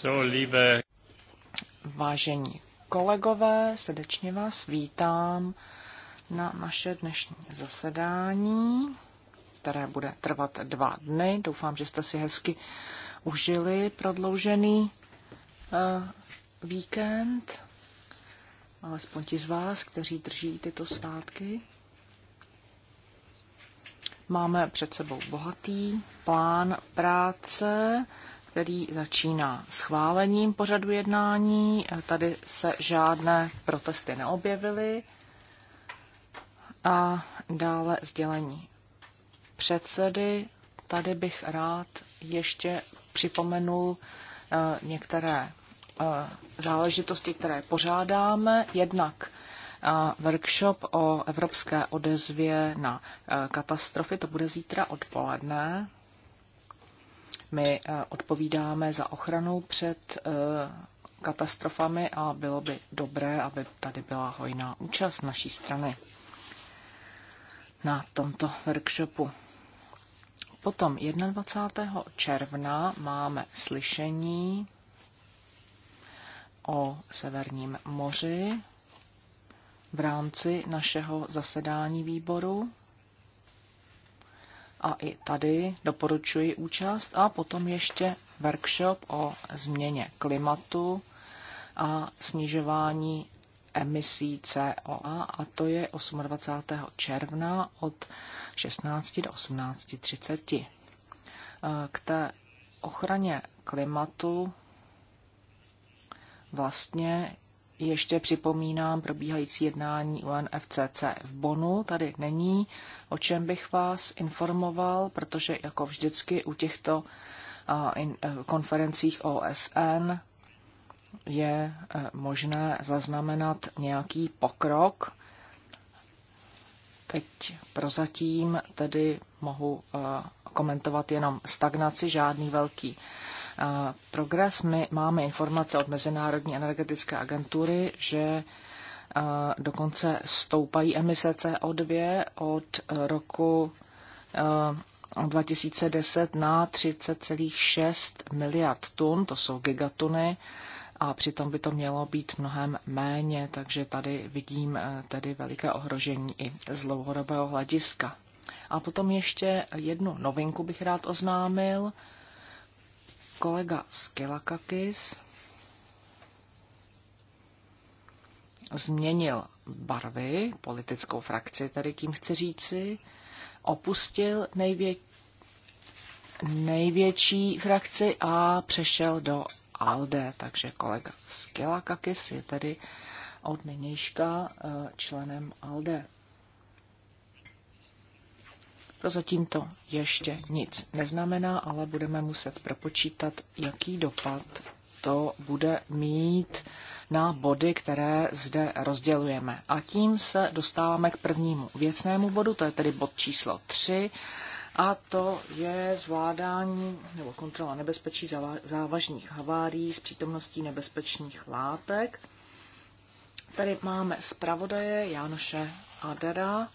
So, liebe... Vážení kolegové, srdečně vás vítám na naše dnešní zasedání, které bude trvat dva dny. Doufám, že jste si hezky užili prodloužený uh, víkend, alespoň ti z vás, kteří drží tyto svátky. Máme před sebou bohatý plán práce který začíná schválením pořadu jednání. Tady se žádné protesty neobjevily. A dále sdělení předsedy. Tady bych rád ještě připomenul eh, některé eh, záležitosti, které pořádáme. Jednak eh, workshop o evropské odezvě na katastrofy, to bude zítra odpoledne my eh, odpovídáme za ochranu před eh, katastrofami a bylo by dobré, aby tady byla hojná účast naší strany na tomto workshopu. Potom 21. června máme slyšení o Severním moři v rámci našeho zasedání výboru. A i tady doporučuji účast a potom ještě workshop o změně klimatu a snižování emisí CO2 a to je 28. června od 16 do 18.30. Eh, k té ochraně klimatu vlastně ještě připomínám probíhající jednání UNFCC v Bonu. Tady není, o čem bych vás informoval, protože jako vždycky u těchto e, konferencích OSN je e, možné zaznamenat nějaký pokrok. Teď prozatím tedy mohu e, komentovat jenom stagnaci, žádný velký progres. My máme informace od Mezinárodní energetické agentury, že e, dokonce stoupají emise CO2 od e, roku 2010 e, na 30,6 miliard tun, to jsou gigatuny, a přitom by to mělo být mnohem méně, takže tady vidím tedy veliké ohrožení i z dlouhodobého hlediska. A potom ještě jednu novinku bych rád oznámil. Kolega Skelakakis změnil barvy, politickou frakci, tady tím chci říci, opustil nejvě- největší frakci a přešel do ALDE, takže kolega Skelakakis je tedy od nynějška eh, členem ALDE. Prozatím to ještě nic neznamená, ale budeme muset propočítat, jaký dopad to bude mít na body, které zde rozdělujeme. A tím se dostáváme k prvnímu věcnému bodu, to je tedy bod číslo 3, a to je zvládání nebo kontrola nebezpečí závažných havárií s přítomností nebezpečných látek. Tady máme zpravodaje Jánoše Adera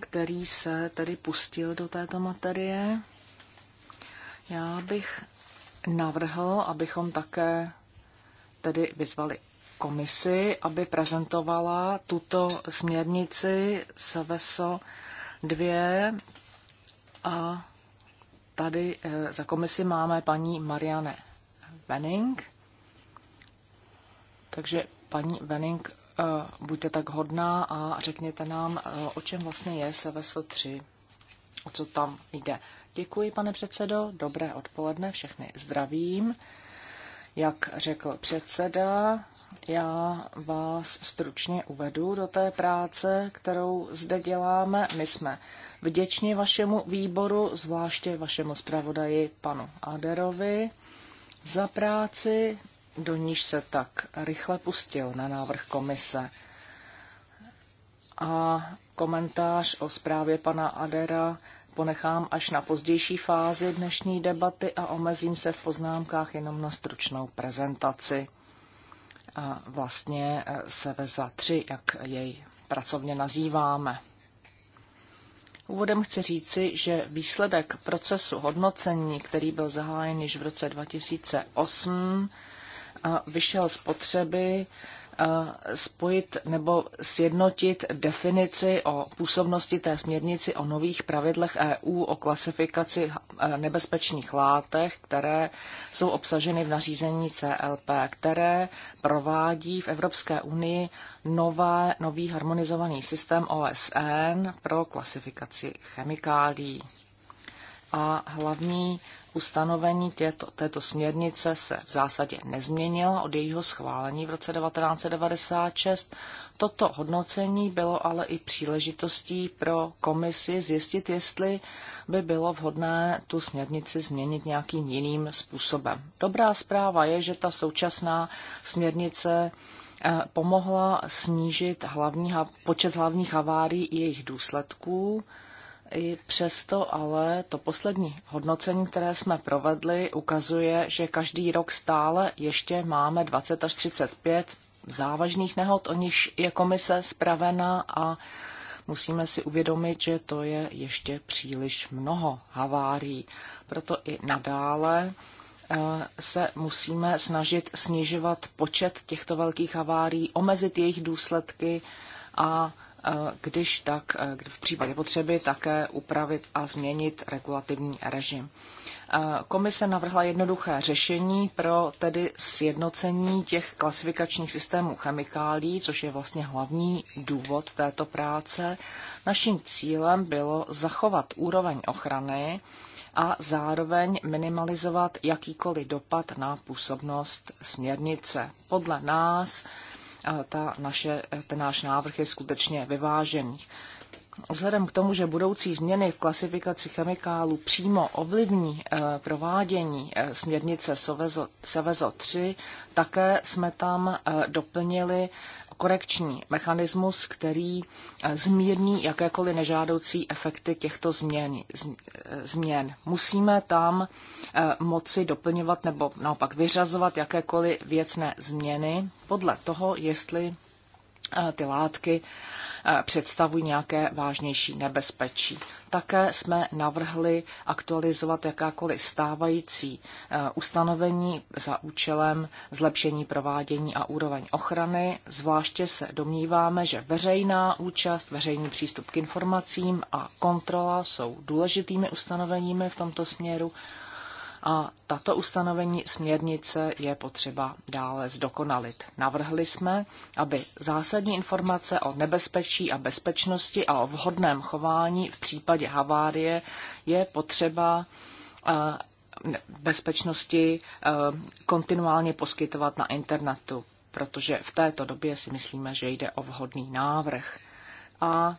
který se tedy pustil do této materie. Já bych navrhl, abychom také tedy vyzvali komisi, aby prezentovala tuto směrnici SVSO 2 a tady eh, za komisi máme paní Marianne Wenning. Takže paní Wenning Eh, buďte tak hodná a řekněte nám, eh, o čem vlastně je SVS 3, o co tam jde. Děkuji, pane předsedo, dobré odpoledne, všechny zdravím. Jak řekl předseda, já vás stručně uvedu do té práce, kterou zde děláme. My jsme vděční vašemu výboru, zvláště vašemu zpravodaji panu Aderovi, za práci do níž se tak rychle pustil na návrh komise. A komentář o zprávě pana Adera ponechám až na pozdější fázi dnešní debaty a omezím se v poznámkách jenom na stručnou prezentaci. A vlastně e, se ve za tři, jak jej pracovně nazýváme. Úvodem chci říci, že výsledek procesu hodnocení, který byl zahájen již v roce 2008, vyšel z potřeby spojit nebo sjednotit definici o působnosti té směrnici o nových pravidlech EU o klasifikaci nebezpečných látek, které jsou obsaženy v nařízení CLP, které provádí v Evropské unii nové, nový harmonizovaný systém OSN pro klasifikaci chemikálií. A hlavní Ustanovení těto, této směrnice se v zásadě nezměnila od jejího schválení v roce 1996. Toto hodnocení bylo ale i příležitostí pro komisi zjistit, jestli by bylo vhodné tu směrnici změnit nějakým jiným způsobem. Dobrá zpráva je, že ta současná směrnice eh, pomohla snížit hlavní, počet hlavních havárií i jejich důsledků i přesto ale to poslední hodnocení, které jsme provedli, ukazuje, že každý rok stále ještě máme 20 až 35 závažných nehod, o nich je komise spravena a musíme si uvědomit, že to je ještě příliš mnoho havárií. Proto i nadále eh, se musíme snažit snižovat počet těchto velkých havárií, omezit jejich důsledky a když tak v případě potřeby také upravit a změnit regulativní režim. Komise navrhla jednoduché řešení pro tedy sjednocení těch klasifikačních systémů chemikálí, což je vlastně hlavní důvod této práce. Naším cílem bylo zachovat úroveň ochrany a zároveň minimalizovat jakýkoliv dopad na působnost směrnice. Podle nás ta naše, ten náš návrh je skutečně vyvážený. Vzhledem k tomu, že budoucí změny v klasifikaci chemikálů přímo ovlivní eh, provádění eh, směrnice Sevezo 3, také jsme tam eh, doplnili korekční mechanismus, který eh, zmírní jakékoliv nežádoucí efekty těchto změn. Eh, změn. Musíme tam eh, moci doplňovat nebo naopak vyřazovat jakékoliv věcné změny podle toho, jestli ty látky e, představují nějaké vážnější nebezpečí. Také jsme navrhli aktualizovat jakákoliv stávající e, ustanovení za účelem zlepšení provádění a úroveň ochrany. Zvláště se domníváme, že veřejná účast, veřejný přístup k informacím a kontrola jsou důležitými ustanoveními v tomto směru a tato ustanovení směrnice je potřeba dále zdokonalit. Navrhli jsme, aby zásadní informace o nebezpečí a bezpečnosti a o vhodném chování v případě havárie je potřeba eh, bezpečnosti eh, kontinuálně poskytovat na internetu, protože v této době si myslíme, že jde o vhodný návrh. A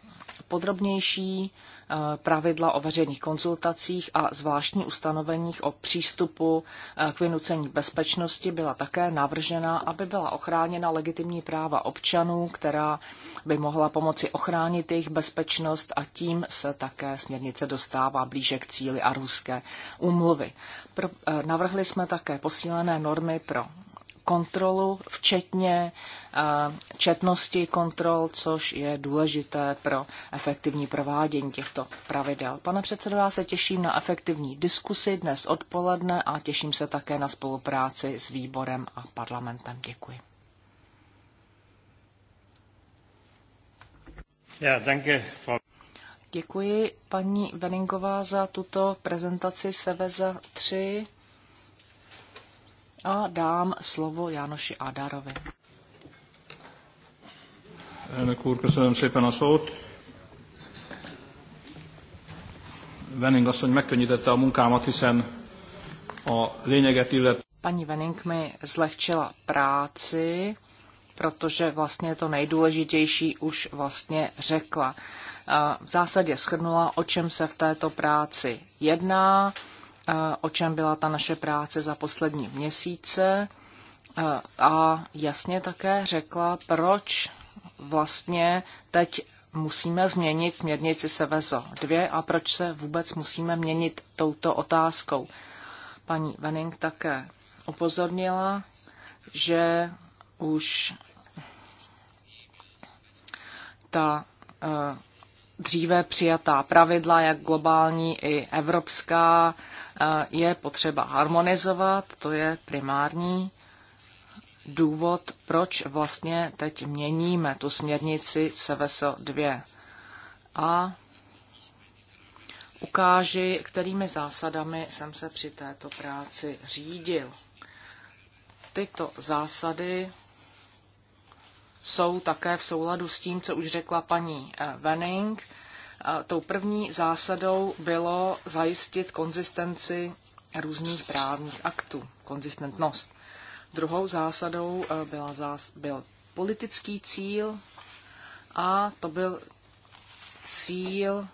podrobnější Eh, pravidla o veřejných konzultacích a zvláštní ustanoveních o přístupu eh, k vynucení bezpečnosti byla také navržena, aby byla ochráněna legitimní práva občanů, která by mohla pomoci ochránit jejich bezpečnost a tím se také směrnice dostává blíže k cíli a ruské úmluvy. Eh, navrhli jsme také posílené normy pro kontrolu, včetně eh, četnosti kontrol, což je důležité pro efektivní provádění těchto pravidel. Pane předsedo, já se těším na efektivní diskusi dnes odpoledne a těším se také na spolupráci s výborem a parlamentem. Děkuji. Ja, danke, Frau Děkuji paní Beningová za tuto prezentaci Seveza 3 a dám slovo Jánoši Adarovi. Elnök úr, köszönöm szépen a szót. Wenning asszony megkönnyítette a munkámat, hiszen a lényeget illet... Paní Wenning mi zlehčila práci, protože vlastně to nejdůležitější už vlastně řekla. V zásadě shrnula, o čem se v této práci jedná, o čem byla ta naše práce za poslední měsíce a jasně také řekla, proč vlastně teď musíme změnit směrnici Sevezo 2 a proč se vůbec musíme měnit touto otázkou. Paní Venning také upozornila, že už ta e, dříve přijatá pravidla, jak globální i evropská, je potřeba harmonizovat, to je primární důvod, proč vlastně teď měníme tu směrnici CVSO 2. A ukáži, kterými zásadami jsem se při této práci řídil. Tyto zásady jsou také v souladu s tím, co už řekla paní eh, Wenning, tou první zásadou bylo zajistit konzistenci různých právních aktů, konzistentnost. Druhou zásadou eh, byla zás, byl politický cíl a to byl cíl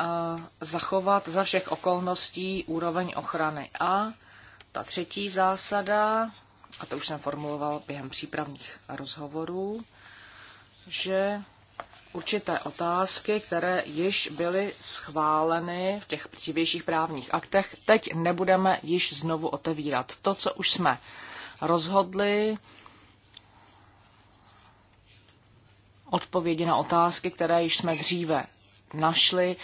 eh, zachovat za všech okolností úroveň ochrany. A ta třetí zásada, a to už jsem formuloval během přípravných rozhovorů, že určité otázky, které již byly schváleny v těch dřívějších právních aktech. Teď nebudeme již znovu otevírat. To, co už jsme rozhodli, odpovědi na otázky, které již jsme dříve našli,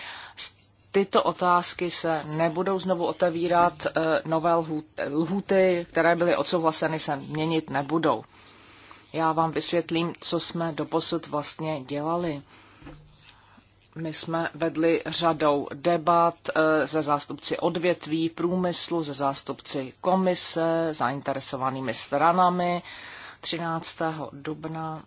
tyto otázky se nebudou znovu otevírat, e, nové lhuty, které byly odsouhlaseny, se měnit nebudou. Já vám vysvětlím, co jsme doposud vlastně dělali. My jsme vedli řadou debat eh, se zástupci odvětví, průmyslu, se zástupci komise, zainteresovanými stranami. 13. dubna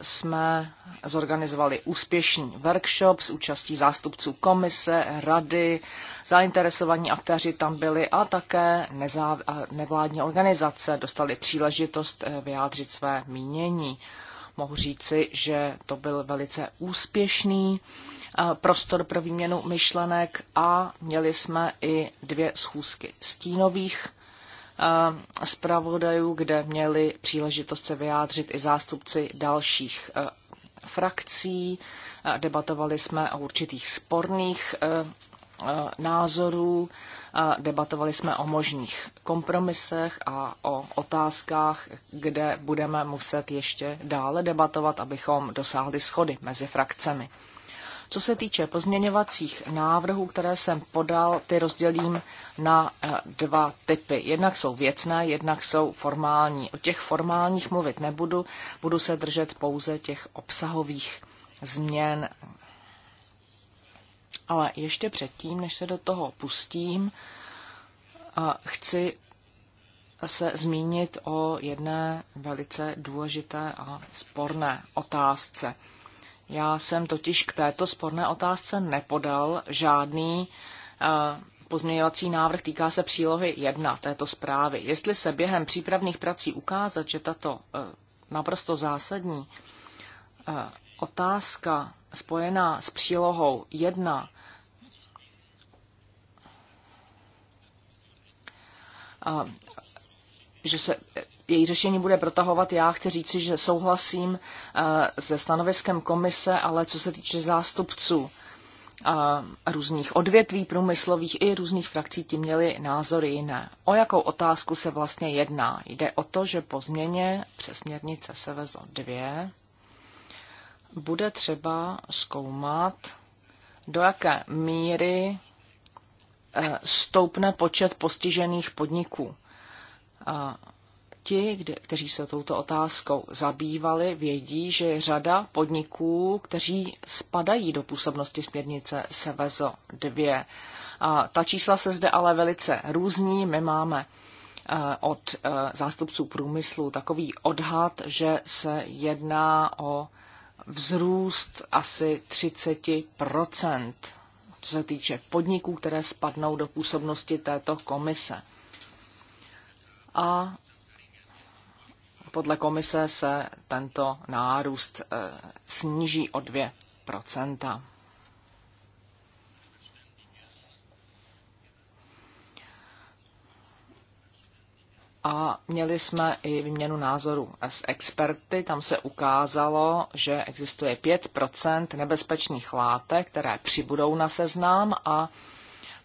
jsme zorganizovali úspěšný workshop s účastí zástupců komise, rady, zainteresovaní aktéři tam byli a také nezáv- a nevládní organizace dostali příležitost eh, vyjádřit své mínění. Mohu říci, že to byl velice úspěšný eh, prostor pro výměnu myšlenek a měli jsme i dvě schůzky stínových Eh, zpravodajů, kde měli příležitost se vyjádřit i zástupci dalších eh, frakcí. Eh, debatovali jsme o určitých sporných názorů, debatovali jsme o možných kompromisech a o otázkách, kde budeme muset ještě dále debatovat, abychom dosáhli schody mezi frakcemi. Co se týče pozměňovacích návrhů, které jsem podal, ty rozdělím na eh, dva typy. Jednak jsou věcné, jednak jsou formální. O těch formálních mluvit nebudu, budu se držet pouze těch obsahových změn. Ale ještě předtím, než se do toho pustím, eh, chci se zmínit o jedné velice důležité a sporné otázce. Já jsem totiž k této sporné otázce nepodal žádný eh, pozměňovací návrh týká se přílohy 1 této zprávy. Jestli se během přípravných prací ukázat, že tato eh, naprosto zásadní eh, otázka spojená s přílohou 1 že se její řešení bude protahovat. Já chci říci, že souhlasím eh, se stanoviskem komise, ale co se týče zástupců eh, různých odvětví průmyslových i různých frakcí, ti měli názory jiné. O jakou otázku se vlastně jedná? Jde o to, že po změně přesměrnice SEVEZO 2 bude třeba zkoumat, do jaké míry eh, stoupne počet postižených podniků Ti, kteří se touto otázkou zabývali, vědí, že řada podniků, kteří spadají do působnosti směrnice Sevezo 2. A ta čísla se zde ale velice různí. My máme eh, od eh, zástupců průmyslu takový odhad, že se jedná o vzrůst asi 30 co se týče podniků, které spadnou do působnosti této komise. A podle komise se tento nárůst eh, sníží o 2 A měli jsme i výměnu názoru s experty. Tam se ukázalo, že existuje 5 nebezpečných látek, které přibudou na seznám a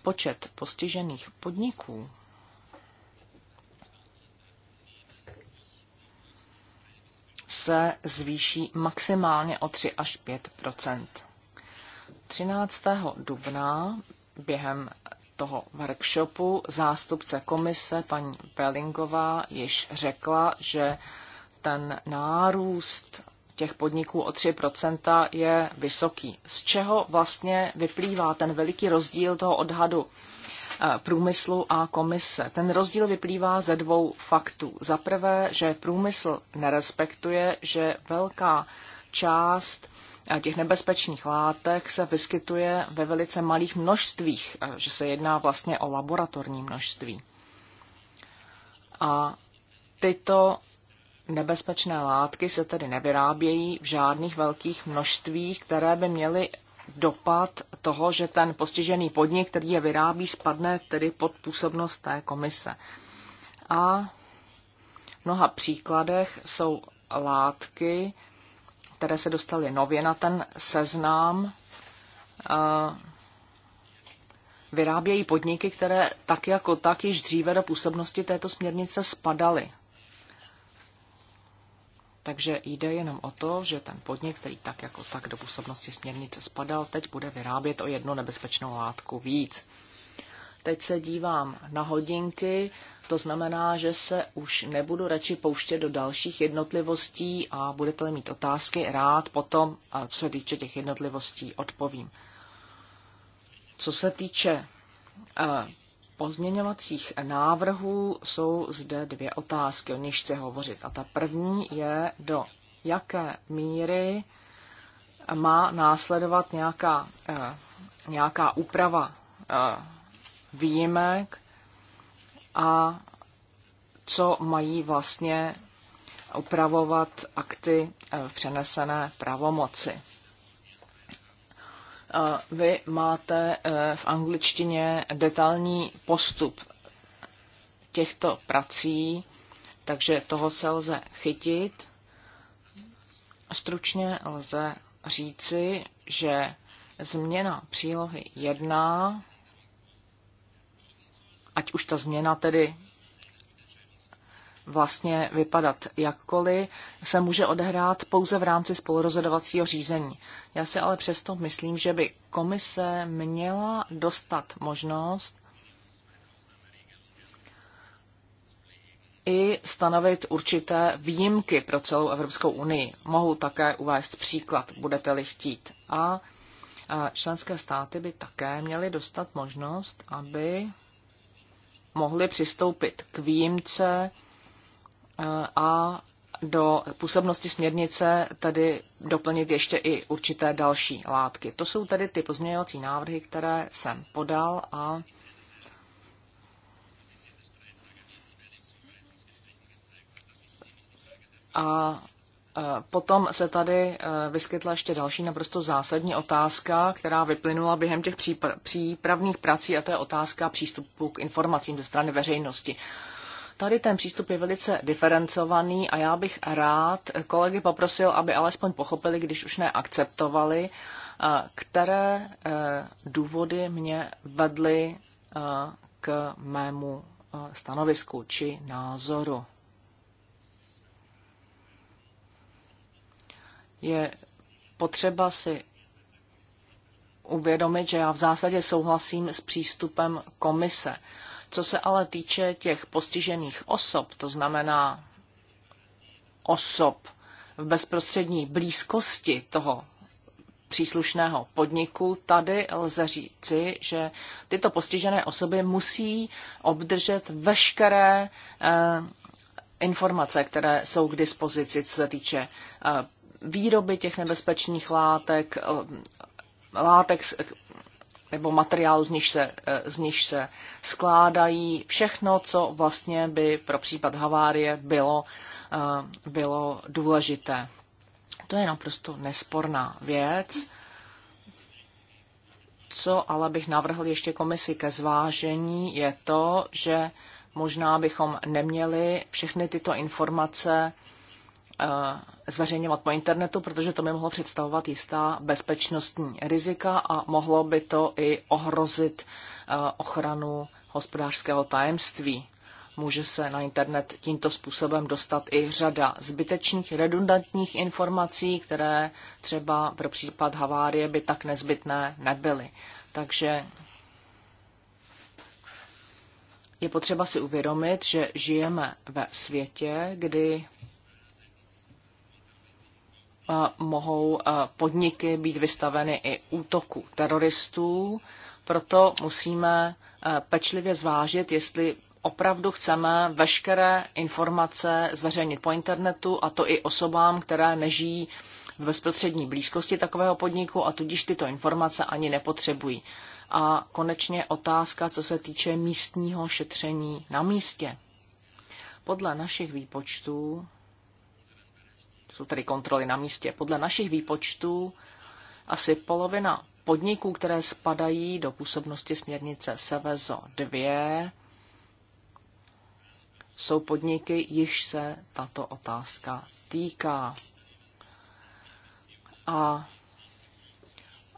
počet postižených podniků se zvýší maximálně o 3 až 5 13. dubna během toho workshopu zástupce komise paní Pelingová již řekla, že ten nárůst těch podniků o 3% je vysoký. Z čeho vlastně vyplývá ten veliký rozdíl toho odhadu Eh, průmyslu a komise. Ten rozdíl vyplývá ze dvou faktů. Za prvé, že průmysl nerespektuje, že velká část eh, těch nebezpečných látek se vyskytuje ve velice malých množstvích, eh, že se jedná vlastně o laboratorní množství. A tyto nebezpečné látky se tedy nevyrábějí v žádných velkých množstvích, které by měly dopad toho, že ten postižený podnik, který je vyrábí, spadne tedy pod působnost té komise. A v mnoha příkladech jsou látky, které se dostaly nově na ten seznám, eh, vyrábějí podniky, které tak jako tak již dříve do působnosti této směrnice spadaly. Takže jde jenom o to, že ten podnik, který tak jako tak do působnosti směrnice spadal, teď bude vyrábět o jednu nebezpečnou látku víc. Teď se dívám na hodinky, to znamená, že se už nebudu radši pouštět do dalších jednotlivostí a budete mít otázky, rád potom, co se týče těch jednotlivostí, odpovím. Co se týče eh, pozměňovacích návrhů jsou zde dvě otázky, o níž chci hovořit. A ta první je, do jaké míry má následovat nějaká, eh, nějaká úprava eh, výjimek a co mají vlastně upravovat akty v eh, přenesené pravomoci. Vy máte eh, v angličtině detailní postup těchto prací, takže toho se lze chytit. Stručně lze říci, že změna přílohy 1, ať už ta změna tedy vlastně vypadat jakkoliv, se může odehrát pouze v rámci spolurozhodovacího řízení. Já si ale přesto myslím, že by komise měla dostat možnost i stanovit určité výjimky pro celou Evropskou unii. Mohu také uvést příklad, budete-li chtít. A členské státy by také měly dostat možnost, aby mohli přistoupit k výjimce a do působnosti směrnice tedy doplnit ještě i určité další látky. To jsou tedy ty pozměňovací návrhy, které jsem podal a a e, Potom se tady e, vyskytla ještě další naprosto zásadní otázka, která vyplynula během těch přípravných prací, a to je otázka přístupu k informacím ze strany veřejnosti. Tady ten přístup je velice diferencovaný a já bych rád kolegy poprosil, aby alespoň pochopili, když už neakceptovali, eh, které eh, důvody mě vedly eh, k mému stanovisku či názoru. Je potřeba si uvědomit, že já v zásadě souhlasím s přístupem komise. Co se ale týče těch postižených osob, to znamená osob v bezprostřední blízkosti toho příslušného podniku, tady lze říci, že tyto postižené osoby musí obdržet veškeré eh, informace, které jsou k dispozici, co se týče eh, výroby těch nebezpečných látek, eh, látek, nebo materiálu, z nich, se, eh, z nich se skládají, všechno, co vlastně by pro případ havárie bylo, eh, bylo důležité. To je naprosto nesporná věc. Co ale bych navrhl ještě komisi ke zvážení, je to, že možná bychom neměli všechny tyto informace eh, zveřejňovat po internetu, protože to by mohlo představovat jistá bezpečnostní rizika a mohlo by to i ohrozit eh, ochranu hospodářského tajemství. Může se na internet tímto způsobem dostat i řada zbytečných redundantních informací, které třeba pro případ havárie by tak nezbytné nebyly. Takže je potřeba si uvědomit, že žijeme ve světě, kdy mohou podniky být vystaveny i útoku teroristů. Proto musíme pečlivě zvážit, jestli opravdu chceme veškeré informace zveřejnit po internetu, a to i osobám, které nežijí v bezprostřední blízkosti takového podniku a tudíž tyto informace ani nepotřebují. A konečně otázka, co se týče místního šetření na místě. Podle našich výpočtů jsou tedy kontroly na místě. Podle našich výpočtů asi polovina podniků, které spadají do působnosti směrnice Sevezo 2, jsou podniky, již se tato otázka týká. A,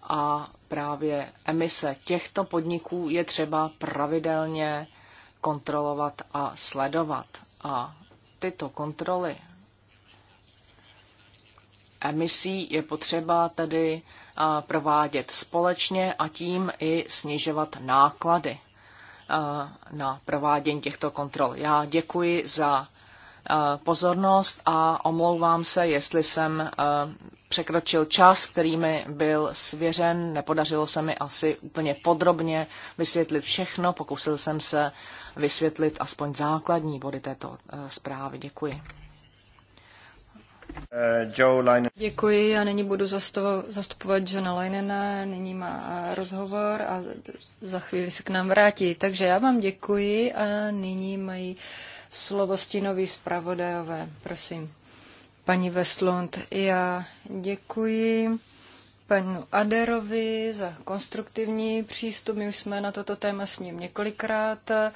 a právě emise těchto podniků je třeba pravidelně kontrolovat a sledovat. A tyto kontroly emisí je potřeba tedy provádět společně a tím i snižovat náklady na provádění těchto kontrol. Já děkuji za pozornost a omlouvám se, jestli jsem překročil čas, který mi byl svěřen. Nepodařilo se mi asi úplně podrobně vysvětlit všechno. Pokusil jsem se vysvětlit aspoň základní body této zprávy. Děkuji. Uh, děkuji, já nyní budu zastupovat Johna Linena, nyní má rozhovor a za chvíli se k nám vrátí. Takže já vám děkuji a nyní mají slovo stínoví zpravodajové. Prosím, paní Westlund, já děkuji panu Aderovi za konstruktivní přístup. My už jsme na toto téma s ním několikrát eh,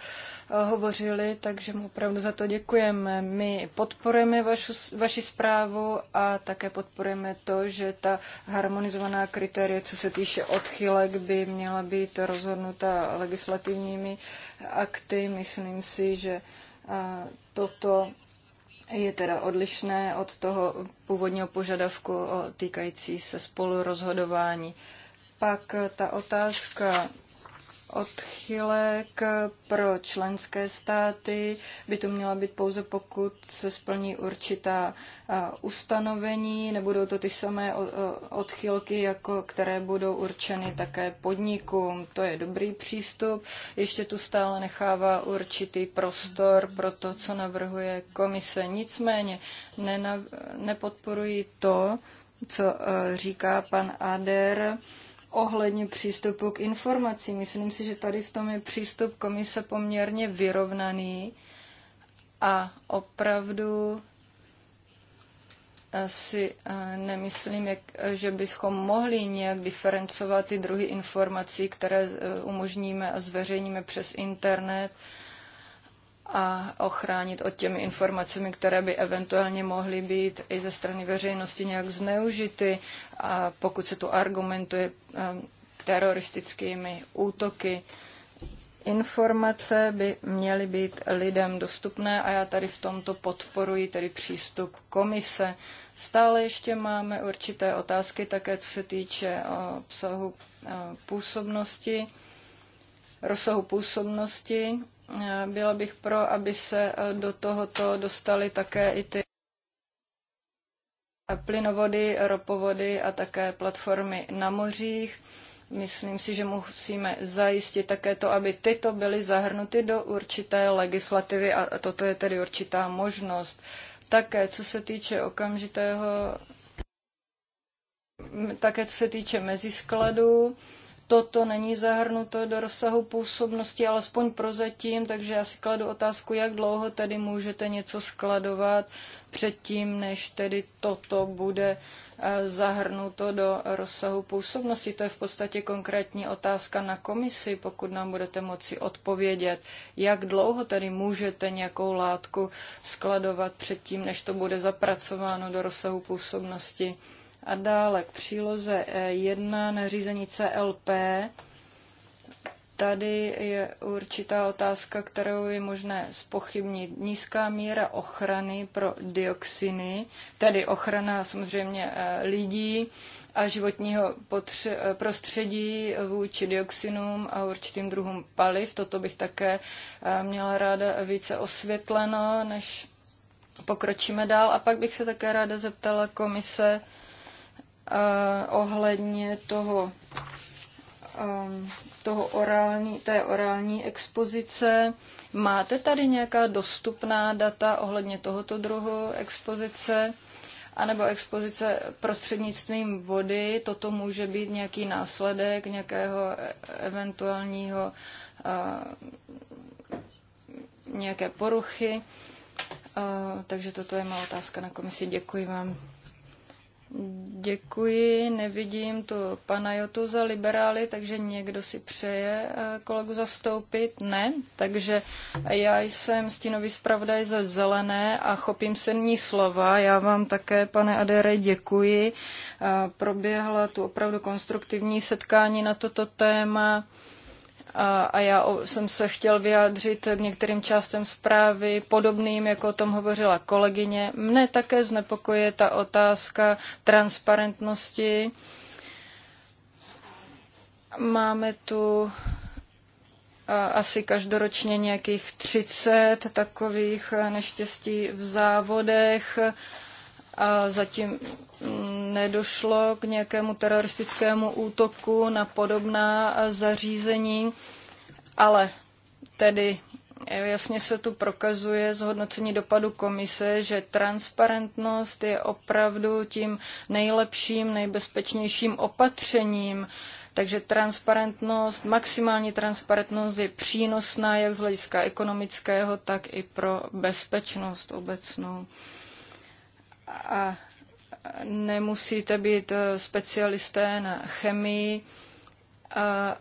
hovořili, takže mu opravdu za to děkujeme. My podporujeme vašu, vaši zprávu a také podporujeme to, že ta harmonizovaná kritéria, co se týče odchylek, by měla být rozhodnuta legislativními akty. Myslím si, že eh, toto je teda odlišné od toho původního požadavku o týkající se spolurozhodování. Pak ta otázka odchylek pro členské státy by to měla být pouze pokud se splní určitá eh, ustanovení, nebudou to ty samé odchylky, jako které budou určeny také podnikům. To je dobrý přístup. Ještě tu stále nechává určitý prostor pro to, co navrhuje komise. Nicméně nenav- nepodporuji to, co eh, říká pan Ader, ohledně přístupu k informacím. Myslím si, že tady v tom je přístup komise poměrně vyrovnaný a opravdu eh, si eh, nemyslím, jak, že bychom mohli nějak diferencovat ty druhy informací, které eh, umožníme a zveřejníme přes internet a ochránit od těmi informacemi, které by eventuálně mohly být i ze strany veřejnosti nějak zneužity, a pokud se tu argumentuje ehm, teroristickými útoky. Informace by měly být lidem dostupné a já tady v tomto podporuji tedy přístup komise. Stále ještě máme určité otázky také, co se týče obsahu ehm, působnosti, rozsahu působnosti Eh, byla bych pro, aby se eh, do tohoto dostaly také i ty plynovody, ropovody a také platformy na mořích. Myslím si, že musíme zajistit také to, aby tyto byly zahrnuty do určité legislativy a toto je tedy určitá možnost. Také co se týče okamžitého, také co se týče meziskladů, toto není zahrnuto do rozsahu působnosti, alespoň prozatím, takže já si kladu otázku, jak dlouho tedy můžete něco skladovat předtím, než tedy toto bude eh, zahrnuto do rozsahu působnosti. To je v podstatě konkrétní otázka na komisi, pokud nám budete moci odpovědět, jak dlouho tedy můžete nějakou látku skladovat předtím, než to bude zapracováno do rozsahu působnosti. A dále k příloze 1 eh, nařízení CLP. Tady je určitá otázka, kterou je možné spochybnit. Nízká míra ochrany pro dioxiny, tedy ochrana samozřejmě eh, lidí a životního eh, prostředí vůči dioxinům a určitým druhům paliv. Toto bych také měla ráda více osvětleno, než pokročíme dál. A pak bych se také ráda zeptala komise, Eh, ohledně toho, ehm, toho orální, té orální expozice. Máte tady nějaká dostupná data ohledně tohoto druhu expozice? anebo expozice prostřednictvím vody, toto může být nějaký následek nějakého eventuálního eh, nějaké poruchy. Eh, takže toto je má otázka na komisi. Děkuji vám. Děkuji, nevidím tu pana Jotu za liberály, takže někdo si přeje eh, kolegu zastoupit? Ne, takže já jsem stínový zpravodaj ze Zelené a chopím se ní slova. Já vám také, pane Adere, děkuji. Eh, proběhla tu opravdu konstruktivní setkání na toto téma a já jsem se chtěl vyjádřit k některým částem zprávy podobným, jako o tom hovořila kolegyně. Mne také znepokojuje ta otázka transparentnosti. Máme tu asi každoročně nějakých 30 takových neštěstí v závodech a zatím mm, nedošlo k nějakému teroristickému útoku na podobná zařízení, ale tedy e, jasně se tu prokazuje zhodnocení dopadu komise, že transparentnost je opravdu tím nejlepším, nejbezpečnějším opatřením. Takže transparentnost, maximální transparentnost je přínosná jak z hlediska ekonomického, tak i pro bezpečnost obecnou a nemusíte být eh, specialisté na chemii,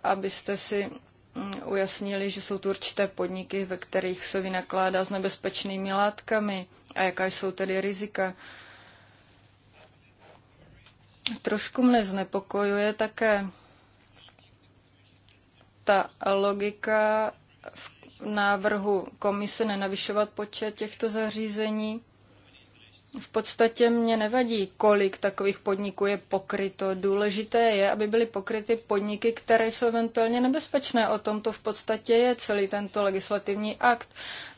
abyste si mm, ujasnili, že jsou tu určité podniky, ve kterých se vynakládá s nebezpečnými látkami a jaká jsou tedy rizika. Trošku mne znepokojuje také ta logika v návrhu komise nenavyšovat počet těchto zařízení, v podstatě mě nevadí, kolik takových podniků je pokryto. Důležité je, aby byly pokryty podniky, které jsou eventuálně nebezpečné. O tom to v podstatě je celý tento legislativní akt.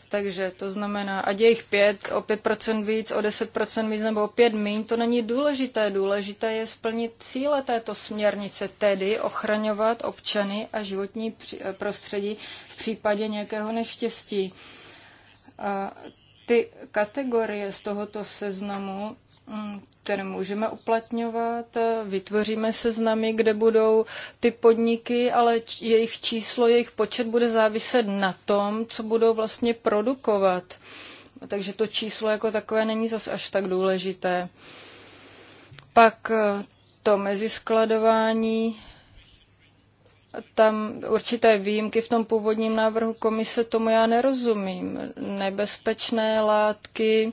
Takže to znamená, ať je jich pět, o 5% víc, o 10% víc nebo o 5 míň, to není důležité. Důležité je splnit cíle této směrnice, tedy ochraňovat občany a životní prostředí v případě nějakého neštěstí. A ty kategorie z tohoto seznamu, mm, které můžeme uplatňovat, eh, vytvoříme seznamy, kde budou ty podniky, ale jejich číslo, jejich počet bude záviset na tom, co budou vlastně produkovat. Takže to číslo jako takové není zas až tak důležité. Pak eh, to meziskladování tam určité výjimky v tom původním návrhu komise, tomu já nerozumím. Nebezpečné látky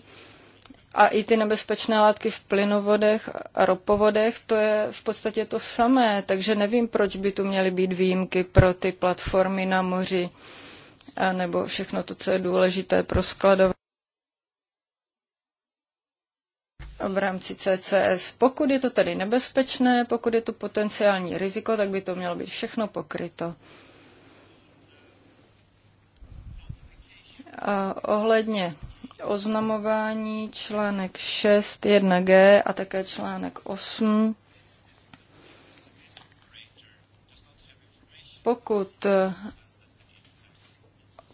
a i ty nebezpečné látky v plynovodech a ropovodech, to je v podstatě to samé, takže nevím, proč by tu měly být výjimky pro ty platformy na moři a nebo všechno to, co je důležité pro skladování. v rámci CCS. Pokud je to tedy nebezpečné, pokud je to potenciální riziko, tak by to mělo být všechno pokryto. A ohledně oznamování článek 6 1G a také článek 8. Pokud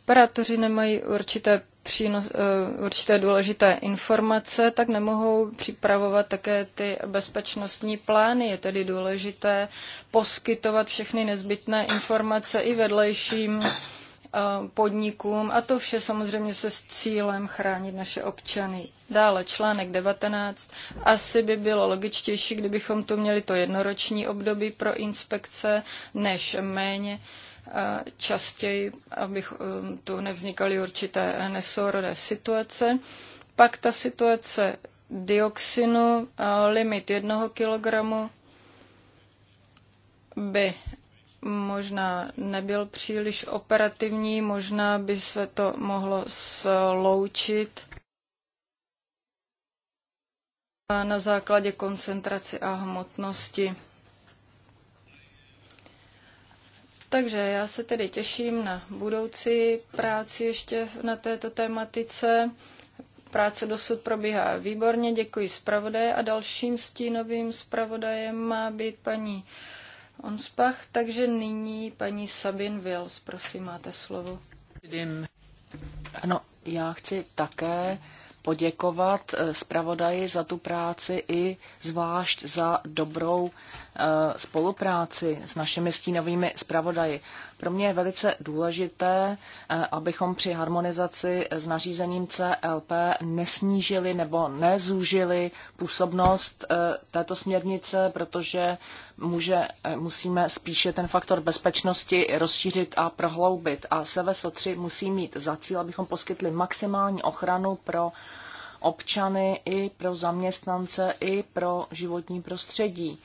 operátoři nemají určité přínos, eh, určité důležité informace, tak nemohou připravovat také ty bezpečnostní plány. Je tedy důležité poskytovat všechny nezbytné informace i vedlejším eh, podnikům a to vše samozřejmě se s cílem chránit naše občany. Dále článek 19. Asi by bylo logičtější, kdybychom tu měli to jednoroční období pro inspekce než méně častěji, aby um, tu nevznikaly určité nesourodé situace. Pak ta situace dioxinu, limit jednoho kilogramu by možná nebyl příliš operativní, možná by se to mohlo sloučit na základě koncentrace a hmotnosti. Takže já se tedy těším na budoucí práci ještě na této tématice. Práce dosud probíhá výborně, děkuji zpravodaje a dalším stínovým zpravodajem má být paní Onspach, takže nyní paní Sabin Wills, prosím, máte slovo. Ano, já chci také poděkovat eh, zpravodaji za tu práci i zvlášť za dobrou Eh, spolupráci s našimi stínovými zpravodaji. Pro mě je velice důležité, eh, abychom při harmonizaci s nařízením CLP nesnížili nebo nezúžili působnost eh, této směrnice, protože může, musíme spíše ten faktor bezpečnosti rozšířit a prohloubit. A SEVESO 3 musí mít za cíl, abychom poskytli maximální ochranu pro občany, i pro zaměstnance, i pro životní prostředí.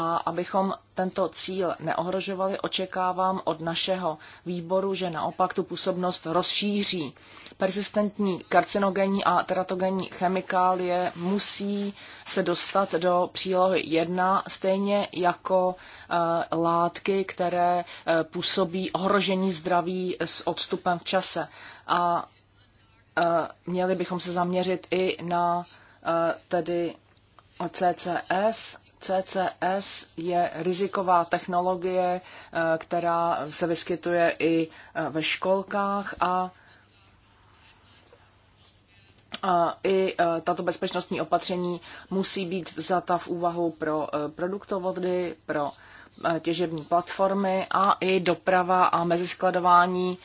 A abychom tento cíl neohrožovali, očekávám od našeho výboru, že naopak tu působnost rozšíří. Persistentní karcinogenní a teratogenní chemikálie musí se dostat do přílohy 1, stejně jako uh, látky, které uh, působí ohrožení zdraví s odstupem v čase. A uh, měli bychom se zaměřit i na tedy CCS CCS je riziková technologie, eh, která se vyskytuje i eh, ve školkách a i eh, tato bezpečnostní opatření musí být vzata v úvahu pro produktovody, pro těžební platformy a i doprava a meziskladování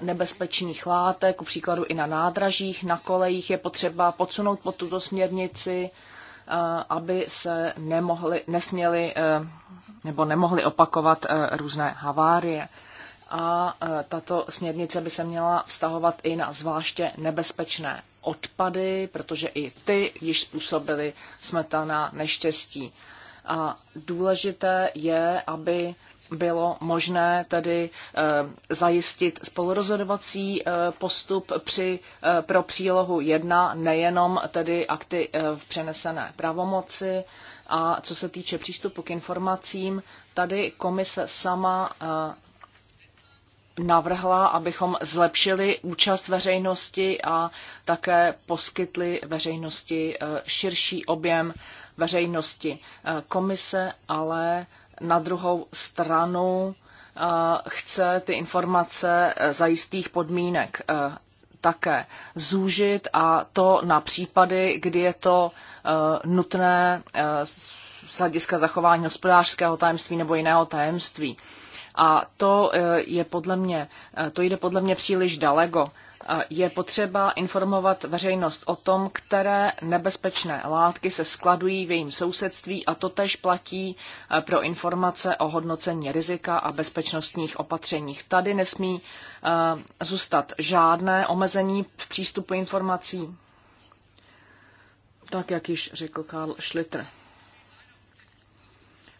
nebezpečných látek, ku příkladu i na nádražích, na kolejích je potřeba podsunout pod tuto směrnici Eh, aby se nemohli, nesměli eh, nebo nemohli opakovat eh, různé havárie. A tato směrnice by se měla vztahovat i na zvláště nebezpečné odpady, protože i ty již způsobily smetaná neštěstí. A důležité je, aby bylo možné tedy eh, zajistit spolurozhodovací eh, postup při, eh, pro přílohu 1, nejenom tedy akty v přenesené pravomoci. A co se týče přístupu k informacím, tady komise sama navrhla, abychom zlepšili účast veřejnosti a také poskytli veřejnosti širší objem veřejnosti. Komise ale na druhou stranu eh, chce ty informace eh, za jistých podmínek eh, také zúžit a to na případy, kdy je to nutné z hlediska zachování hospodářského tajemství nebo jiného tajemství. A to je podle mě, to jde podle mě příliš daleko je potřeba informovat veřejnost o tom, které nebezpečné látky se skladují v jejím sousedství a to tež platí e, pro informace o hodnocení rizika a bezpečnostních opatřeních. Tady nesmí e, zůstat žádné omezení v přístupu informací, tak jak již řekl Karl Schlitter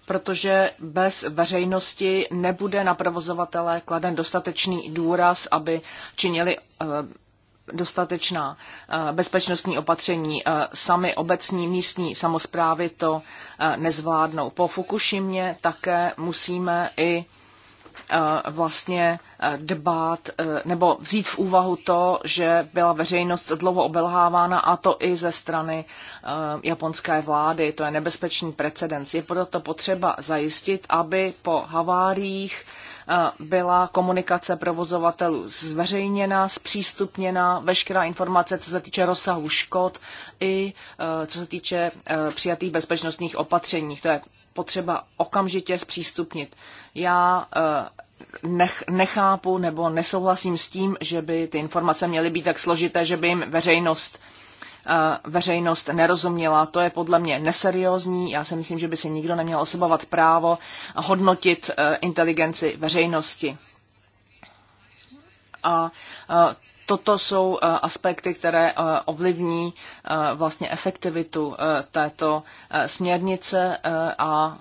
protože bez veřejnosti nebude na provozovatele kladen dostatečný důraz, aby činili eh, dostatečná eh, bezpečnostní opatření. Eh, sami obecní místní samozprávy to nezvládnou. Po Fukušimě také musíme i Eh, vlastně eh, dbát eh, nebo vzít v úvahu to, že byla veřejnost dlouho obelhávána a to i ze strany japonské vlády. To je nebezpečný precedens. Je proto potřeba zajistit, aby po haváriích byla komunikace provozovatelů zveřejněna, zpřístupněna, veškerá informace, co se týče rozsahu škod i co se týče přijatých bezpečnostních opatření. To je potřeba okamžitě zpřístupnit. Já nech, nechápu nebo nesouhlasím s tím, že by ty informace měly být tak složité, že by jim veřejnost eh, veřejnost nerozuměla. To je podle mě neseriózní. Já si myslím, že by si nikdo neměl osobovat právo hodnotit eh, inteligenci veřejnosti. A eh, toto jsou aspekty, které ovlivní vlastně efektivitu této směrnice a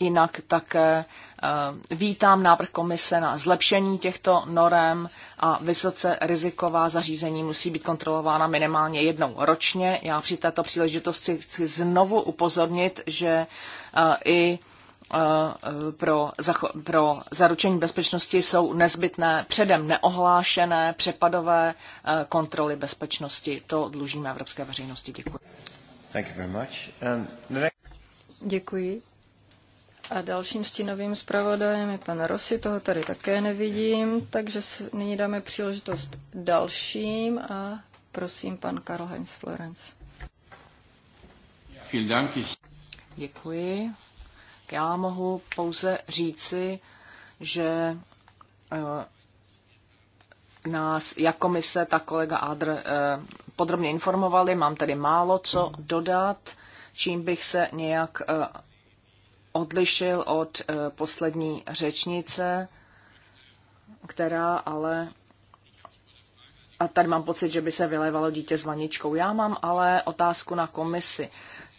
jinak také Eh, vítám návrh komise na zlepšení těchto norem a vysoce riziková zařízení musí být kontrolována minimálně jednou ročně. Já při této příležitosti chci znovu upozornit, že eh, i eh, pro, pro zaručení bezpečnosti jsou nezbytné předem neohlášené přepadové kontroly bezpečnosti. To dlužíme evropské veřejnosti. Děkuji. Thank you very much. Um, Děkuji. A dalším stínovým zpravodajem je pan Rosy, toho tady také nevidím, takže nyní dáme příležitost dalším a prosím pan Karl Heinz Florence. Děkuji. Já mohu pouze říci, že eh, nás jak komise, tak kolega Adr eh, podrobně informovali. Mám tedy málo co dodat, čím bych se nějak eh, odlišil od eh, poslední řečnice, která ale. A tady mám pocit, že by se vylévalo dítě s vaničkou. Já mám ale otázku na komisi.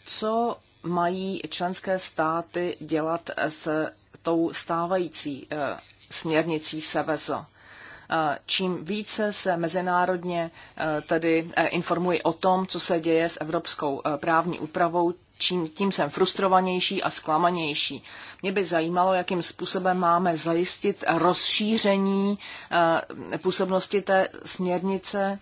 Co mají členské státy dělat s tou stávající eh, směrnicí SEVEZO? Eh, čím více se mezinárodně tedy informuji o tom, co se děje s evropskou právní úpravou, čím, tím jsem frustrovanější a zklamanější. Mě by zajímalo, jakým způsobem máme zajistit rozšíření eh, působnosti té směrnice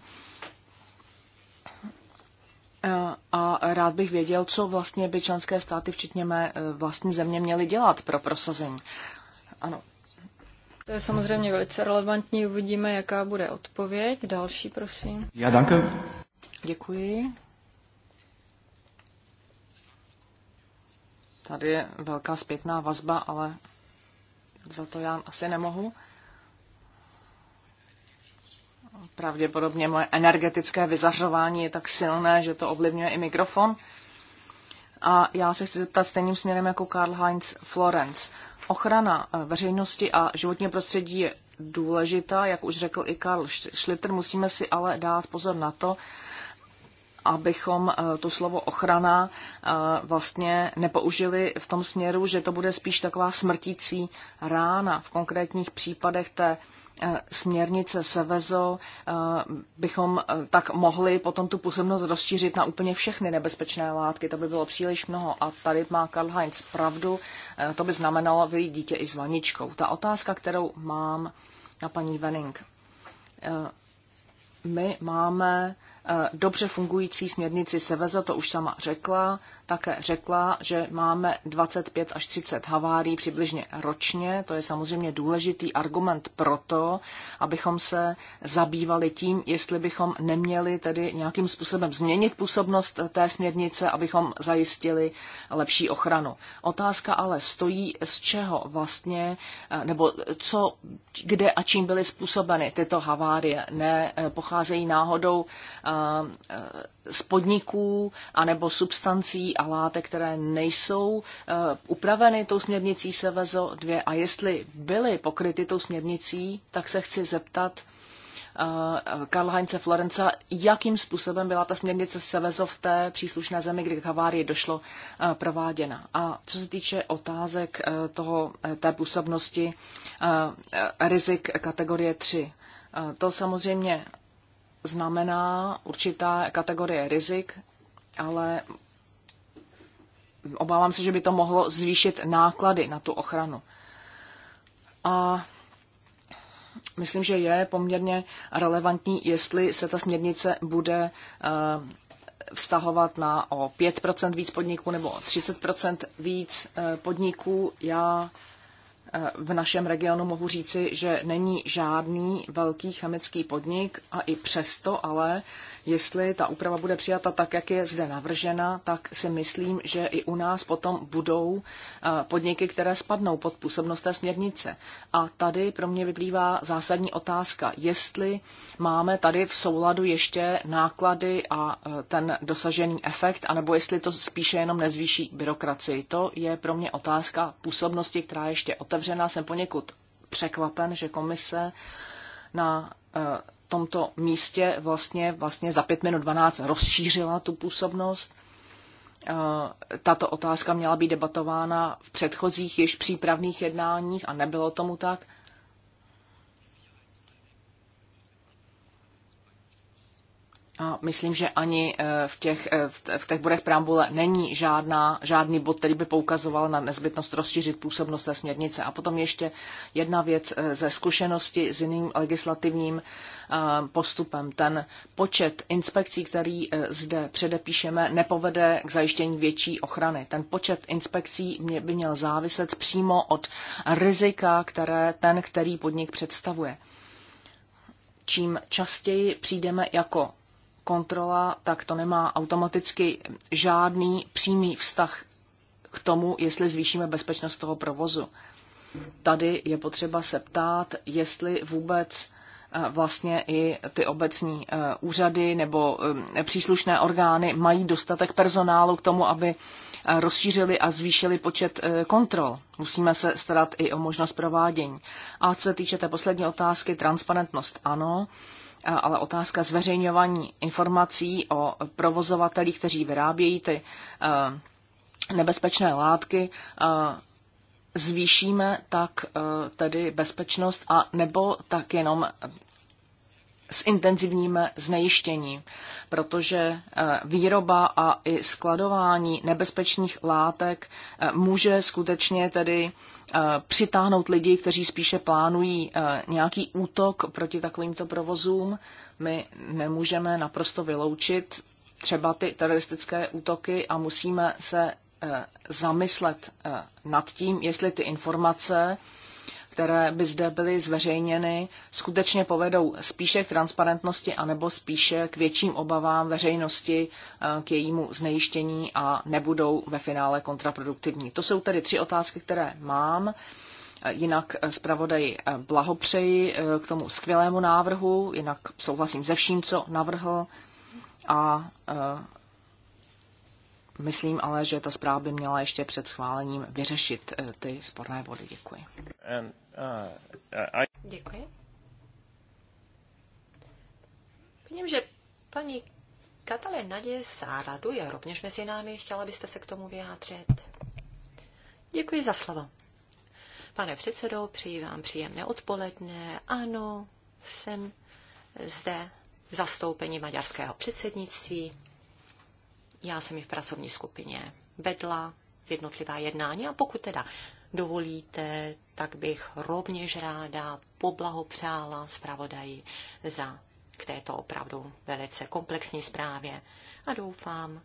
eh, a rád bych věděl, co vlastně by členské státy, včetně mé eh, vlastní země, měly dělat pro prosazení. Ano. To je samozřejmě velice relevantní, uvidíme, jaká bude odpověď. Další, prosím. Já danke. Děkuji. Tady je velká zpětná vazba, ale za to já asi nemohu. Pravděpodobně moje energetické vyzařování je tak silné, že to ovlivňuje i mikrofon. A já se chci zeptat stejným směrem jako Karl Heinz Florence. Ochrana eh, veřejnosti a životního prostředí je důležitá, jak už řekl i Karl Schlitter, musíme si ale dát pozor na to, abychom eh, to slovo ochrana eh, vlastně nepoužili v tom směru, že to bude spíš taková smrtící rána. V konkrétních případech té eh, směrnice SEVEZO bychom tak mohli potom tu působnost rozšířit na úplně všechny nebezpečné látky. To by bylo příliš mnoho. A tady má Karl Heinz pravdu, to by znamenalo vyjít dítě i s vaničkou. Ta otázka, kterou mám na paní Wenning. My máme Eh, dobře fungující směrnici Seveza, to už sama řekla, také řekla, že máme 25 až 30 havárií přibližně ročně. To je samozřejmě důležitý argument pro to, abychom se zabývali tím, jestli bychom neměli tedy nějakým způsobem změnit působnost té směrnice, abychom zajistili lepší ochranu. Otázka ale stojí, z čeho vlastně, eh, nebo co, kde a čím byly způsobeny tyto havárie. ne eh, pocházejí náhodou Eh, z podniků anebo substancí a látek, které nejsou eh, upraveny tou směrnicí Sevezo 2 a jestli byly pokryty tou směrnicí, tak se chci zeptat eh, Karl Heinze Florenca, jakým způsobem byla ta směrnice Sevezo v té příslušné zemi, kdy k havárii došlo, prováděna. A co se týče otázek toho, té působnosti rizik kategorie 3, to samozřejmě znamená určitá kategorie rizik, ale obávám se, že by to mohlo zvýšit náklady na tu ochranu. A myslím, že je poměrně relevantní, jestli se ta směrnice bude eh, vztahovat na o 5% víc podniků nebo o 30% víc eh, podniků. Já v našem regionu mohu říci, že není žádný velký chemický podnik a i přesto ale Jestli ta úprava bude přijata tak, jak je zde navržena, tak si myslím, že i u nás potom budou eh, podniky, které spadnou pod působnost té směrnice. A tady pro mě vyplývá zásadní otázka, jestli máme tady v souladu ještě náklady a eh, ten dosažený efekt, anebo jestli to spíše jenom nezvýší byrokracii. To je pro mě otázka působnosti, která je ještě otevřená. Jsem poněkud překvapen, že komise na eh, tomto místě vlastně, vlastně za 5 minut 12 rozšířila tu působnost. Eh, tato otázka měla být debatována v předchozích již přípravných jednáních a nebylo tomu tak. A myslím, že ani eh, v těch, eh, v těch bodech preambule není žádná, žádný bod, který by poukazoval na nezbytnost rozšířit působnost té směrnice. A potom ještě jedna věc eh, ze zkušenosti s jiným legislativním postupem. Ten počet inspekcí, který zde předepíšeme, nepovede k zajištění větší ochrany. Ten počet inspekcí mě by měl záviset přímo od rizika, které ten, který podnik představuje. Čím častěji přijdeme jako kontrola, tak to nemá automaticky žádný přímý vztah k tomu, jestli zvýšíme bezpečnost toho provozu. Tady je potřeba se ptát, jestli vůbec eh, vlastně i ty obecní eh, úřady nebo eh, příslušné orgány mají dostatek personálu k tomu, aby rozšířili a zvýšili počet kontrol. Musíme se starat i o možnost provádění. A co se týče té poslední otázky, transparentnost ano ale otázka zveřejňování informací o provozovatelích, kteří vyrábějí ty eh, nebezpečné látky, eh, zvýšíme tak eh, tedy bezpečnost a nebo tak jenom intenzivním znejištěním, protože eh, výroba a i skladování nebezpečných látek eh, může skutečně tedy eh, přitáhnout lidi, kteří spíše plánují nějaký útok proti takovýmto provozům. My nemůžeme naprosto vyloučit třeba ty teroristické útoky a musíme se zamyslet nad tím, jestli ty informace, které by zde byly zveřejněny, skutečně povedou spíše k transparentnosti anebo spíše k větším obavám veřejnosti, eh, k jejímu znejištění a nebudou ve finále kontraproduktivní. To jsou tedy tři otázky, které mám. Eh, jinak eh, zpravodaji blahopřeji k tomu skvělému návrhu, jinak souhlasím se vším, co navrhl a Myslím ale, že ta zpráva by měla ještě před schválením vyřešit ty sporné body. Děkuji. And Uh, uh, Děkuji. Vidím, že paní Katalin Naděje Sáradu je rovněž mezi námi. Chtěla byste se k tomu vyjádřit? Děkuji za slovo. Pane předsedo, přeji vám příjemné odpoledne. Ano, jsem zde v zastoupení maďarského předsednictví. Já jsem i v pracovní skupině vedla jednotlivá jednání a pokud teda dovolíte, tak bych rovněž ráda poblahopřála zpravodaji za k této opravdu velice komplexní zprávě a doufám,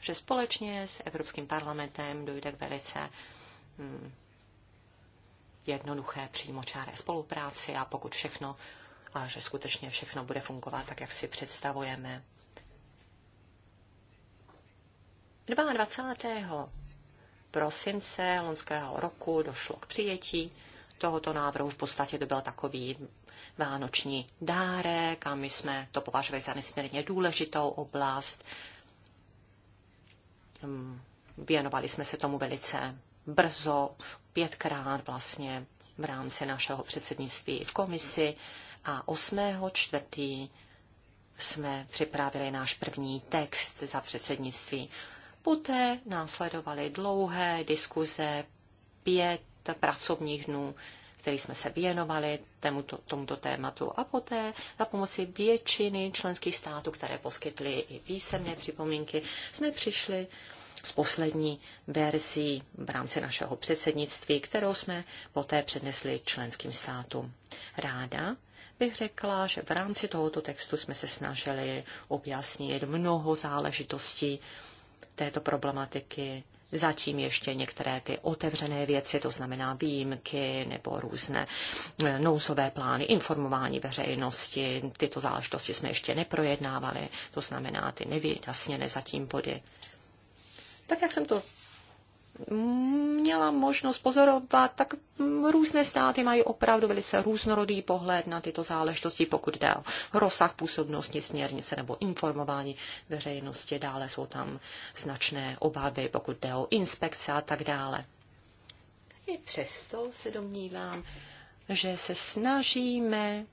že společně s Evropským parlamentem dojde k velice hmm, jednoduché přímočáré spolupráci a pokud všechno, a že skutečně všechno bude fungovat tak, jak si představujeme. 22 prosince loňského roku došlo k přijetí tohoto návrhu. V podstatě to byl takový vánoční dárek a my jsme to považovali za nesmírně důležitou oblast. Mm, věnovali jsme se tomu velice brzo, pětkrát vlastně v rámci našeho předsednictví v komisi a 8. čtvrtý jsme připravili náš první text za předsednictví. Poté následovaly dlouhé diskuze, pět pracovních dnů, který jsme se věnovali tomuto, tomuto tématu a poté za pomoci většiny členských států, které poskytly i písemné připomínky, jsme přišli s poslední verzí v rámci našeho předsednictví, kterou jsme poté přednesli členským státům. Ráda bych řekla, že v rámci tohoto textu jsme se snažili objasnit mnoho záležitostí, této problematiky. Zatím ještě některé ty otevřené věci, to znamená výjimky nebo různé eh, nouzové plány, informování veřejnosti, tyto záležitosti jsme ještě neprojednávali, to znamená ty nevyjasněné zatím body. Tak jak jsem to měla možnost pozorovat, tak různé státy mají opravdu velice různorodý pohled na tyto záležitosti, pokud jde o rozsah působnosti směrnice nebo informování veřejnosti. Dále jsou tam značné obavy, pokud jde o inspekce a tak dále. I přesto se domnívám, že se snažíme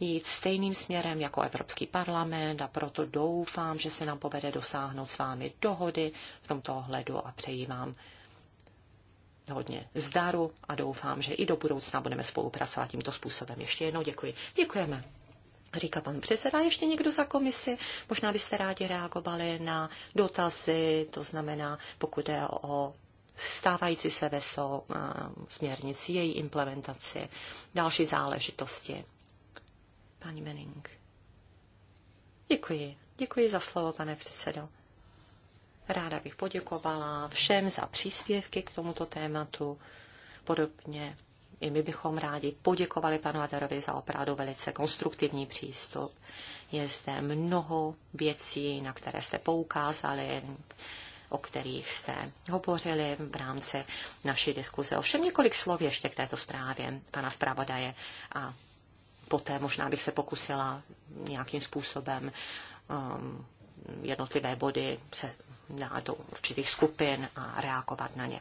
jít stejným směrem jako Evropský parlament a proto doufám, že se nám povede dosáhnout s vámi dohody v tomto ohledu a přeji vám hodně zdaru a doufám, že i do budoucna budeme spolupracovat tímto způsobem. Ještě jednou děkuji. Děkujeme. Říká pan předseda, ještě někdo za komisi? Možná byste rádi reagovali na dotazy, to znamená, pokud je o stávající se VESO eh, směrnici, její implementaci, další záležitosti paní Benning. Děkuji. Děkuji za slovo, pane předsedo. Ráda bych poděkovala všem za příspěvky k tomuto tématu. Podobně i my bychom rádi poděkovali panu Aderovi za opravdu velice konstruktivní přístup. Je zde mnoho věcí, na které jste poukázali, o kterých jste hovořili v rámci naší diskuze. Ovšem několik slov ještě k této zprávě pana zpravodaje a poté možná bych se pokusila nějakým způsobem um, jednotlivé body se dát do určitých skupin a reagovat na ně.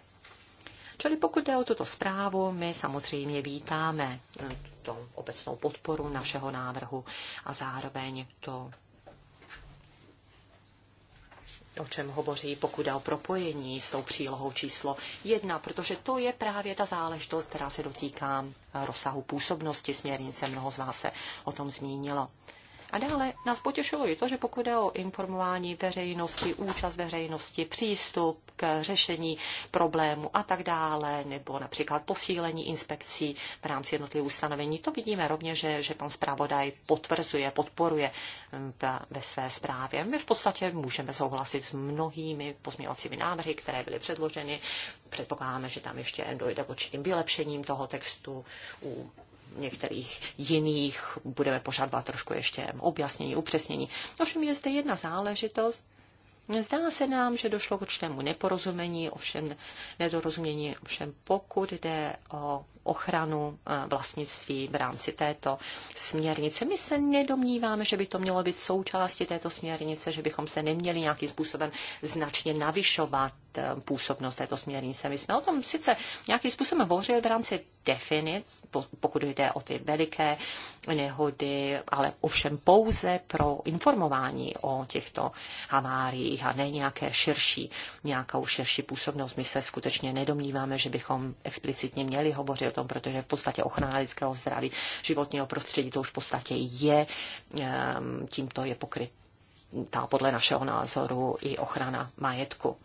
Čili pokud jde o tuto zprávu, my samozřejmě vítáme eh, tu obecnou podporu našeho návrhu a zároveň to o čem hovoří, pokud jde o propojení s tou přílohou číslo jedna, protože to je právě ta záležitost, která se dotýká rozsahu působnosti směrnice. Mnoho z vás se o tom zmínilo. A dále nás potěšilo i to, že pokud jde o informování veřejnosti, účast veřejnosti, přístup k řešení problému a tak dále, nebo například posílení inspekcí v rámci jednotlivých ustanovení, to vidíme rovněž, že, že pan zpravodaj potvrzuje, podporuje hm, ve své zprávě. My v podstatě můžeme souhlasit s mnohými pozměňovacími návrhy, které byly předloženy. Předpokládáme, že tam ještě dojde k určitým vylepšením toho textu u některých jiných budeme požadovat trošku ještě objasnění, upřesnění. Ovšem je zde jedna záležitost, Zdá se nám, že došlo k určitému neporozumění, ovšem nedorozumění, ovšem pokud jde o ochranu eh, vlastnictví v rámci této směrnice. My se nedomníváme, že by to mělo být součástí této směrnice, že bychom se neměli nějakým způsobem značně navyšovat eh, působnost této směrnice. My jsme o tom sice nějakým způsobem hovořili v rámci definic, pokud jde o ty veliké nehody, ale ovšem pouze pro informování o těchto haváriích a ne nějaké širší, nějakou širší působnost. My se skutečně nedomníváme, že bychom explicitně měli hovořit tom, protože v podstatě ochrana lidského zdraví, životního prostředí, to už v podstatě je, ehm, tímto je pokrytá podle našeho názoru i ochrana majetku.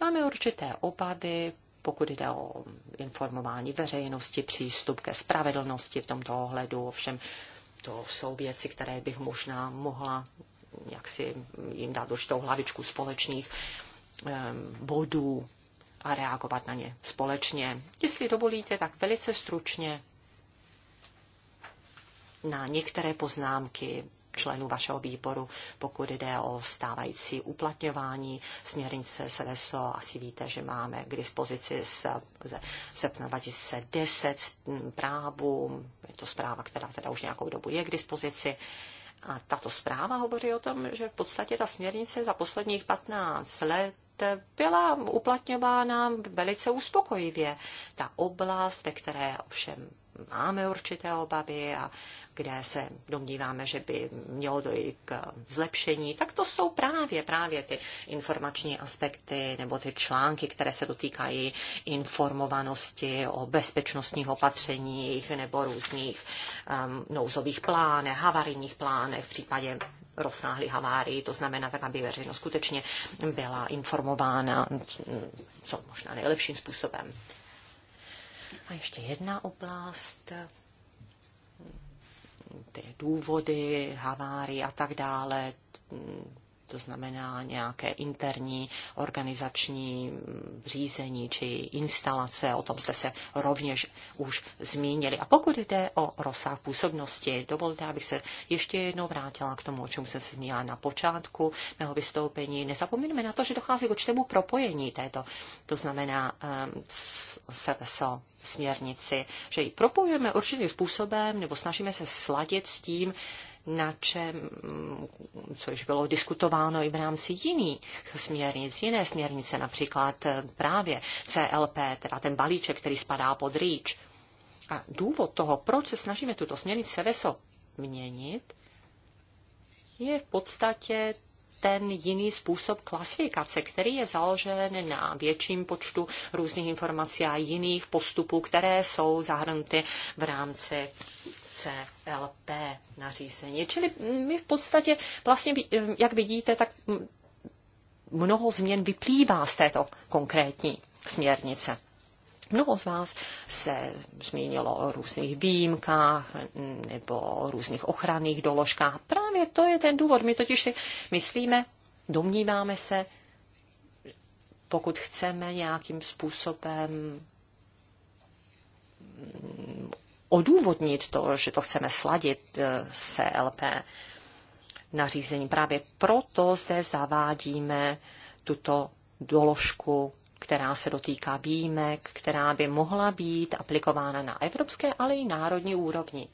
Máme určité obavy, pokud jde o informování veřejnosti, přístup ke spravedlnosti v tomto ohledu, ovšem to jsou věci, které bych možná mohla jak si jim dát určitou hlavičku společných ehm, bodů a reagovat na ně společně. Jestli dovolíte, tak velice stručně na některé poznámky členů vašeho výboru, pokud jde o stávající uplatňování směrnice SEDESO. Asi víte, že máme k dispozici ze srpna 2010 zprávu, je to zpráva, která teda už nějakou dobu je k dispozici. A tato zpráva hovoří o tom, že v podstatě ta směrnice za posledních 15 let byla uplatňována velice uspokojivě. Ta oblast, ve které ovšem máme určité obavy a kde se domníváme, že by mělo dojít k zlepšení, tak to jsou právě, právě ty informační aspekty nebo ty články, které se dotýkají informovanosti o bezpečnostních opatřeních nebo různých um, nouzových plánech, havarijních plánech v případě rozsáhlých havárii, to znamená tak, aby veřejnost skutečně byla informována co možná nejlepším způsobem. A ještě jedna oblast, ty důvody, havárie a tak dále, to znamená nějaké interní organizační řízení či instalace, o tom jste se rovněž už zmínili. A pokud jde o rozsah působnosti, dovolte, abych se ještě jednou vrátila k tomu, o čem jsem se zmínila na počátku mého vystoupení. Nezapomeňme na to, že dochází k určitému propojení této, to znamená um, ehm, SVSO směrnici, že ji propojujeme určitým způsobem nebo snažíme se sladit s tím, na čem, což bylo diskutováno i v rámci jiných směrnic, jiné směrnice, například eh, právě CLP, teda ten balíček, který spadá pod rýč. A důvod toho, proč se snažíme tuto směrnici SEVESO měnit, je v podstatě ten jiný způsob klasifikace, který je založen na větším počtu různých informací a jiných postupů, které jsou zahrnuty v rámci CLP nařízení. Čili my v podstatě, vlastně, eh, jak vidíte, tak mnoho změn vyplývá z této konkrétní směrnice. Mnoho z vás se zmínilo o různých výjimkách nebo o různých ochranných doložkách. Právě to je ten důvod. My totiž si myslíme, domníváme se, pokud chceme nějakým způsobem odůvodnit to, že to chceme sladit eh, s LP nařízení. Právě proto zde zavádíme tuto doložku, která se dotýká výjimek, která by mohla být aplikována na evropské, ale i národní úrovni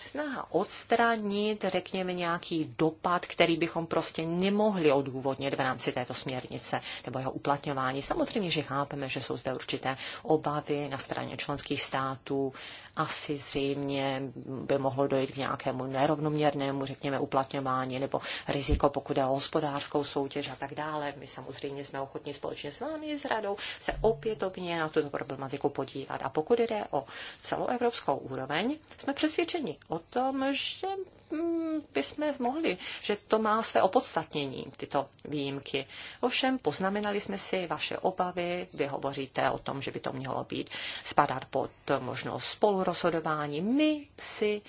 snaha odstranit, řekněme, nějaký dopad, který bychom prostě nemohli odůvodnit v rámci této směrnice nebo jeho uplatňování. Samozřejmě, že chápeme, že jsou zde určité obavy na straně členských států asi zřejmě by mohlo dojít k nějakému nerovnoměrnému, řekněme, uplatňování nebo riziko, pokud je o hospodářskou soutěž a tak dále. My samozřejmě jsme ochotni společně s vámi s radou se opětovně na tuto problematiku podívat. A pokud jde o celoevropskou úroveň, jsme přesvědčeni o tom, že Mm, bychom mohli, že to má své opodstatnění, tyto výjimky. Ovšem, poznamenali jsme si vaše obavy, vy hovoříte o tom, že by to mělo být spadat pod možnost spolurozhodování. My si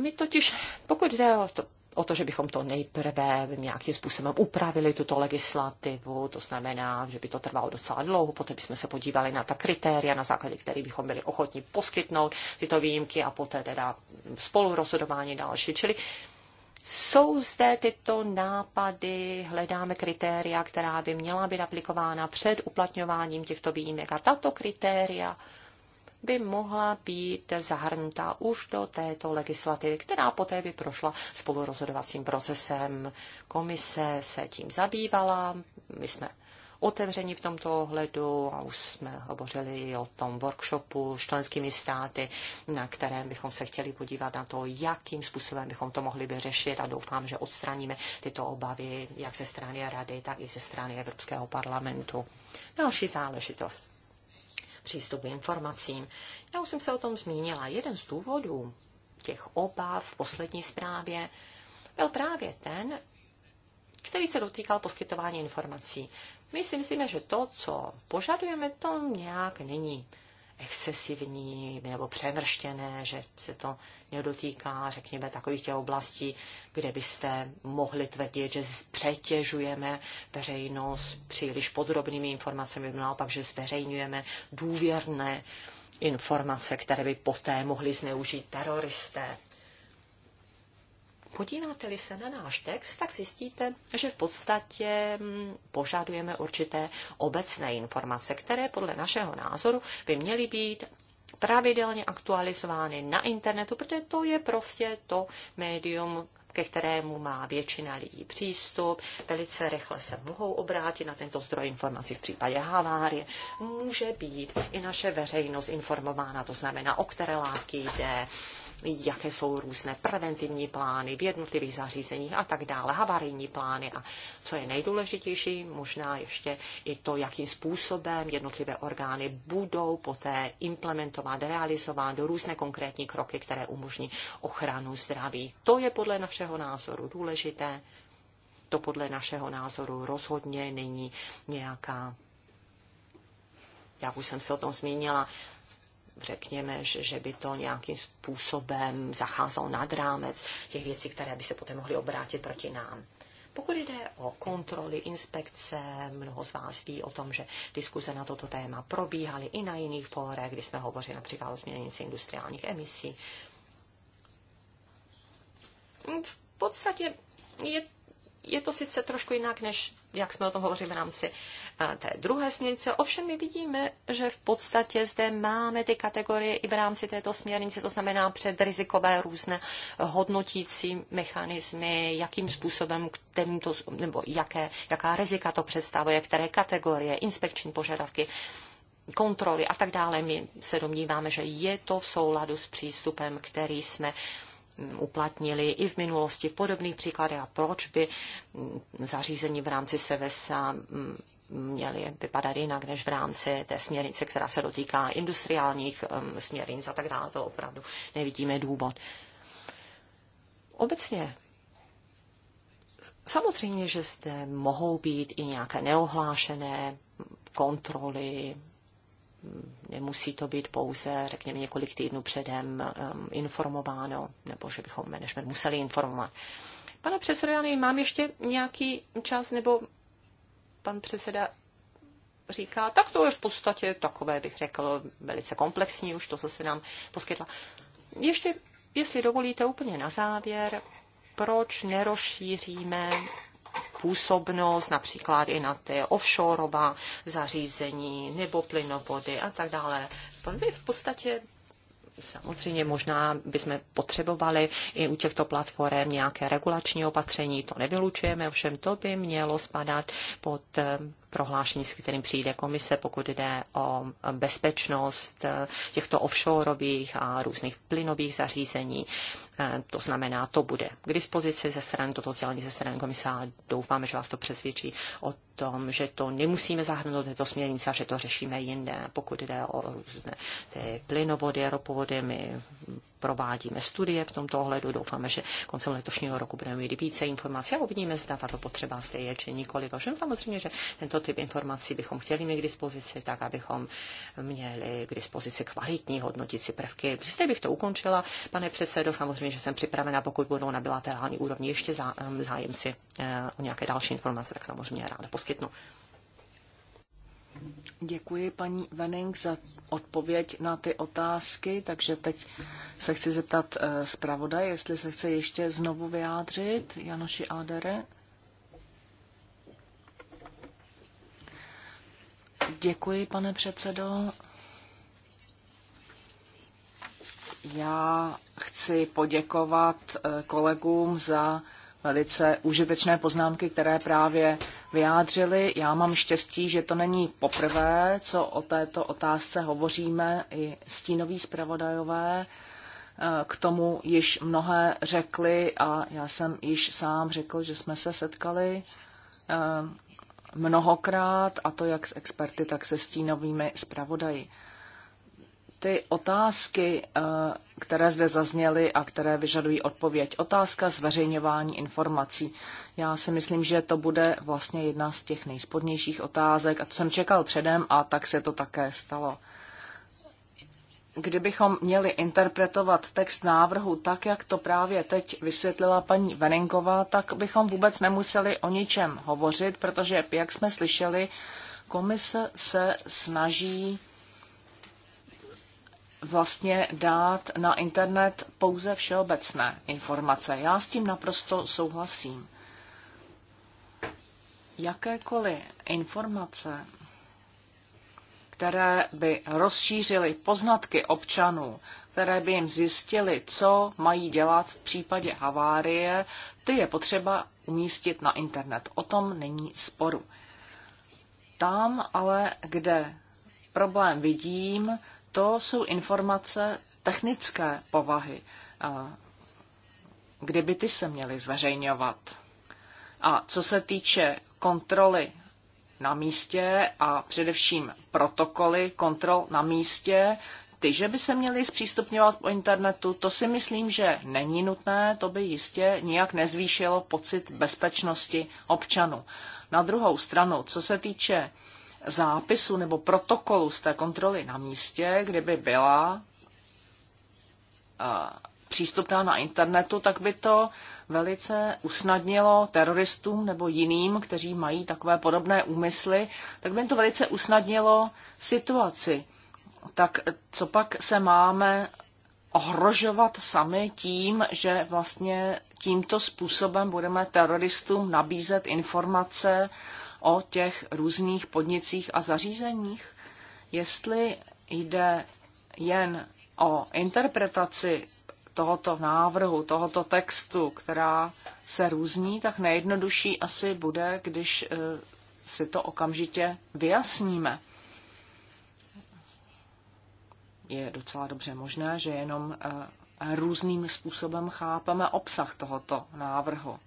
my totiž, pokud jde o to o to, že bychom to nejprve nějakým způsobem upravili tuto legislativu, to znamená, že by to trvalo docela dlouho, poté bychom se podívali na ta kritéria, na základě kterých bychom byli ochotní poskytnout tyto výjimky a poté teda rozhodování další. Čili jsou zde tyto nápady, hledáme kritéria, která by měla být aplikována před uplatňováním těchto výjimek a tato kritéria by mohla být zahrnuta už do této legislativy, která poté by prošla spolurozhodovacím procesem. Komise se tím zabývala, my jsme otevření v tomto ohledu a už jsme hovořili o tom workshopu s členskými státy, na kterém bychom se chtěli podívat na to, jakým způsobem bychom to mohli vyřešit a doufám, že odstraníme tyto obavy jak ze strany Rady, tak i ze strany Evropského parlamentu. Další záležitost přístup k informacím. Já už jsem se o tom zmínila. Jeden z důvodů těch obav v poslední zprávě byl právě ten, který se dotýkal poskytování informací. My si myslíme, že to, co požadujeme, to nějak není excesivní nebo přemrštěné, že se to nedotýká, řekněme, takových těch oblastí, kde byste mohli tvrdit, že přetěžujeme veřejnost příliš podrobnými informacemi, naopak, že zveřejňujeme důvěrné informace, které by poté mohli zneužít teroristé. Podíváte-li se na náš text, tak zjistíte, že v podstatě mm, požadujeme určité obecné informace, které podle našeho názoru by měly být pravidelně aktualizovány na internetu, protože to je prostě to médium, ke kterému má většina lidí přístup. Velice rychle se mohou obrátit na tento zdroj informací v případě havárie. Může být i naše veřejnost informována, to znamená, o které látky jde, jaké jsou různé preventivní plány v jednotlivých zařízeních a tak dále, havarijní plány a co je nejdůležitější, možná ještě i to, jakým způsobem jednotlivé orgány budou poté implementovat, realizovat různé konkrétní kroky, které umožní ochranu zdraví. To je podle našeho názoru důležité. To podle našeho názoru rozhodně není nějaká, jak už jsem se o tom zmínila, řekněme, že že by to nějakým způsobem zacházelo nad rámec těch věcí, které by se poté mohly obrátit proti nám. Pokud jde o kontroly, inspekce, mnoho z vás ví o tom, že diskuze na toto téma probíhaly i na jiných fórech, kdy jsme hovořili například o změnění industriálních emisí. V podstatě je, je to sice trošku jinak, než jak jsme o tom hovořili v rámci eh, té druhé směrnice. Ovšem my vidíme, že v podstatě zde máme ty kategorie i v rámci této směrnice, to znamená rizikové různé hodnotící mechanismy, jakým způsobem k těmto, nebo jaké, jaká rizika to představuje, které kategorie, inspekční požadavky kontroly a tak dále. My se domníváme, že je to v souladu s přístupem, který jsme uh, uplatnili i v minulosti v podobných příkladech a proč by mm, zařízení v rámci SEVESA mm, měly vypadat jinak než v rámci té směrnice, která se dotýká industriálních mm, směrnic a tak dále. To opravdu nevidíme důvod. Obecně Samozřejmě, že zde mohou být i nějaké neohlášené kontroly, nemusí to být pouze, řekněme, několik týdnů předem um, informováno, nebo že bychom management museli informovat. Pane předsedo, já mám ještě nějaký čas, nebo pan předseda říká, tak to je v podstatě takové, bych řekl, velice komplexní už to, co se nám poskytla. Ještě, jestli dovolíte, úplně na závěr, proč nerozšíříme působnost, například i na ty offshoreová zařízení nebo plynovody a tak dále. My v podstatě Samozřejmě možná bychom potřebovali i u těchto platform nějaké regulační opatření, to nevylučujeme, ovšem to by mělo spadat pod prohlášení, s kterým přijde komise, pokud jde o bezpečnost těchto offshoreových a různých plynových zařízení. Eh, to znamená, to bude k dispozici ze strany toto sdělení ze strany komise a doufáme, že vás to přesvědčí o tom, že to nemusíme zahrnout do směrnice a že to řešíme jinde, pokud jde o různé ty plynovody, ropovody. My provádíme studie v tomto ohledu. Doufáme, že koncem letošního roku budeme mít více informací a uvidíme, zda tato potřeba zde je či nikoli. Ovšem samozřejmě, že tento typ informací bychom chtěli mít k dispozici, tak abychom měli k dispozici kvalitní hodnotící prvky. Zde bych to ukončila, pane předsedo, samozřejmě, že jsem připravena, pokud budou na bilaterální úrovni ještě um, zájemci eh, o nějaké další informace, tak samozřejmě ráda poskytnu. Děkuji paní Venning za odpověď na ty otázky, takže teď se chci zeptat eh, zpravodaj, jestli se chce ještě znovu vyjádřit, Janoši Adere. Děkuji, pane předsedo. Já chci poděkovat eh, kolegům za velice užitečné poznámky, které právě vyjádřili. Já mám štěstí, že to není poprvé, co o této otázce hovoříme i stínoví zpravodajové. Eh, k tomu již mnohé řekli a já jsem již sám řekl, že jsme se setkali eh, mnohokrát, a to jak s experty, tak se stínovými zpravodaji ty otázky, eh, které zde zazněly a které vyžadují odpověď. Otázka zveřejňování informací. Já si myslím, že to bude vlastně jedna z těch nejspodnějších otázek a to jsem čekal předem a tak se to také stalo. Kdybychom měli interpretovat text návrhu tak, jak to právě teď vysvětlila paní Venenková, tak bychom vůbec nemuseli o ničem hovořit, protože, jak jsme slyšeli, komise se snaží vlastně dát na internet pouze všeobecné informace. Já s tím naprosto souhlasím. Jakékoliv informace, které by rozšířily poznatky občanů, které by jim zjistily, co mají dělat v případě havárie, ty je potřeba umístit na internet. O tom není sporu. Tam ale, kde problém vidím, to jsou informace technické povahy. Kdyby ty se měly zveřejňovat. A co se týče kontroly na místě a především protokoly kontrol na místě, ty, že by se měly zpřístupňovat po internetu, to si myslím, že není nutné, to by jistě nijak nezvýšilo pocit bezpečnosti občanů. Na druhou stranu, co se týče zápisu nebo protokolu z té kontroly na místě, kdyby byla eh, přístupná na internetu, tak by to velice usnadnilo teroristům nebo jiným, kteří mají takové podobné úmysly, tak by to velice usnadnilo situaci. Tak co pak se máme ohrožovat sami tím, že vlastně tímto způsobem budeme teroristům nabízet informace, o těch různých podnicích a zařízeních? Jestli jde jen o interpretaci tohoto návrhu, tohoto textu, která se různí, tak nejjednodušší asi bude, když eh, si to okamžitě vyjasníme. Je docela dobře možné, že jenom eh, různým způsobem chápeme obsah tohoto návrhu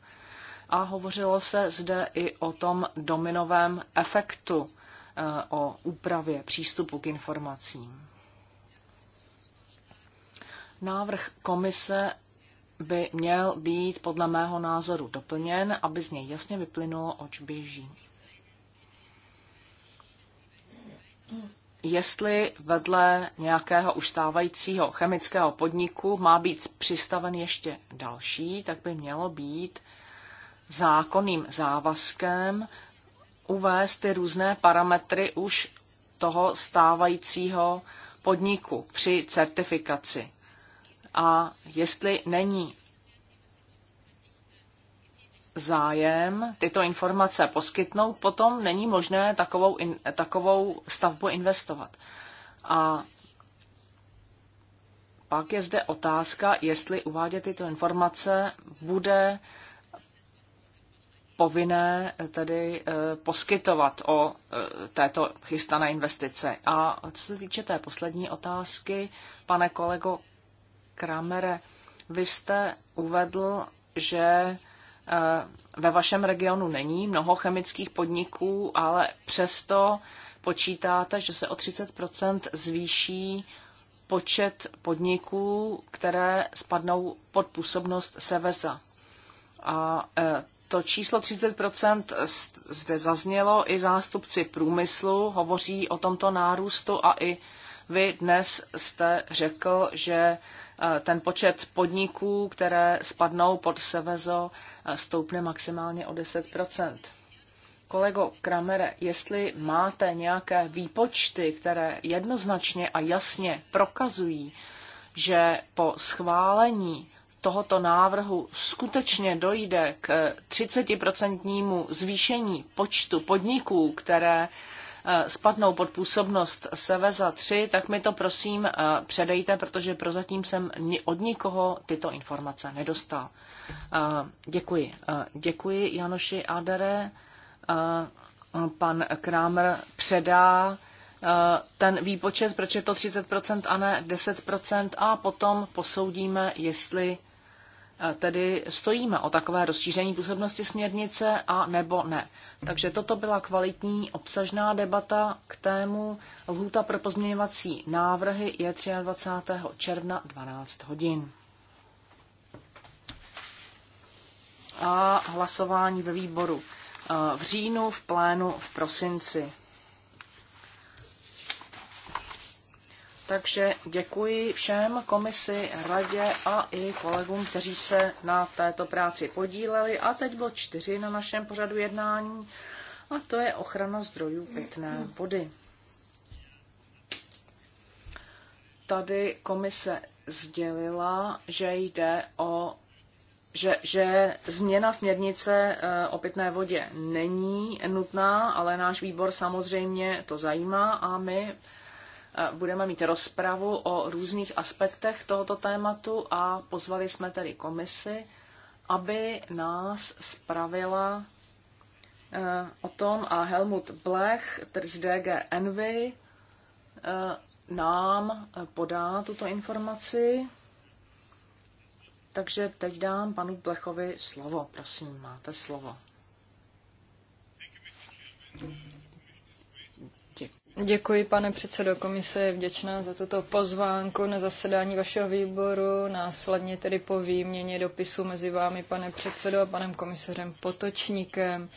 a hovořilo se zde i o tom dominovém efektu, eh, o úpravě přístupu k informacím. Návrh komise by měl být podle mého názoru doplněn, aby z něj jasně vyplynulo, oč běží. Jestli vedle nějakého už stávajícího chemického podniku má být přistaven ještě další, tak by mělo být zákonným závazkem uvést ty různé parametry už toho stávajícího podniku při certifikaci. A jestli není zájem tyto informace poskytnout, potom není možné takovou, in, takovou stavbu investovat. A pak je zde otázka, jestli uvádět tyto informace bude povinné eh, tedy eh, poskytovat o eh, této chystané investice. A co se týče té poslední otázky, pane kolego Kramere, vy jste uvedl, že ve vašem regionu není mnoho chemických podniků, ale přesto počítáte, že se o 30 zvýší počet podniků, které spadnou pod působnost Seveza. A to číslo 30% zde zaznělo, i zástupci průmyslu hovoří o tomto nárůstu a i vy dnes jste řekl, že eh, ten počet podniků, které spadnou pod Sevezo, eh, stoupne maximálně o 10 Kolego Kramere, jestli máte nějaké výpočty, které jednoznačně a jasně prokazují, že po schválení tohoto návrhu skutečně dojde k 30% zvýšení počtu podniků, které eh, spadnou pod působnost Seveza 3, tak mi to prosím eh, předejte, protože prozatím jsem od nikoho tyto informace nedostal. Eh, děkuji. Děkuji Janoši Adere. Pan Kramer předá ten výpočet, proč je to 30% a ne 10% a potom posoudíme, jestli tedy stojíme o takové rozšíření působnosti směrnice a nebo ne. Takže toto byla kvalitní obsažná debata k tému. Lhůta pro pozměňovací návrhy je 23. června 12 hodin. A hlasování ve výboru eh, v říjnu, v plénu v prosinci. Takže děkuji všem komisi, radě a i kolegům, kteří se na této práci podíleli. A teď bylo čtyři na našem pořadu jednání, a to je ochrana zdrojů pitné vody. Tady komise sdělila, že jde o že, že změna směrnice eh, o pitné vodě není nutná, ale náš výbor samozřejmě to zajímá a my budeme mít rozpravu o různých aspektech tohoto tématu a pozvali jsme tedy komisi, aby nás spravila eh, o tom a Helmut Blech, z DG Envy, eh, nám podá tuto informaci. Takže teď dám panu Blechovi slovo. Prosím, máte slovo. Thank you, Děkuji, pane předsedo komise, je vděčná za tuto pozvánku na zasedání vašeho výboru. Následně tedy po výměně dopisu mezi vámi, pane předsedo, a panem komisařem Potočníkem.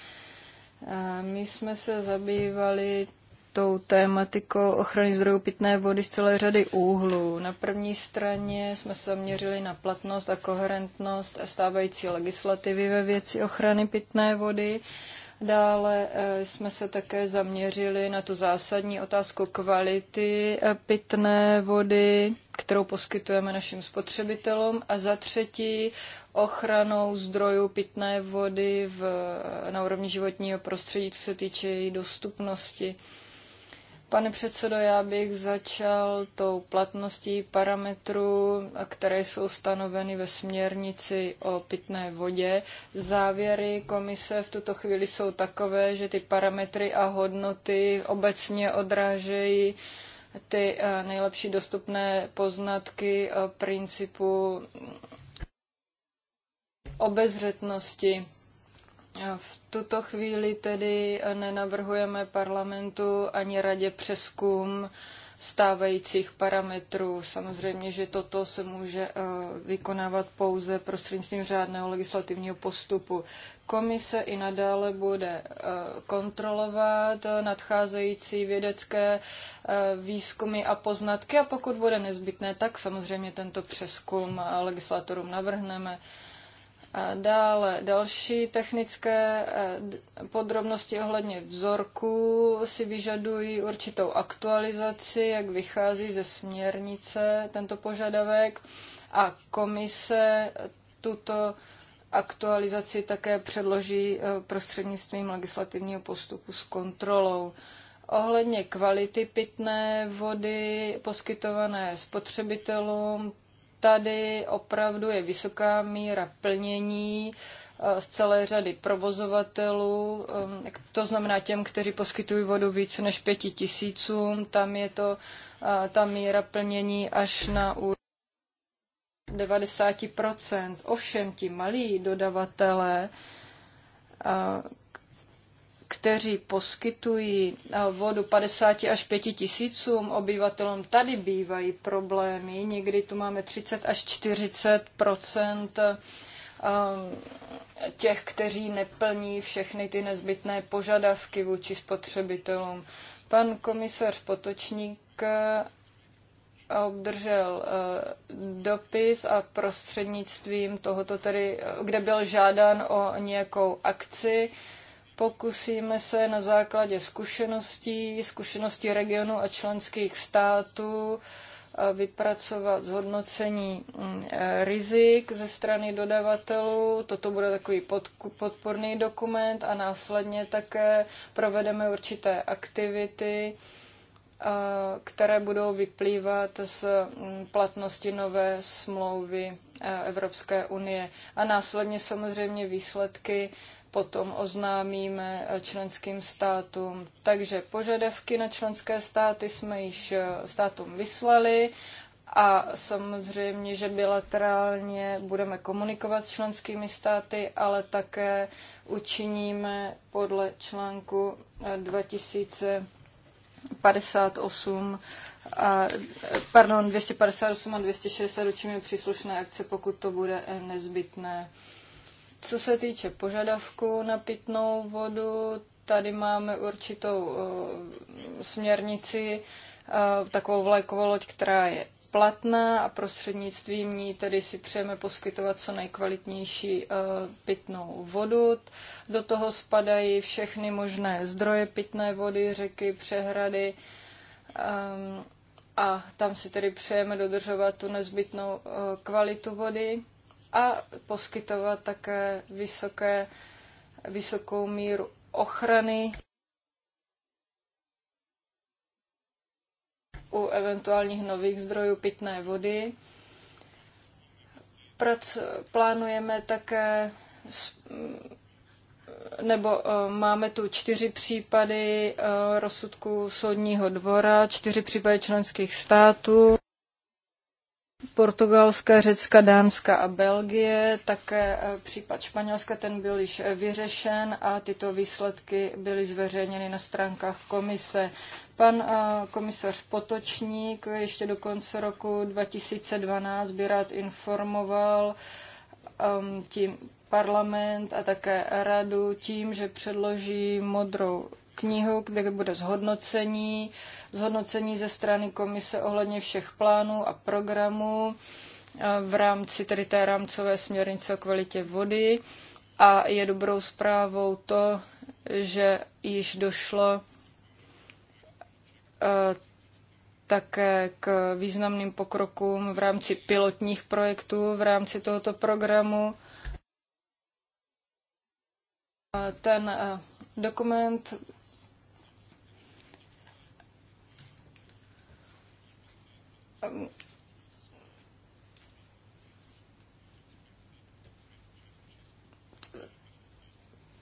My jsme se zabývali tou tématikou ochrany zdrojů pitné vody z celé řady úhlů. Na první straně jsme se zaměřili na platnost a koherentnost stávající legislativy ve věci ochrany pitné vody. Dále eh, jsme se také zaměřili na tu zásadní otázku kvality eh, pitné vody, kterou poskytujeme našim spotřebitelům. A za třetí ochranou zdrojů pitné vody v, na úrovni životního prostředí, co se týče její dostupnosti. Pane předsedo, já bych začal tou platností parametrů, které jsou stanoveny ve směrnici o pitné vodě. Závěry komise v tuto chvíli jsou takové, že ty parametry a hodnoty obecně odrážejí ty eh, nejlepší dostupné poznatky eh, principu obezřetnosti. V tuto chvíli tedy nenavrhujeme parlamentu ani radě přeskum stávajících parametrů. Samozřejmě, že toto se může eh, vykonávat pouze prostřednictvím řádného legislativního postupu. Komise i nadále bude eh, kontrolovat eh, nadcházející vědecké výzkumy a poznatky a pokud bude nezbytné, tak samozřejmě tento přeskum legislatorům navrhneme. Dále další technické eh, podrobnosti ohledně vzorků si vyžadují určitou aktualizaci, jak vychází ze směrnice tento požadavek a komise tuto aktualizaci také předloží eh, prostřednictvím legislativního postupu s kontrolou. Ohledně kvality pitné vody poskytované spotřebitelům, tady opravdu je vysoká míra plnění eh, z celé řady provozovatelů, eh, to znamená těm, kteří poskytují vodu více než pěti tisícům, tam je to eh, ta míra plnění až na úrovni 90%. Ovšem ti malí dodavatelé, kteří poskytují eh, vodu 50 až 5 tisícům obyvatelům, tady bývají problémy. Někdy tu máme 30 až 40 eh, těch, kteří neplní všechny ty nezbytné požadavky vůči spotřebitelům. Pan komisař Potočník eh, obdržel dopis a prostřednictvím tohoto tedy, kde byl žádán o nějakou akci, Pokusíme se na základě zkušeností, zkušeností regionu a členských států eh, vypracovat zhodnocení mm, eh, rizik ze strany dodavatelů. Toto bude takový podporný dokument a následně také provedeme určité aktivity, eh, které budou vyplývat z mm, platnosti nové smlouvy Evropské unie. A následně samozřejmě výsledky potom oznámíme členským státům. Takže požadavky na členské státy jsme již eh, státům vyslali a samozřejmě, že bilaterálně budeme komunikovat s členskými státy, ale také učiníme podle článku 2058 eh, a, eh, pardon, 258 a 260 učiníme příslušné akce, pokud to bude nezbytné. Co se týče požadavku na pitnou vodu, tady máme určitou eh, směrnici, eh, takovou vlajkovou loď, která je platná a prostřednictvím ní tedy si přejeme poskytovat co nejkvalitnější eh, pitnou vodu. Do toho spadají všechny možné zdroje pitné vody, řeky, přehrady ehm, a tam si tedy přejeme dodržovat tu nezbytnou kvalitu vody a poskytovat také vysoké, vysokou míru ochrany u eventuálních nových zdrojů pitné vody. Prac, plánujeme také nebo eh, máme tu čtyři případy eh, rozsudku soudního dvora, čtyři případy členských států. Portugalska, Řecka, Dánska a Belgie, také e, případ Španělska, ten byl již e, vyřešen a tyto výsledky byly zveřejněny na stránkách komise. Pan e, komisař Potočník ještě do konce roku 2012 by rád informoval um, tím parlament a také radu tím, že předloží modrou knihu, kde bude zhodnocení, zhodnocení ze strany komise ohledně všech plánů a programů eh, v rámci tedy té rámcové směrnice o kvalitě vody. A je dobrou zprávou to, že již došlo eh, také k významným pokrokům v rámci pilotních projektů v rámci tohoto programu. Ten eh, dokument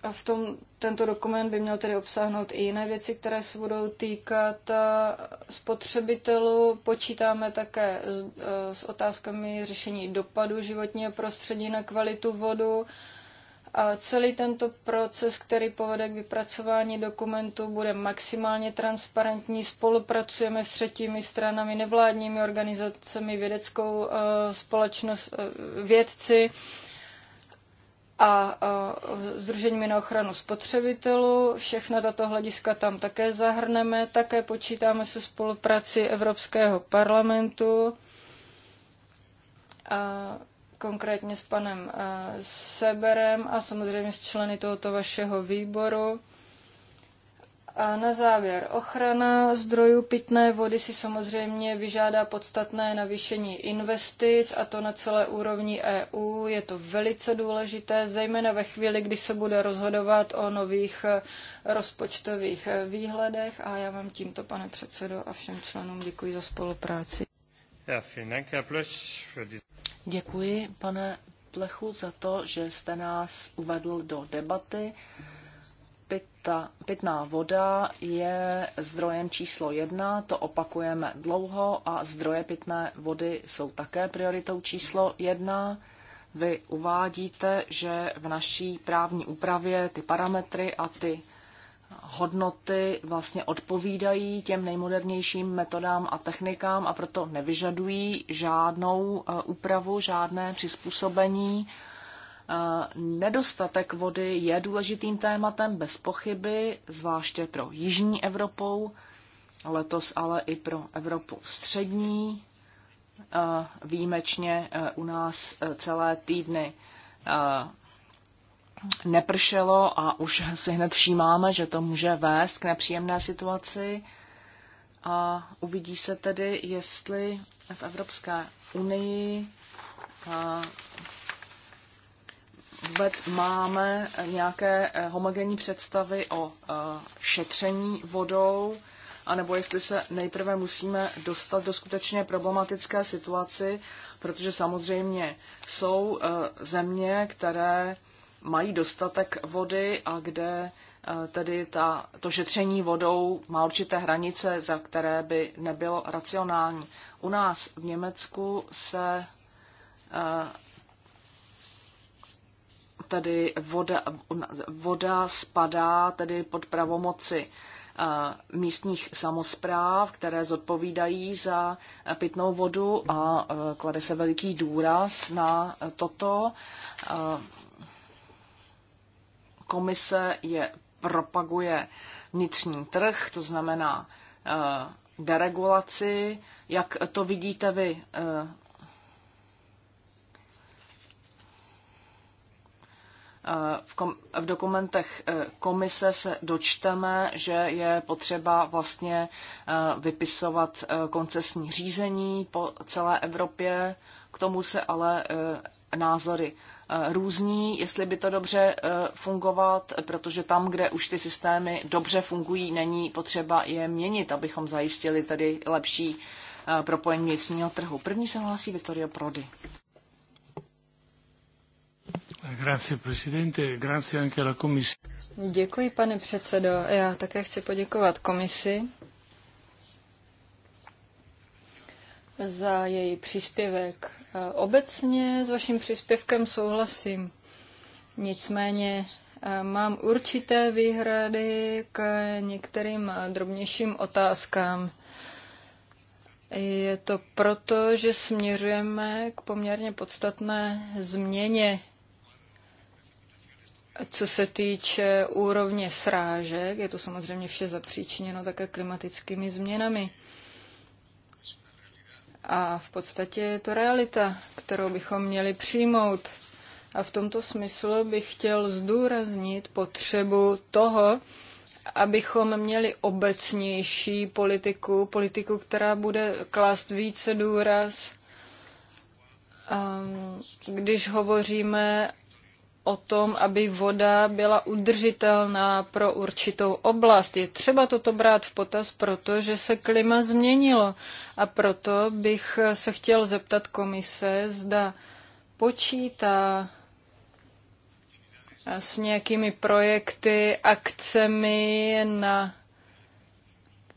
A v tom, tento dokument by měl tedy obsáhnout i jiné věci, které se budou týkat eh, spotřebitelů. Počítáme také s, eh, s otázkami řešení dopadu životního prostředí na kvalitu vodu, Celý tento proces, který povede k vypracování dokumentu, bude maximálně transparentní. Spolupracujeme s třetími stranami, nevládními organizacemi, vědeckou eh, společnost, eh, vědci a eh, združeními na ochranu spotřebitelů. Všechna tato hlediska tam také zahrneme. Také počítáme se spolupráci Evropského parlamentu. A konkrétně s panem eh, Seberem a samozřejmě s členy tohoto vašeho výboru. A na závěr, ochrana zdrojů pitné vody si samozřejmě vyžádá podstatné navýšení investic a to na celé úrovni EU. Je to velice důležité, zejména ve chvíli, kdy se bude rozhodovat o nových eh, rozpočtových eh, výhledech. A já vám tímto, pane předsedo, a všem členům děkuji za spolupráci. Děkuji, pane Plechu, za to, že jste nás uvedl do debaty. Pita, pitná voda je zdrojem číslo jedna, to opakujeme dlouho a zdroje pitné vody jsou také prioritou číslo jedna. Vy uvádíte, že v naší právní úpravě ty parametry a ty hodnoty vlastně odpovídají těm nejmodernějším metodám a technikám a proto nevyžadují žádnou eh, úpravu, žádné přizpůsobení. Eh, nedostatek vody je důležitým tématem bez pochyby, zvláště pro Jižní Evropou, letos ale i pro Evropu střední. Eh, výjimečně u nás celé týdny nepršelo a už si hned všímáme, že to může vést k nepříjemné situaci. A uvidí se tedy, jestli v Evropské unii vůbec máme nějaké eh, homogenní představy o eh, šetření vodou, anebo jestli se nejprve musíme dostat do skutečně problematické situaci, protože samozřejmě jsou eh, země, které mají dostatek vody a kde eh, tedy ta, to šetření vodou má určité hranice, za které by nebylo racionální. U nás v Německu se eh, tedy voda, voda spadá tedy pod pravomoci eh, místních samozpráv, které zodpovídají za pitnou vodu a klade se veliký důraz na toto komise je propaguje vnitřní trh, to znamená eh, deregulaci. Jak to vidíte vy? Eh, v, kom, v dokumentech eh, komise se dočteme, že je potřeba vlastně vypisovat koncesní řízení po celé Evropě. K tomu se ale názory Eh, různí, jestli by to dobře eh, fungovat, protože tam, kde už ty systémy dobře fungují, není potřeba je měnit, abychom zajistili tedy lepší eh, propojení vnitřního trhu. První se hlásí Vittorio Prodi. Děkuji, pane předsedo. Já také chci poděkovat komisi za její příspěvek. Obecně s vaším příspěvkem souhlasím. Nicméně mám určité výhrady k některým drobnějším otázkám. Je to proto, že směřujeme k poměrně podstatné změně, co se týče úrovně srážek. Je to samozřejmě vše zapříčiněno také klimatickými změnami. A v podstatě je to realita, kterou bychom měli přijmout. A v tomto smyslu bych chtěl zdůraznit potřebu toho, abychom měli obecnější politiku, politiku, která bude klást více důraz, um, když hovoříme o tom, aby voda byla udržitelná pro určitou oblast. Je třeba toto brát v potaz, protože se klima změnilo a proto bych se chtěl zeptat komise, zda počítá s nějakými projekty, akcemi na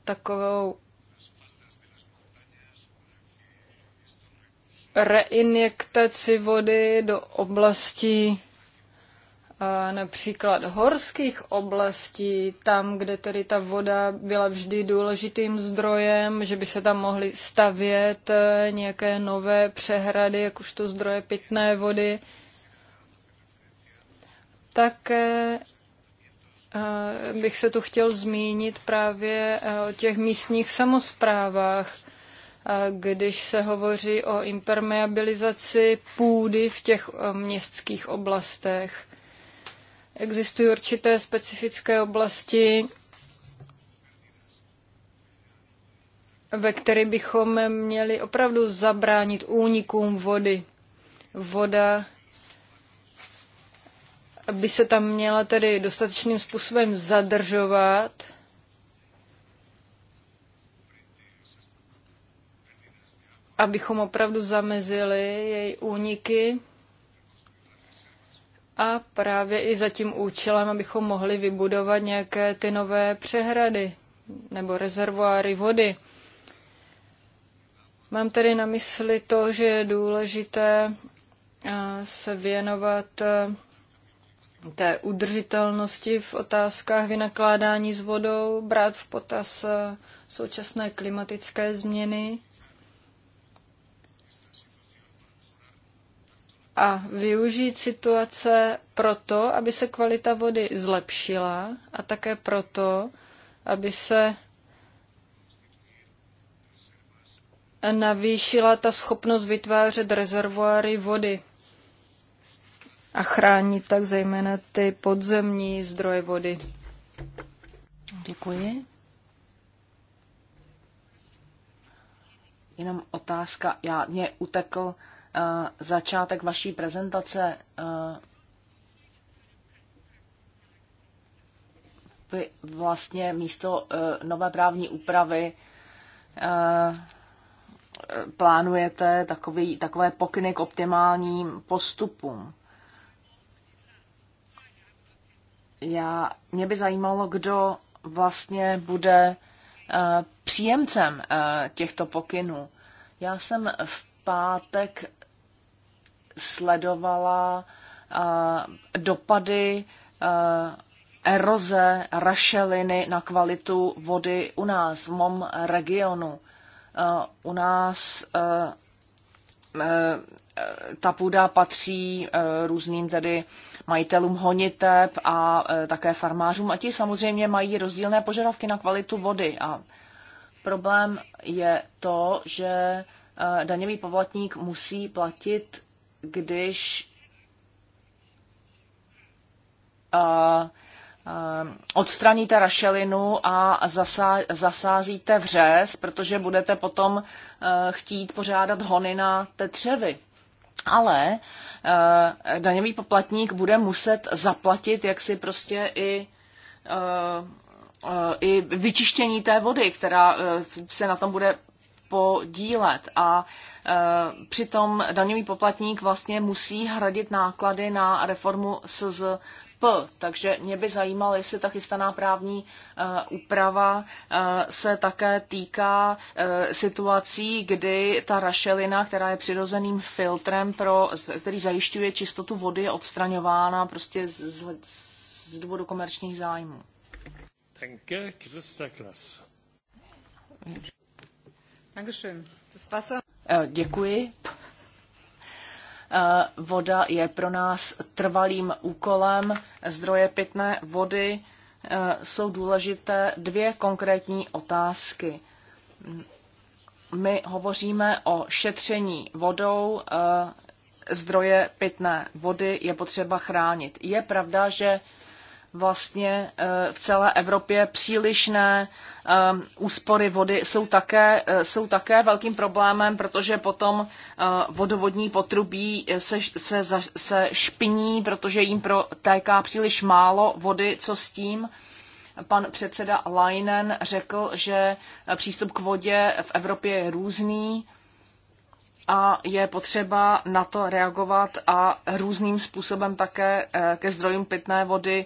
takovou reinjektaci vody do oblastí například horských oblastí, tam, kde tedy ta voda byla vždy důležitým zdrojem, že by se tam mohly stavět e, nějaké nové přehrady, jak už to zdroje pitné vody. Také e, bych se tu chtěl zmínit právě e, o těch místních samozprávách, když se hovoří o impermeabilizaci půdy v těch městských oblastech Existují určité specifické oblasti, ve které bychom měli opravdu zabránit únikům vody. Voda by se tam měla tedy dostatečným způsobem zadržovat. abychom opravdu zamezili její úniky. A právě i za tím účelem, abychom mohli vybudovat nějaké ty nové přehrady nebo rezervoáry vody. Mám tedy na mysli to, že je důležité eh, se věnovat eh, té udržitelnosti v otázkách vynakládání s vodou, brát v potaz eh, současné klimatické změny a využít situace proto, aby se kvalita vody zlepšila a také proto, aby se navýšila ta schopnost vytvářet rezervoáry vody a chránit tak zejména ty podzemní zdroje vody. Děkuji. Jenom otázka, já mě utekl Eh, začátek vaší prezentace eh, vy vlastně místo eh, nové právní úpravy plánujete takový, takové pokyny k optimálním postupům. Já, mě by zajímalo, kdo vlastně bude příjemcem těchto pokynů. Já jsem v pátek sledovala eh, dopady eh, eroze rašeliny na kvalitu vody u nás, v mom regionu. Eh, u nás ta půda patří různým tedy majitelům honiteb a také farmářům a ti samozřejmě mají rozdílné požadavky na kvalitu vody a problém je to, že daňový povolatník musí platit když uh, odstraníte rašelinu a zasá, zasázíte vřez, protože budete potom eh, chtít pořádat hony na tetřevy. Ale daňový poplatník bude muset zaplatit jaksi prostě i i vyčištění té vody, která se na tom bude podílet a e, přitom daňový poplatník vlastně musí hradit náklady na reformu SZP. Takže mě by zajímalo, jestli ta chystaná právní e, úprava e, se také týká e, situací, kdy ta rašelina, která je přirozeným filtrem, pro, který zajišťuje čistotu vody, je odstraňována prostě z, z, z důvodu komerčních zájmů. Danke, Christa Klaas. Eh, děkuji. Eh, voda je pro nás trvalým úkolem. Zdroje pitné vody eh, jsou důležité dvě konkrétní otázky. My hovoříme o šetření vodou, zdroje pitné vody je potřeba chránit. Je pravda, že vlastně eh, v celé Evropě přílišné eh, úspory vody jsou také, eh, jsou také velkým problémem, protože potom vodovodní potrubí se, se, se špiní, protože jim protéká příliš málo vody, co s tím. Pan předseda Leinen řekl, že přístup k vodě v Evropě je různý a je potřeba na to reagovat a různým způsobem také ke zdrojům pitné vody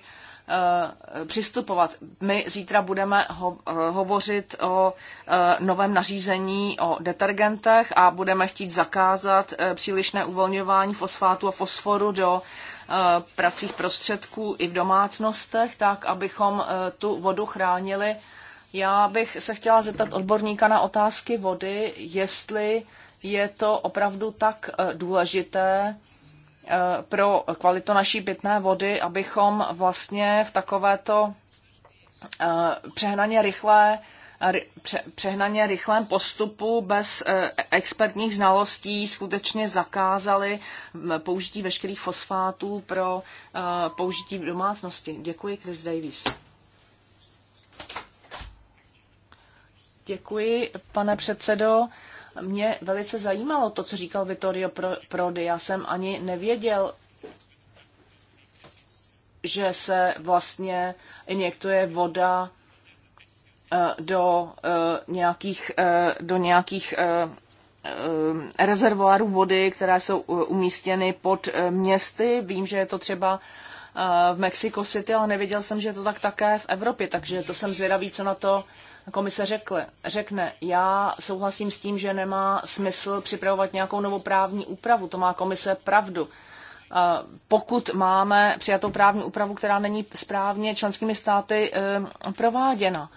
Eh, přistupovat. My zítra budeme ho, eh, hovořit o eh, novém nařízení o detergentech a budeme chtít zakázat přílišné uvolňování fosfátu a fosforu do pracích prostředků i v domácnostech, tak abychom tu vodu chránili. Já bych se chtěla zeptat odborníka na otázky vody, jestli je to opravdu tak důležité, Eh, pro kvalitu naší pitné vody, abychom vlastně v takovéto eh, přehnaně rychlé eh, přehnaně rychlém postupu bez expertních znalostí skutečně zakázali mm, použití veškerých fosfátů pro použití v domácnosti. Děkuji, Chris Davies. Děkuji, pane předsedo mě velice zajímalo to, co říkal Vittorio Prodi. Já jsem ani nevěděl, že se vlastně injektuje voda eh, eh, eh, do nějakých, do nějakých rezervoárů vody, které jsou umístěny pod městy. Vím, že je to třeba Eh, v Mexico City, ale nevěděl jsem, že je to tak také v Evropě, takže to jsem zvědavý, co na to komise řekle, řekne. Já souhlasím s tím, že nemá smysl připravovat nějakou novou právní úpravu, to má komise pravdu. Eh, pokud máme přijatou právní úpravu, která není správně členskými státy eh, prováděna,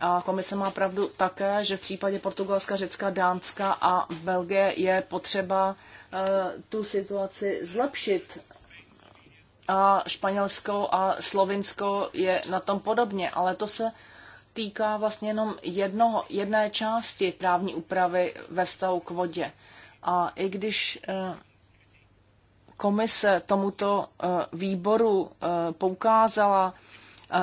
a komise má pravdu také, že v případě Portugalska, Řecka, Dánska a Belgie je potřeba tu situaci zlepšit a Španělsko a Slovinsko je na tom podobně, ale to se týká vlastně jenom jednoho, jedné části právní úpravy ve vztahu k vodě. A i když eh, komise tomuto eh, výboru eh, poukázala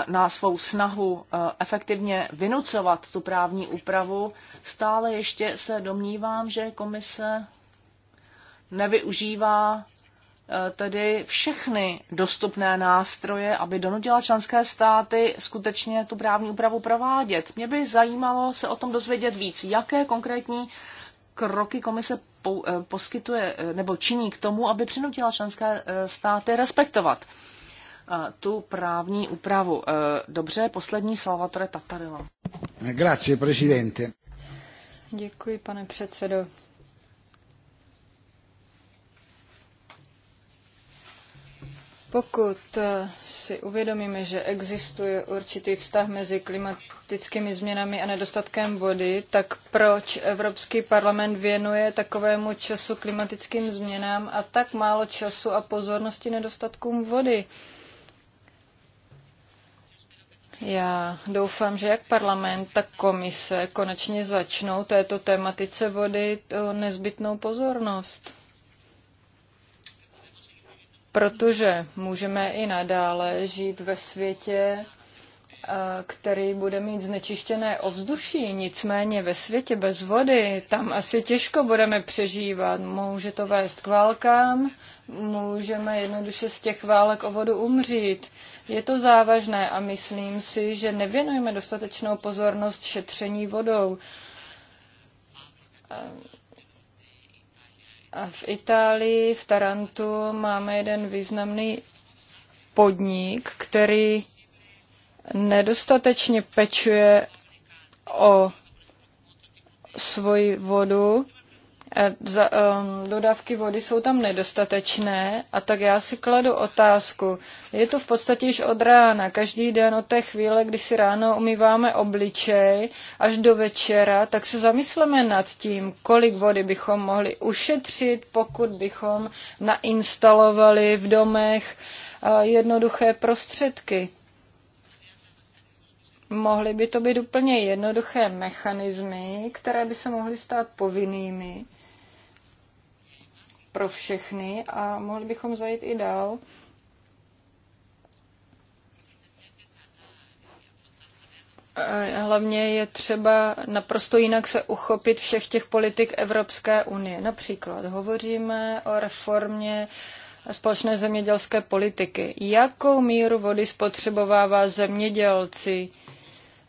na svou snahu efektivně vynucovat tu právní úpravu, stále ještě se domnívám, že komise nevyužívá Eh, tedy všechny dostupné nástroje, aby donutila členské státy skutečně tu právní úpravu provádět. Mě by zajímalo se o tom dozvědět víc, jaké konkrétní kroky komise eh, poskytuje eh, nebo činí k tomu, aby přinutila členské státy respektovat tu právní úpravu. Dobře, poslední Salvatore Tatarela. Grazie, presidente. Děkuji, pane předsedo. Pokud eh, si uvědomíme, že existuje určitý vztah mezi klimatickými změnami a nedostatkem vody, tak proč Evropský parlament věnuje takovému času klimatickým změnám a tak málo času a pozornosti nedostatkům vody? Já doufám, že jak parlament, tak komise konečně začnou této tematice vody nezbytnou pozornost protože můžeme i nadále žít ve světě, eh, který bude mít znečištěné ovzduší, nicméně ve světě bez vody, tam asi těžko budeme přežívat. Může to vést k válkám, můžeme jednoduše z těch válek o vodu umřít. Je to závažné a myslím si, že nevěnujeme dostatečnou pozornost šetření vodou v Itálii, v Tarantu, máme jeden významný podnik, který nedostatečně pečuje o svoji vodu Eh, za, um, dodávky vody jsou tam nedostatečné a tak já si kladu otázku. Je to v podstatě již od rána, každý den od té chvíle, kdy si ráno umýváme obličej až do večera, tak se zamysleme nad tím, kolik vody bychom mohli ušetřit, pokud bychom nainstalovali v domech uh, jednoduché prostředky. Mohly by to být úplně jednoduché mechanismy, které by se mohly stát povinnými pro všechny a mohli bychom zajít i dál. Hlavně je třeba naprosto jinak se uchopit všech těch politik Evropské unie. Například hovoříme o reformě společné zemědělské politiky. Jakou míru vody spotřebovává zemědělci?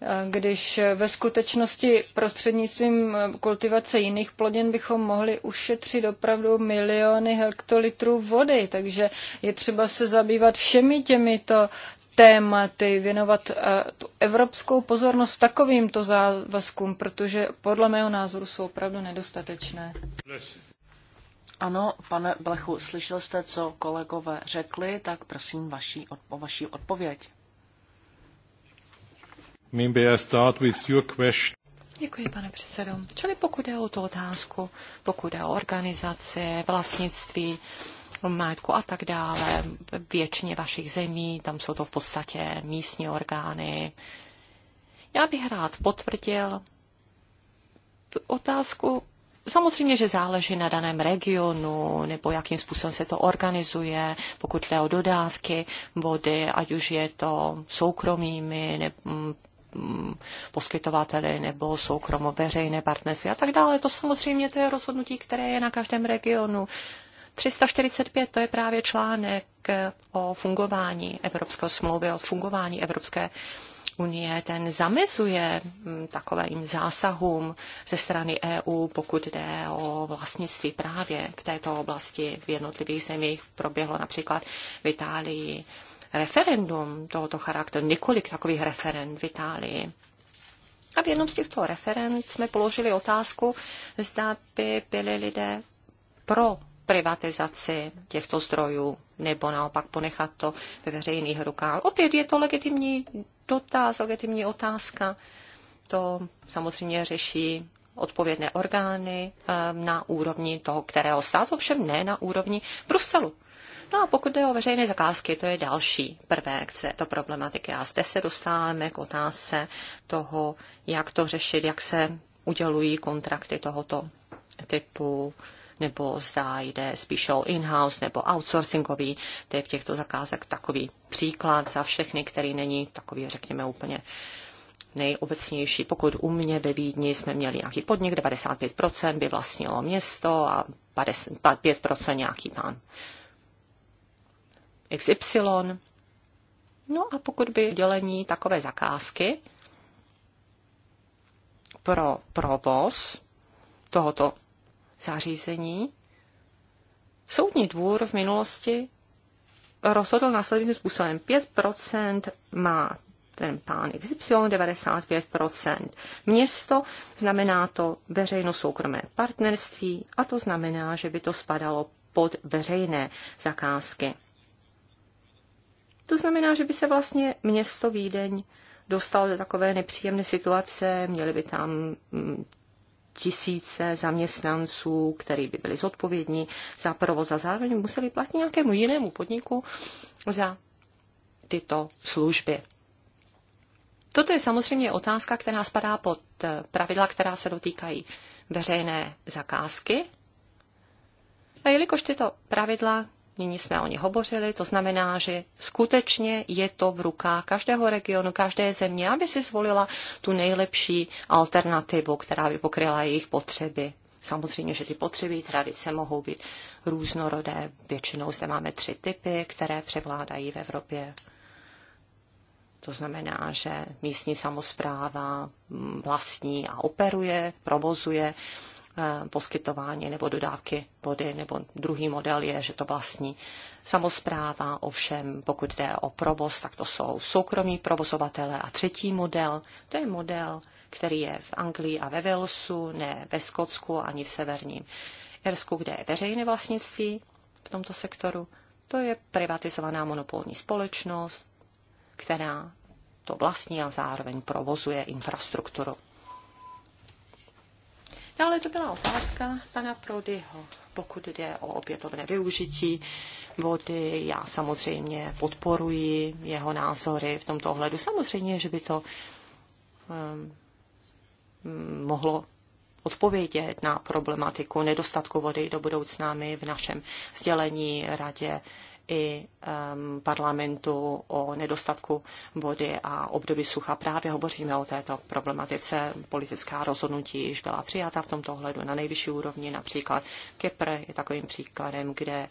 Eh, když ve skutečnosti prostřednictvím eh, kultivace jiných plodin bychom mohli ušetřit opravdu miliony hektolitrů vody, takže je třeba se zabývat všemi těmito tématy, věnovat eh, tu evropskou pozornost takovýmto závazkům, protože podle mého názoru jsou opravdu nedostatečné. Ano, pane Blechu, slyšel jste, co kolegové řekli, tak prosím vaší, o vaší odpověď. Maybe I start with your question. Děkuji, pane předsedo. Čili pokud je o tu otázku, pokud je o organizaci, vlastnictví, majetku a tak dále, většině vašich zemí, tam jsou to v podstatě místní orgány. Já bych rád potvrdil tu otázku, Samozřejmě, že záleží na daném regionu, nebo jakým způsobem se to organizuje, pokud jde o dodávky vody, ať už je to soukromými nebo Mm, poskytovateli nebo soukromo veřejné partnerství a tak dále. To samozřejmě to je rozhodnutí, které je na každém regionu. 345 to je právě článek eh, o fungování Evropské smlouvy, o fungování Evropské unie. Ten zamezuje mm, takovým zásahům ze strany EU, pokud jde o vlastnictví právě v této oblasti v jednotlivých zemích. Proběhlo například v Itálii referendum tohoto charakteru, několik takových referend v Itálii. A v jednom z těchto referend jsme položili otázku, zda by byli lidé pro privatizaci těchto zdrojů, nebo naopak ponechat to ve veřejných rukách. Opět je to legitimní dotaz, legitimní otázka. To samozřejmě řeší odpovědné orgány eh, na úrovni toho, kterého státu, ovšem ne na úrovni Bruselu. No a pokud jde o veřejné zakázky, to je další prvek této problematiky. A zde se dostáváme k otázce toho, jak to řešit, jak se udělují kontrakty tohoto typu, nebo zda jde spíše o in-house nebo outsourcingový typ těchto zakázek. Takový příklad za všechny, který není takový, řekněme, úplně nejobecnější. Pokud u mě ve Vídni jsme měli nějaký podnik, 95% by vlastnilo město a 5% nějaký pán XY. No a pokud by dělení takové zakázky pro provoz tohoto zařízení, soudní dvůr v minulosti rozhodl následujícím způsobem. 5% má ten pán XY, 95%. Město znamená to veřejno-soukromé partnerství a to znamená, že by to spadalo pod veřejné zakázky. To znamená, že by se vlastně město Vídeň dostalo do takové nepříjemné situace, měli by tam mm, tisíce zaměstnanců, který by byli zodpovědní za provoz a zároveň museli platit nějakému jinému podniku za tyto služby. Toto je samozřejmě otázka, která spadá pod eh, pravidla, která se dotýkají veřejné zakázky. A jelikož tyto pravidla nyní jsme o ní hovořili, to znamená, že skutečně je to v rukách každého regionu, každé země, aby si zvolila tu nejlepší alternativu, která by pokryla jejich potřeby. Samozřejmě, že ty potřeby tradice mohou být různorodé. Většinou zde máme tři typy, které převládají v Evropě. To znamená, že místní samozpráva vlastní a operuje, provozuje Eh, poskytování nebo dodávky vody, nebo druhý model je, že to vlastní samozpráva, ovšem pokud jde o provoz, tak to jsou soukromí provozovatele a třetí model, to je model, který je v Anglii a ve Walesu, ne ve Skotsku ani v severním Irsku, kde je veřejné vlastnictví v tomto sektoru. To je privatizovaná monopolní společnost, která to vlastní a zároveň provozuje infrastrukturu. Dále to byla otázka pana Prodyho, pokud jde o opětovné využití vody. Já samozřejmě podporuji jeho názory v tomto ohledu. Samozřejmě, že by to um, mohlo odpovědět na problematiku nedostatku vody do budoucna. My v našem sdělení radě i um, parlamentu o nedostatku vody a období sucha. Právě hovoříme o této problematice. Politická rozhodnutí již byla přijata v tomto ohledu na nejvyšší úrovni. Například Kypr je takovým příkladem, kde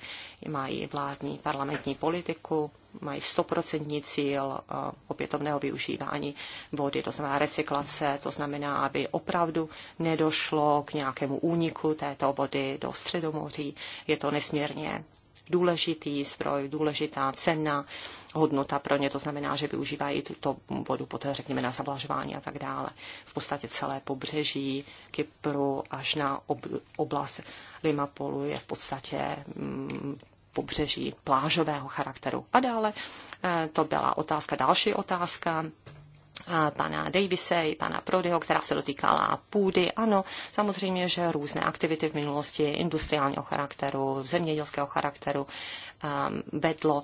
mají vládní parlamentní politiku, mají stoprocentní cíl eh, opětovného využívání vody, to znamená recyklace, to znamená, aby opravdu nedošlo k nějakému úniku této vody do Středomoří. Je to nesmírně důležitý zdroj, důležitá cena, hodnota pro ně, to znamená, že využívají tuto vodu poté, řekněme, na zavlažování a tak dále. V podstatě celé pobřeží Kypru až na oblast Limapolu je v podstatě mm, pobřeží plážového charakteru. A dále eh, to byla otázka, další otázka, pana Davise i pana Prodyho, která se dotýkala půdy. Ano, samozřejmě, že různé aktivity v minulosti industriálního charakteru, zemědělského charakteru um, vedlo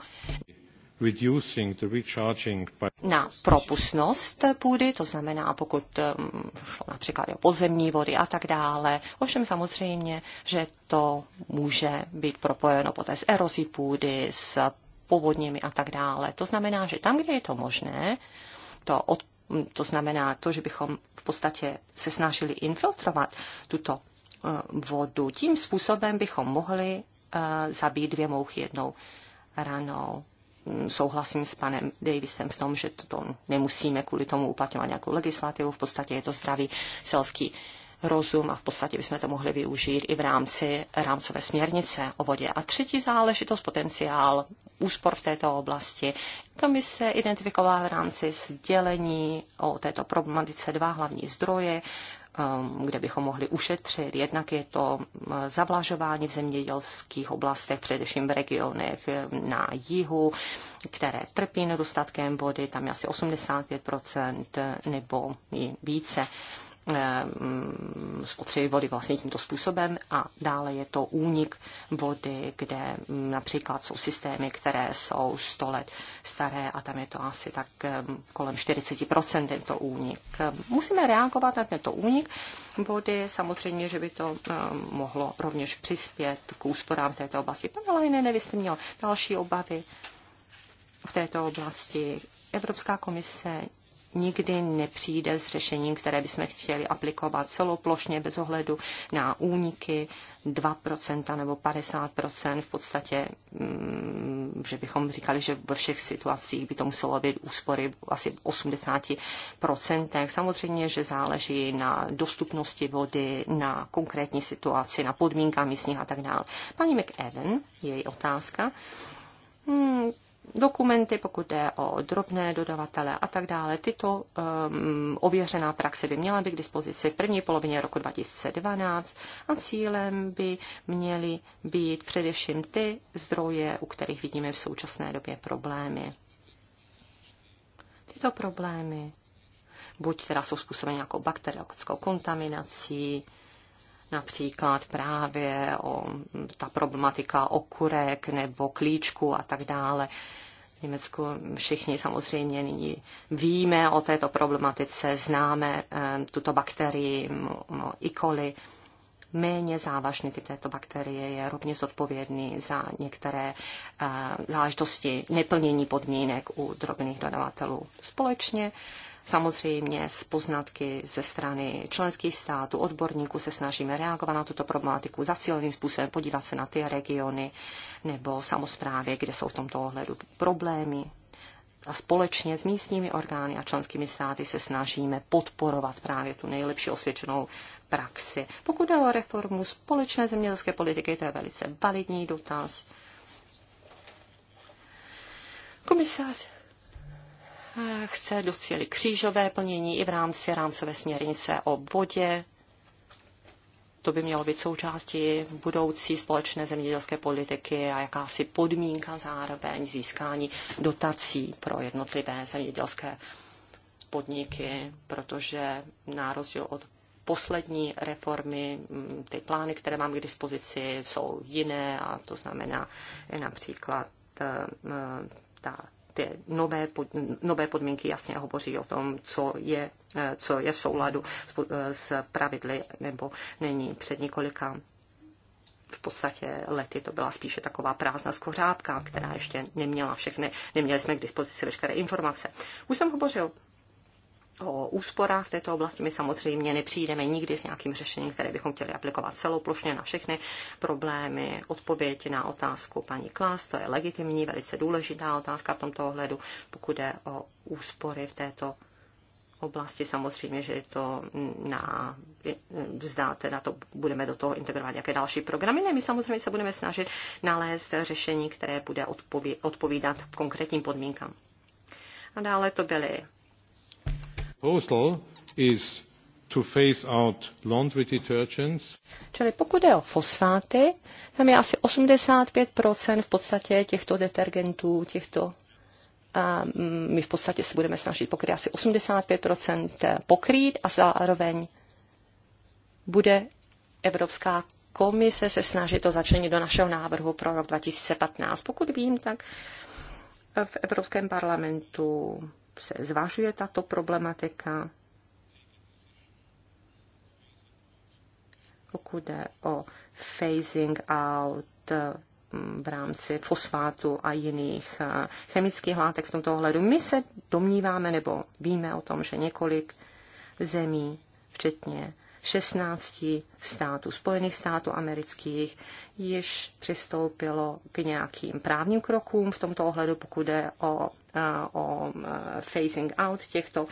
na propustnost půdy, to znamená, pokud um, šlo například o pozemní vody a tak dále. Ovšem samozřejmě, že to může být propojeno poté s erozí půdy, s povodněmi a tak dále. To znamená, že tam, kde je to možné, to od to znamená to, že bychom v podstatě se snažili infiltrovat tuto eh, vodu. Tím způsobem bychom mohli eh, zabít dvě mouchy jednou ranou. Mm, souhlasím s panem Davisem v tom, že to nemusíme kvůli tomu uplatňovat nějakou legislativu. V podstatě je to zdravý selský rozum a v podstatě bychom to mohli využít i v rámci rámcové směrnice o vodě. A třetí záležitost, potenciál úspor v této oblasti. Komise identifikovala v rámci sdělení o této problematice dva hlavní zdroje um, kde bychom mohli ušetřit. Jednak je to um, zavlažování v zemědělských oblastech, především v regionech um, na jihu, které trpí nedostatkem vody, tam je asi 85 nebo i více. Ehm, spotřeby vody vlastně tímto způsobem a dále je to únik vody, kde například jsou systémy, které jsou 100 let staré a tam je to asi tak ehm, kolem 40% tento únik. Musíme reagovat na tento únik vody, samozřejmě, že by to ehm, mohlo rovněž přispět k úsporám v této oblasti. Pane Lajne, vy jste měl další obavy v této oblasti. Evropská komise nikdy nepřijde s řešením, které bychom chtěli aplikovat celoplošně bez ohledu na úniky 2% nebo 50%. V podstatě, mm, že bychom říkali, že ve všech situacích by to muselo být úspory asi 80%. Samozřejmě, že záleží na dostupnosti vody, na konkrétní situaci, na podmínkách místních a tak dále. Paní McEwen, její otázka. Hmm, dokumenty, pokud jde o drobné dodavatele a tak dále. Tyto um, ověřená praxe by měla být k dispozici v první polovině roku 2012 a cílem by měly být především ty zdroje, u kterých vidíme v současné době problémy. Tyto problémy buď teda jsou způsobeny nějakou bakteriologickou kontaminací, například právě o, ta problematika okurek nebo klíčku a tak dále. V Německu všichni samozřejmě nyní víme o této problematice, známe eh, tuto bakterii no, no, E. coli. Méně závažný typ této bakterie je rovněž zodpovědný za některé eh, záležitosti neplnění podmínek u drobných dodavatelů. Společně Samozřejmě z poznatky ze strany členských států, odborníků se snažíme reagovat na tuto problematiku Za zacíleným způsobem, podívat se na ty regiony nebo samozprávy, kde jsou v tomto ohledu problémy. A společně s místními orgány a členskými státy se snažíme podporovat právě tu nejlepší osvědčenou praxi. Pokud jde o reformu společné zemědělské politiky, to je velice validní dotaz. Komisař chce docílit křížové plnění i v rámci rámcové směrnice o vodě. To by mělo být součástí budoucí společné zemědělské politiky a jakási podmínka zároveň získání dotací pro jednotlivé zemědělské podniky, protože na rozdíl od poslední reformy, mm, ty plány, které mám k dispozici, jsou jiné a to znamená například eh, ta ty nové, pod, nové podmínky jasně hovoří o tom, co je, eh, co je v souladu s, eh, s pravidly nebo není před několika v podstatě lety to byla spíše taková prázdná skořápka, která ještě neměla všechny, neměli jsme k dispozici veškeré informace. Už jsem hovořil o úsporách této oblasti. My samozřejmě nepřijdeme nikdy s nějakým řešením, které bychom chtěli aplikovat celoplošně na všechny problémy. Odpověď na otázku paní Klas, to je legitimní, velice důležitá otázka v tomto ohledu, pokud je o úspory v této oblasti samozřejmě, že je to na, vzdá, teda to budeme do toho integrovat nějaké další programy. Ne, my samozřejmě se budeme snažit nalézt řešení, které bude odpovídat konkrétním podmínkám. A dále to byly proposal is to phase out laundry detergents. Čili pokud je o fosfáty, tam je asi 85% v podstatě těchto detergentů, těchto a mm, my v podstatě se budeme snažit pokryt asi 85% pokrýt a zároveň bude Evropská komise se snažit to začlenit do našeho návrhu pro rok 2015. Pokud vím, tak v Evropském parlamentu se zvažuje tato problematika. Pokud jde o phasing out mm, v rámci fosfátu a jiných eh, chemických látek v tomto ohledu. My se domníváme nebo víme o tom, že několik zemí, včetně 16 států, Spojených států amerických, již přistoupilo k nějakým právním krokům v tomto ohledu, pokud jde o, o phasing out těchto,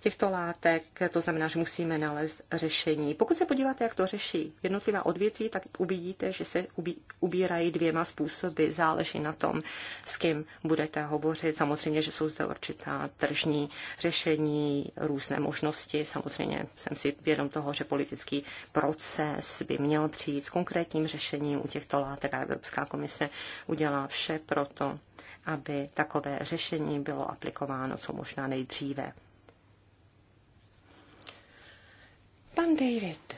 těchto látek. To znamená, že musíme nalézt řešení. Pokud se podíváte, jak to řeší jednotlivá odvětví, tak uvidíte, že se ubí, ubírají dvěma způsoby. Záleží na tom, s kým budete hovořit. Samozřejmě, že jsou zde určitá tržní řešení, různé možnosti. Samozřejmě jsem si vědom toho, že politický proces proces by měl přijít s konkrétním řešením u těchto látek a Evropská komise udělá vše pro to, aby takové řešení bylo aplikováno co možná nejdříve. Pan David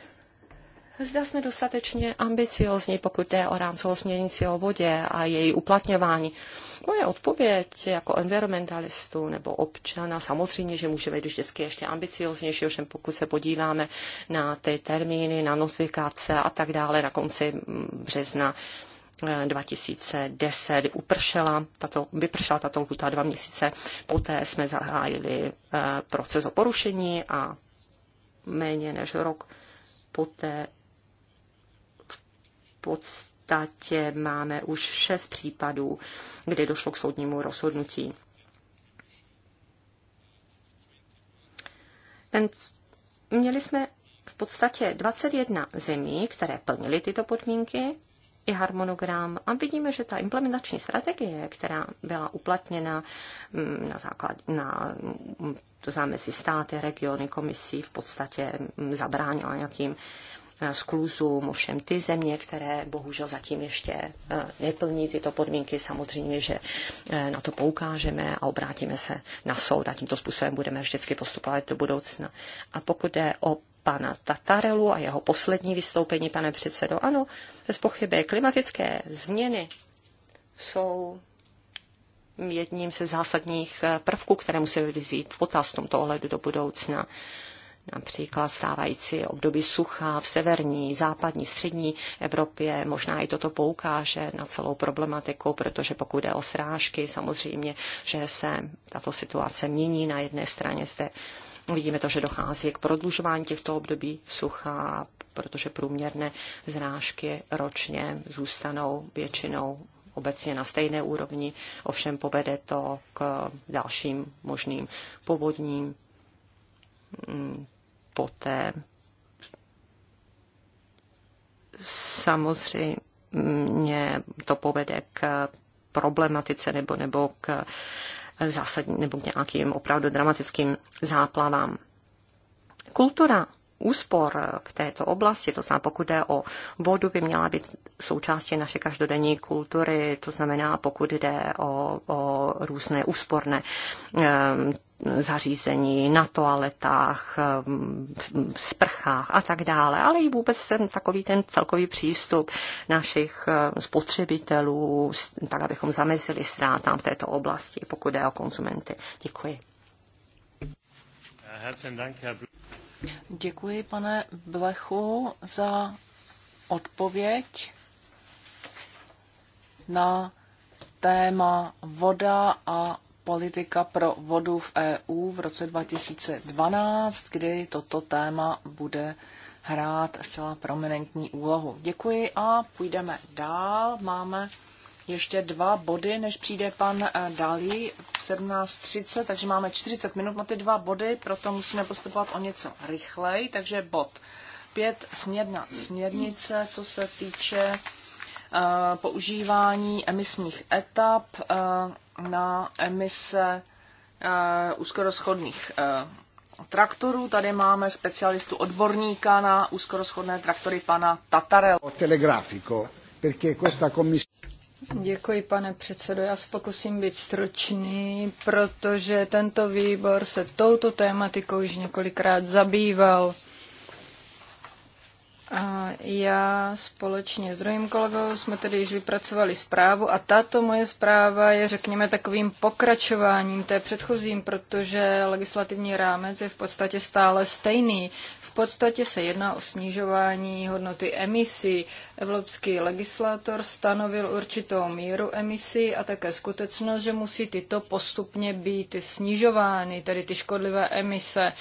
Zda jsme dostatečně ambiciozní, pokud jde o rámcovou směrnici o vodě a její uplatňování. Moje odpověď jako environmentalistu nebo občana, samozřejmě, že můžeme být vždycky ještě ambicioznější, ovšem pokud se podíváme na ty termíny, na notifikace a tak dále na konci března 2010 eh, upršela tato, vypršela tato lhuta dva měsíce. Poté jsme zahájili eh, proces o porušení a méně než rok poté podstatě máme už šest případů, kdy došlo k soudnímu rozhodnutí. Ten, měli jsme v podstatě 21 zemí, které plnily tyto podmínky i harmonogram a vidíme, že ta implementační strategie, která byla uplatněna mm, na základ, na, mm, to znamená mezi státy, regiony, komisí, v podstatě mm, zabránila nějakým Eh, skluzům. Ovšem ty země, které bohužel zatím ještě eh, neplní tyto podmínky, samozřejmě, že eh, na to poukážeme a obrátíme se na soud a tímto způsobem budeme vždycky postupovat do budoucna. A pokud jde o pana Tatarelu a jeho poslední vystoupení, pane předsedo, ano, bez pochyby klimatické změny jsou jedním ze zásadních prvků, které musíme vzít v potaz v tomto ohledu do budoucna například stávající období sucha v severní, západní, střední Evropě. Možná i toto poukáže na celou problematiku, protože pokud jde o srážky, samozřejmě, že se tato situace mění. Na jedné straně zde vidíme to, že dochází k prodlužování těchto období sucha, protože průměrné zrážky ročně zůstanou většinou obecně na stejné úrovni, ovšem povede to k dalším možným povodním, mm, poté samozřejmě to povede k problematice nebo, nebo k zásadní, nebo k nějakým opravdu dramatickým záplavám. Kultura úspor v této oblasti, to znamená, pokud jde o vodu, by měla být součástí naše každodenní kultury, to znamená, pokud jde o, o různé úsporné um, zařízení, na toaletách, eh, sprchách a tak dále, ale i vůbec ten takový ten celkový přístup našich eh, spotřebitelů, tak abychom zamezili ztrátám v této oblasti, pokud jde o konzumenty. Děkuji. Děkuji, pane Blechu, za odpověď na téma voda a politika pro vodu v EU v roce 2012, kdy toto téma bude hrát zcela prominentní úlohu. Děkuji a půjdeme dál. Máme ještě dva body, než přijde pan eh, Dalí v 17.30, takže máme 40 minut na ty dva body, proto musíme postupovat o něco rychleji, takže bod 5 směrna směrnice, co se týče eh, používání emisních etap eh, na emise úzkorozchodných traktorů. Tady máme specialistu odborníka na úzkorozchodné traktory pana Tatarel. Telegrafiko, perché questa commissione... Děkuji, pane předsedo. Já se pokusím být stručný, protože tento výbor se touto tématikou již několikrát zabýval. A já společně s druhým kolegou jsme tedy již vypracovali zprávu a tato moje zpráva je, řekněme, takovým pokračováním té předchozím, protože legislativní rámec je v podstatě stále stejný podstatě se jedná o snižování hodnoty emisí. Evropský legislátor stanovil určitou míru emisí a také skutečnost, že musí tyto postupně být snižovány, tedy ty škodlivé emise.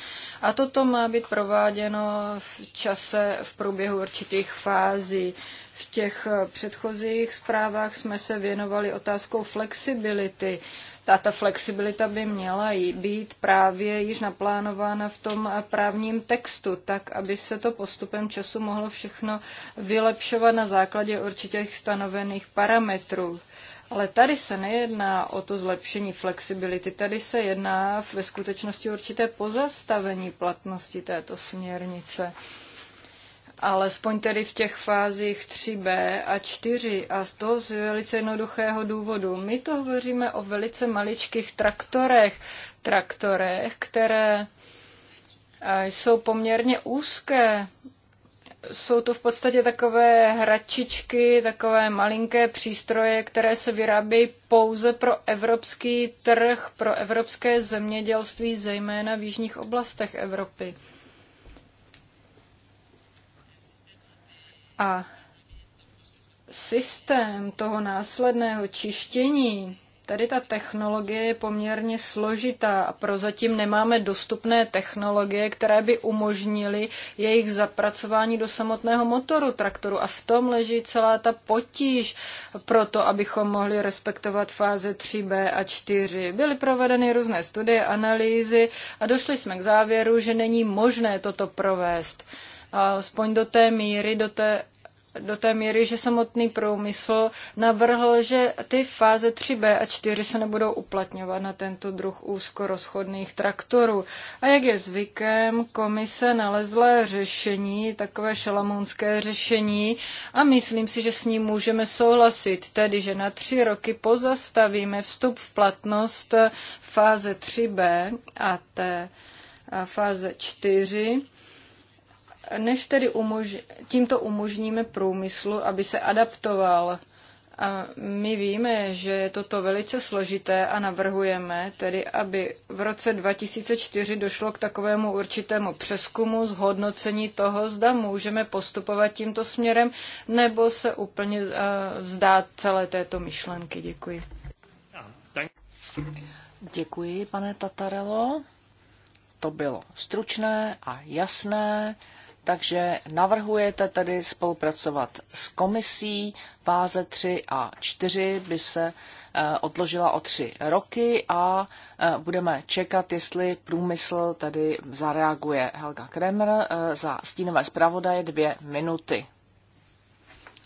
A toto má být prováděno v čase, v průběhu určitých fází. V těch předchozích zprávách jsme se věnovali otázkou flexibility tato flexibilita by měla být právě již naplánována v tom právním textu, tak aby se to postupem času mohlo všechno vylepšovat na základě určitě stanovených parametrů. Ale tady se nejedná o to zlepšení flexibility, tady se jedná ve skutečnosti určité pozastavení platnosti této směrnice alespoň tedy v těch fázích 3b a 4 a to z velice jednoduchého důvodu. My to hovoříme o velice maličkých traktorech, traktorech, které jsou poměrně úzké. Jsou to v podstatě takové hračičky, takové malinké přístroje, které se vyrábí pouze pro evropský trh, pro evropské zemědělství, zejména v jižních oblastech Evropy. A systém toho následného čištění, tady ta technologie je poměrně složitá a prozatím nemáme dostupné technologie, které by umožnily jejich zapracování do samotného motoru traktoru. A v tom leží celá ta potíž pro to, abychom mohli respektovat fáze 3B a 4. Byly provedeny různé studie, analýzy a došli jsme k závěru, že není možné toto provést alespoň do té míry, do té, do té míry, že samotný průmysl navrhl, že ty fáze 3B a 4 se nebudou uplatňovat na tento druh úzkorozchodných traktorů. A jak je zvykem, komise nalezla řešení, takové šalamounské řešení a myslím si, že s ním můžeme souhlasit, tedy že na tři roky pozastavíme vstup v platnost fáze 3B a té a fáze 4 než tedy umož- tímto umožníme průmyslu, aby se adaptoval, a my víme, že je toto velice složité a navrhujeme tedy, aby v roce 2004 došlo k takovému určitému přeskumu, zhodnocení toho, zda můžeme postupovat tímto směrem, nebo se úplně vzdát celé této myšlenky. Děkuji. Děkuji, pane Tatarelo. To bylo stručné a jasné. Takže navrhujete tedy spolupracovat s komisí, fáze 3 a 4 by se eh, odložila o tři roky a eh, budeme čekat, jestli průmysl tady zareaguje. Helga Kremer eh, za stínové zpravodaje dvě minuty.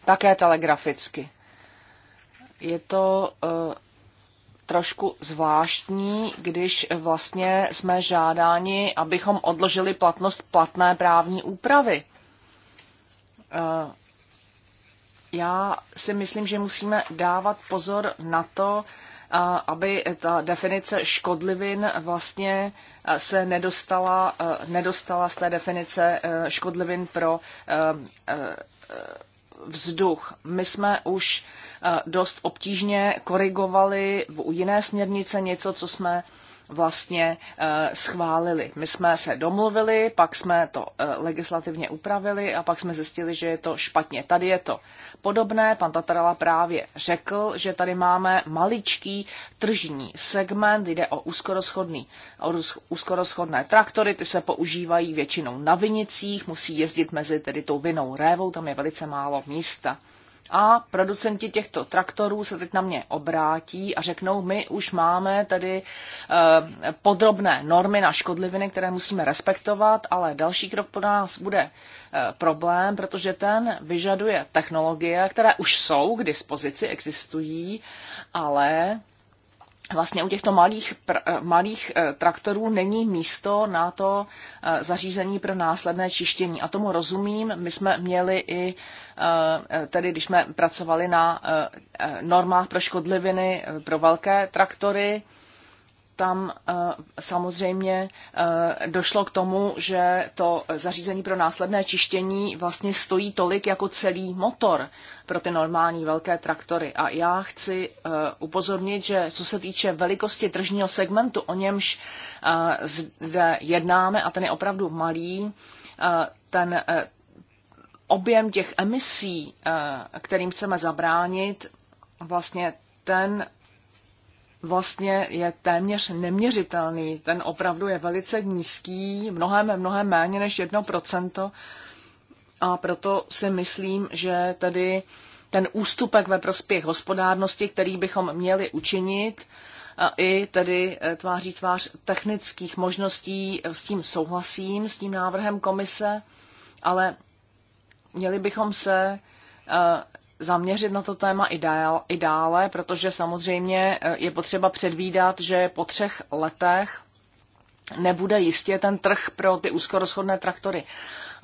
Také telegraficky. Je to trošku zvláštní, když vlastně jsme žádáni, abychom odložili platnost platné právní úpravy. Eh, já si myslím, že musíme dávat pozor na to, eh, aby ta definice škodlivin vlastně eh, se nedostala, nedostala z té definice škodlivin pro vzduch. My jsme už Eh, dost obtížně korigovali u jiné směrnice něco, co jsme vlastně eh, schválili. My jsme se domluvili, pak jsme to eh, legislativně upravili a pak jsme zjistili, že je to špatně. Tady je to podobné. Pan Tatarala právě řekl, že tady máme maličký tržní segment, jde o úzkoroschodný, úzkoroschodné traktory, ty se používají většinou na vinicích, musí jezdit mezi tedy tou vinou révou, tam je velice málo místa. A producenti těchto traktorů se teď na mě obrátí a řeknou, my už máme tady eh, podrobné normy na škodliviny, které musíme respektovat, ale další krok pro nás bude eh, problém, protože ten vyžaduje technologie, které už jsou k dispozici, existují, ale vlastně u těchto malých, pr- eh, malých eh, traktorů není místo na to eh, zařízení pro následné čištění. A tomu rozumím, my jsme měli i, tedy když jsme pracovali na normách pro škodliviny pro velké traktory, tam eh, samozřejmě eh, došlo k tomu, že to zařízení pro následné čištění vlastně stojí tolik jako celý motor pro ty normální velké traktory. A já chci eh, upozornit, že co se týče velikosti tržního segmentu, o němž zde jednáme, a ten je opravdu malý, ten objem těch emisí, kterým chceme zabránit, vlastně ten vlastně je téměř neměřitelný. Ten opravdu je velice nízký, mnohem, mnohem méně než 1%. A proto si myslím, že tedy ten ústupek ve prospěch hospodárnosti, který bychom měli učinit, a i tedy eh, tváří tvář technických možností, eh, s tím souhlasím, s tím návrhem komise, ale měli bychom se eh, zaměřit na to téma i, dál, i dále, protože samozřejmě eh, je potřeba předvídat, že po třech letech nebude jistě ten trh pro ty úzkoroschodné traktory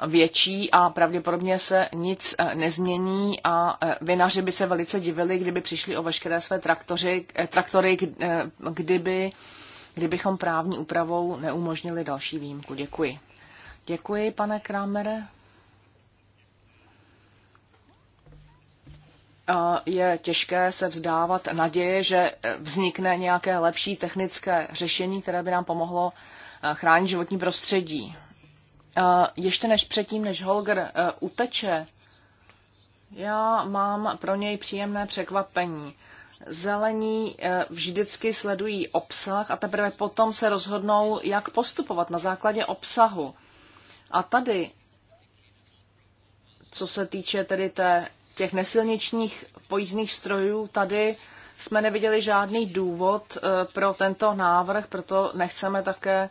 větší a pravděpodobně se nic eh, nezmění a eh, vinaři by se velice divili, kdyby přišli o veškeré své traktory, traktory kdyby, kdybychom právní úpravou neumožnili další výjimku. Děkuji. Děkuji, pane Krámere. je těžké se vzdávat naděje, že vznikne nějaké lepší technické řešení, které by nám pomohlo eh, chránit životní prostředí. Eh, ještě než předtím, než Holger eh, uteče, já mám pro něj příjemné překvapení. Zelení vždycky sledují obsah a teprve potom se rozhodnou, jak postupovat na základě obsahu. A tady, co se týče tedy té těch nesilničních pojízdných strojů tady jsme neviděli žádný důvod eh, pro tento návrh, proto nechceme také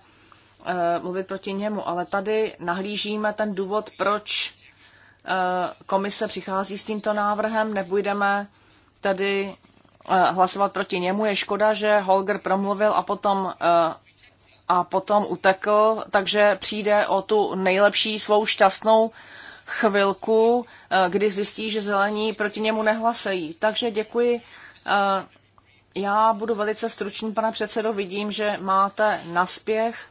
eh, mluvit proti němu. Ale tady nahlížíme ten důvod, proč eh, komise přichází s tímto návrhem, nebudeme tedy hlasovat proti němu. Je škoda, že Holger promluvil a potom, a potom utekl, takže přijde o tu nejlepší svou šťastnou chvilku, eh, kdy zjistí, že zelení proti němu nehlasejí. Takže děkuji. Eh, já budu velice stručný, pane předsedo. Vidím, že máte naspěch.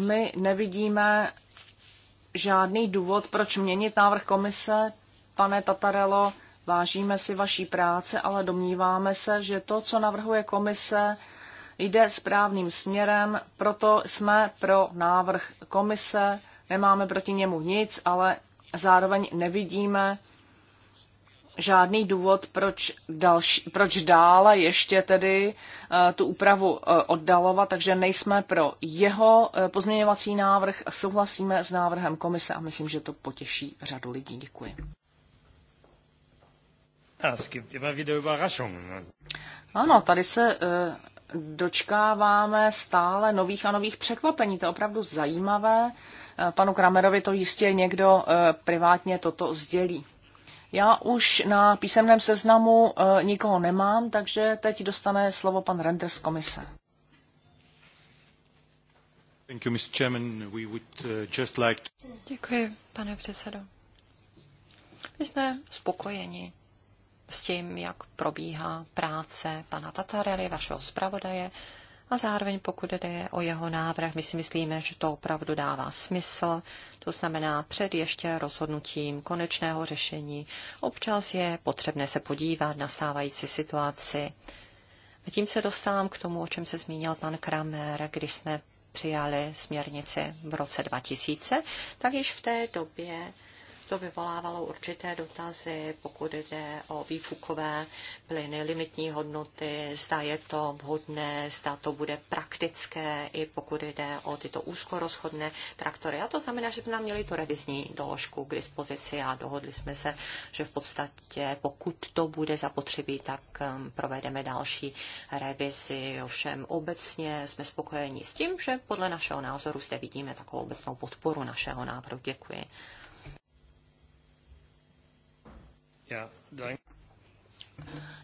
My nevidíme žádný důvod, proč měnit návrh komise. Pane Tatarelo, vážíme si vaší práce, ale domníváme se, že to, co navrhuje komise, jde správným směrem, proto jsme pro návrh komise nemáme proti němu nic, ale zároveň nevidíme žádný důvod, proč, další, proč dále ještě tedy eh, tu úpravu eh, oddalovat, takže nejsme pro jeho eh, pozměňovací návrh, souhlasíme s návrhem komise a myslím, že to potěší řadu lidí. Děkuji. Ano, tady se dočkáváme stále nových a nových překvapení. To je opravdu zajímavé. Eh, panu Kramerovi to jistě někdo eh, privátně toto sdělí. Já už na písemném seznamu eh, nikoho nemám, takže teď dostane slovo pan Render z komise. Děkuji, pane předsedo. My jsme spokojeni s tím, jak probíhá práce pana Tatarely, vašeho zpravodaje. A zároveň, pokud jde o jeho návrh, my si myslíme, že to opravdu dává smysl. To znamená, před ještě rozhodnutím konečného řešení občas je potřebné se podívat na stávající situaci. A tím se dostávám k tomu, o čem se zmínil pan Kramer, když jsme přijali směrnici v roce 2000, tak již v té době to vyvolávalo určité dotazy, pokud jde o výfukové plyny, limitní hodnoty, zda je to vhodné, zda to bude praktické, i pokud jde o tyto úzkorozchodné traktory. A to znamená, že jsme nám měli tu revizní doložku k dispozici a dohodli jsme se, že v podstatě pokud to bude zapotřebí, tak um, provedeme další revizi. Ovšem obecně jsme spokojeni s tím, že podle našeho názoru zde vidíme takovou obecnou podporu našeho návrhu. Děkuji.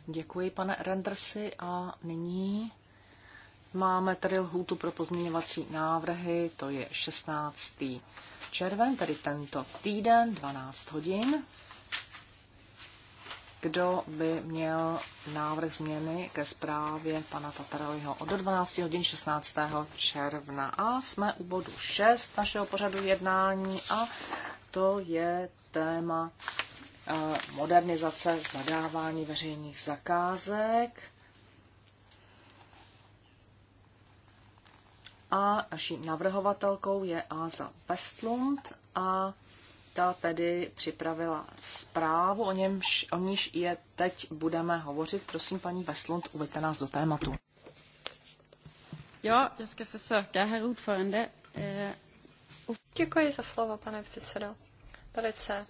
Děkuji, pane Rendersi. A nyní máme tady lhůtu pro pozměňovací návrhy, to je 16. červen, tedy tento týden, 12 hodin. Kdo by měl návrh změny ke zprávě pana Tatareliho od 12 hodin 16. června? A jsme u bodu 6 našeho pořadu jednání a to je téma modernizace zadávání veřejných zakázek. A naší navrhovatelkou je Aza Westlund a ta tedy připravila zprávu, o, němž, o níž je teď budeme hovořit. Prosím, paní Westlund, uveďte nás do tématu. Jo, já se försöka, herr ordförande. Eh, Děkuji za slovo, pane předsedo. Velice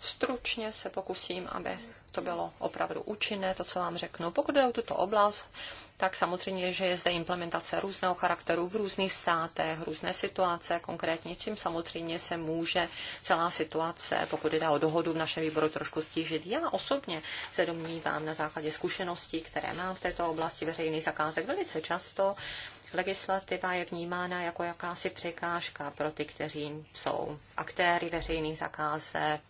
Stručně se pokusím, aby to bylo opravdu účinné, to, co vám řeknu. Pokud jde o tuto oblast, tak samozřejmě, že je zde implementace různého charakteru v různých státech, různé situace, konkrétně čím samozřejmě se může celá situace, pokud jde o dohodu v našem výboru, trošku stížit. Já osobně se domnívám na základě zkušeností, které mám v této oblasti veřejných zakázek velice často, legislativa je vnímána jako jakási překážka pro ty, kteří jsou aktéry veřejných zakázek.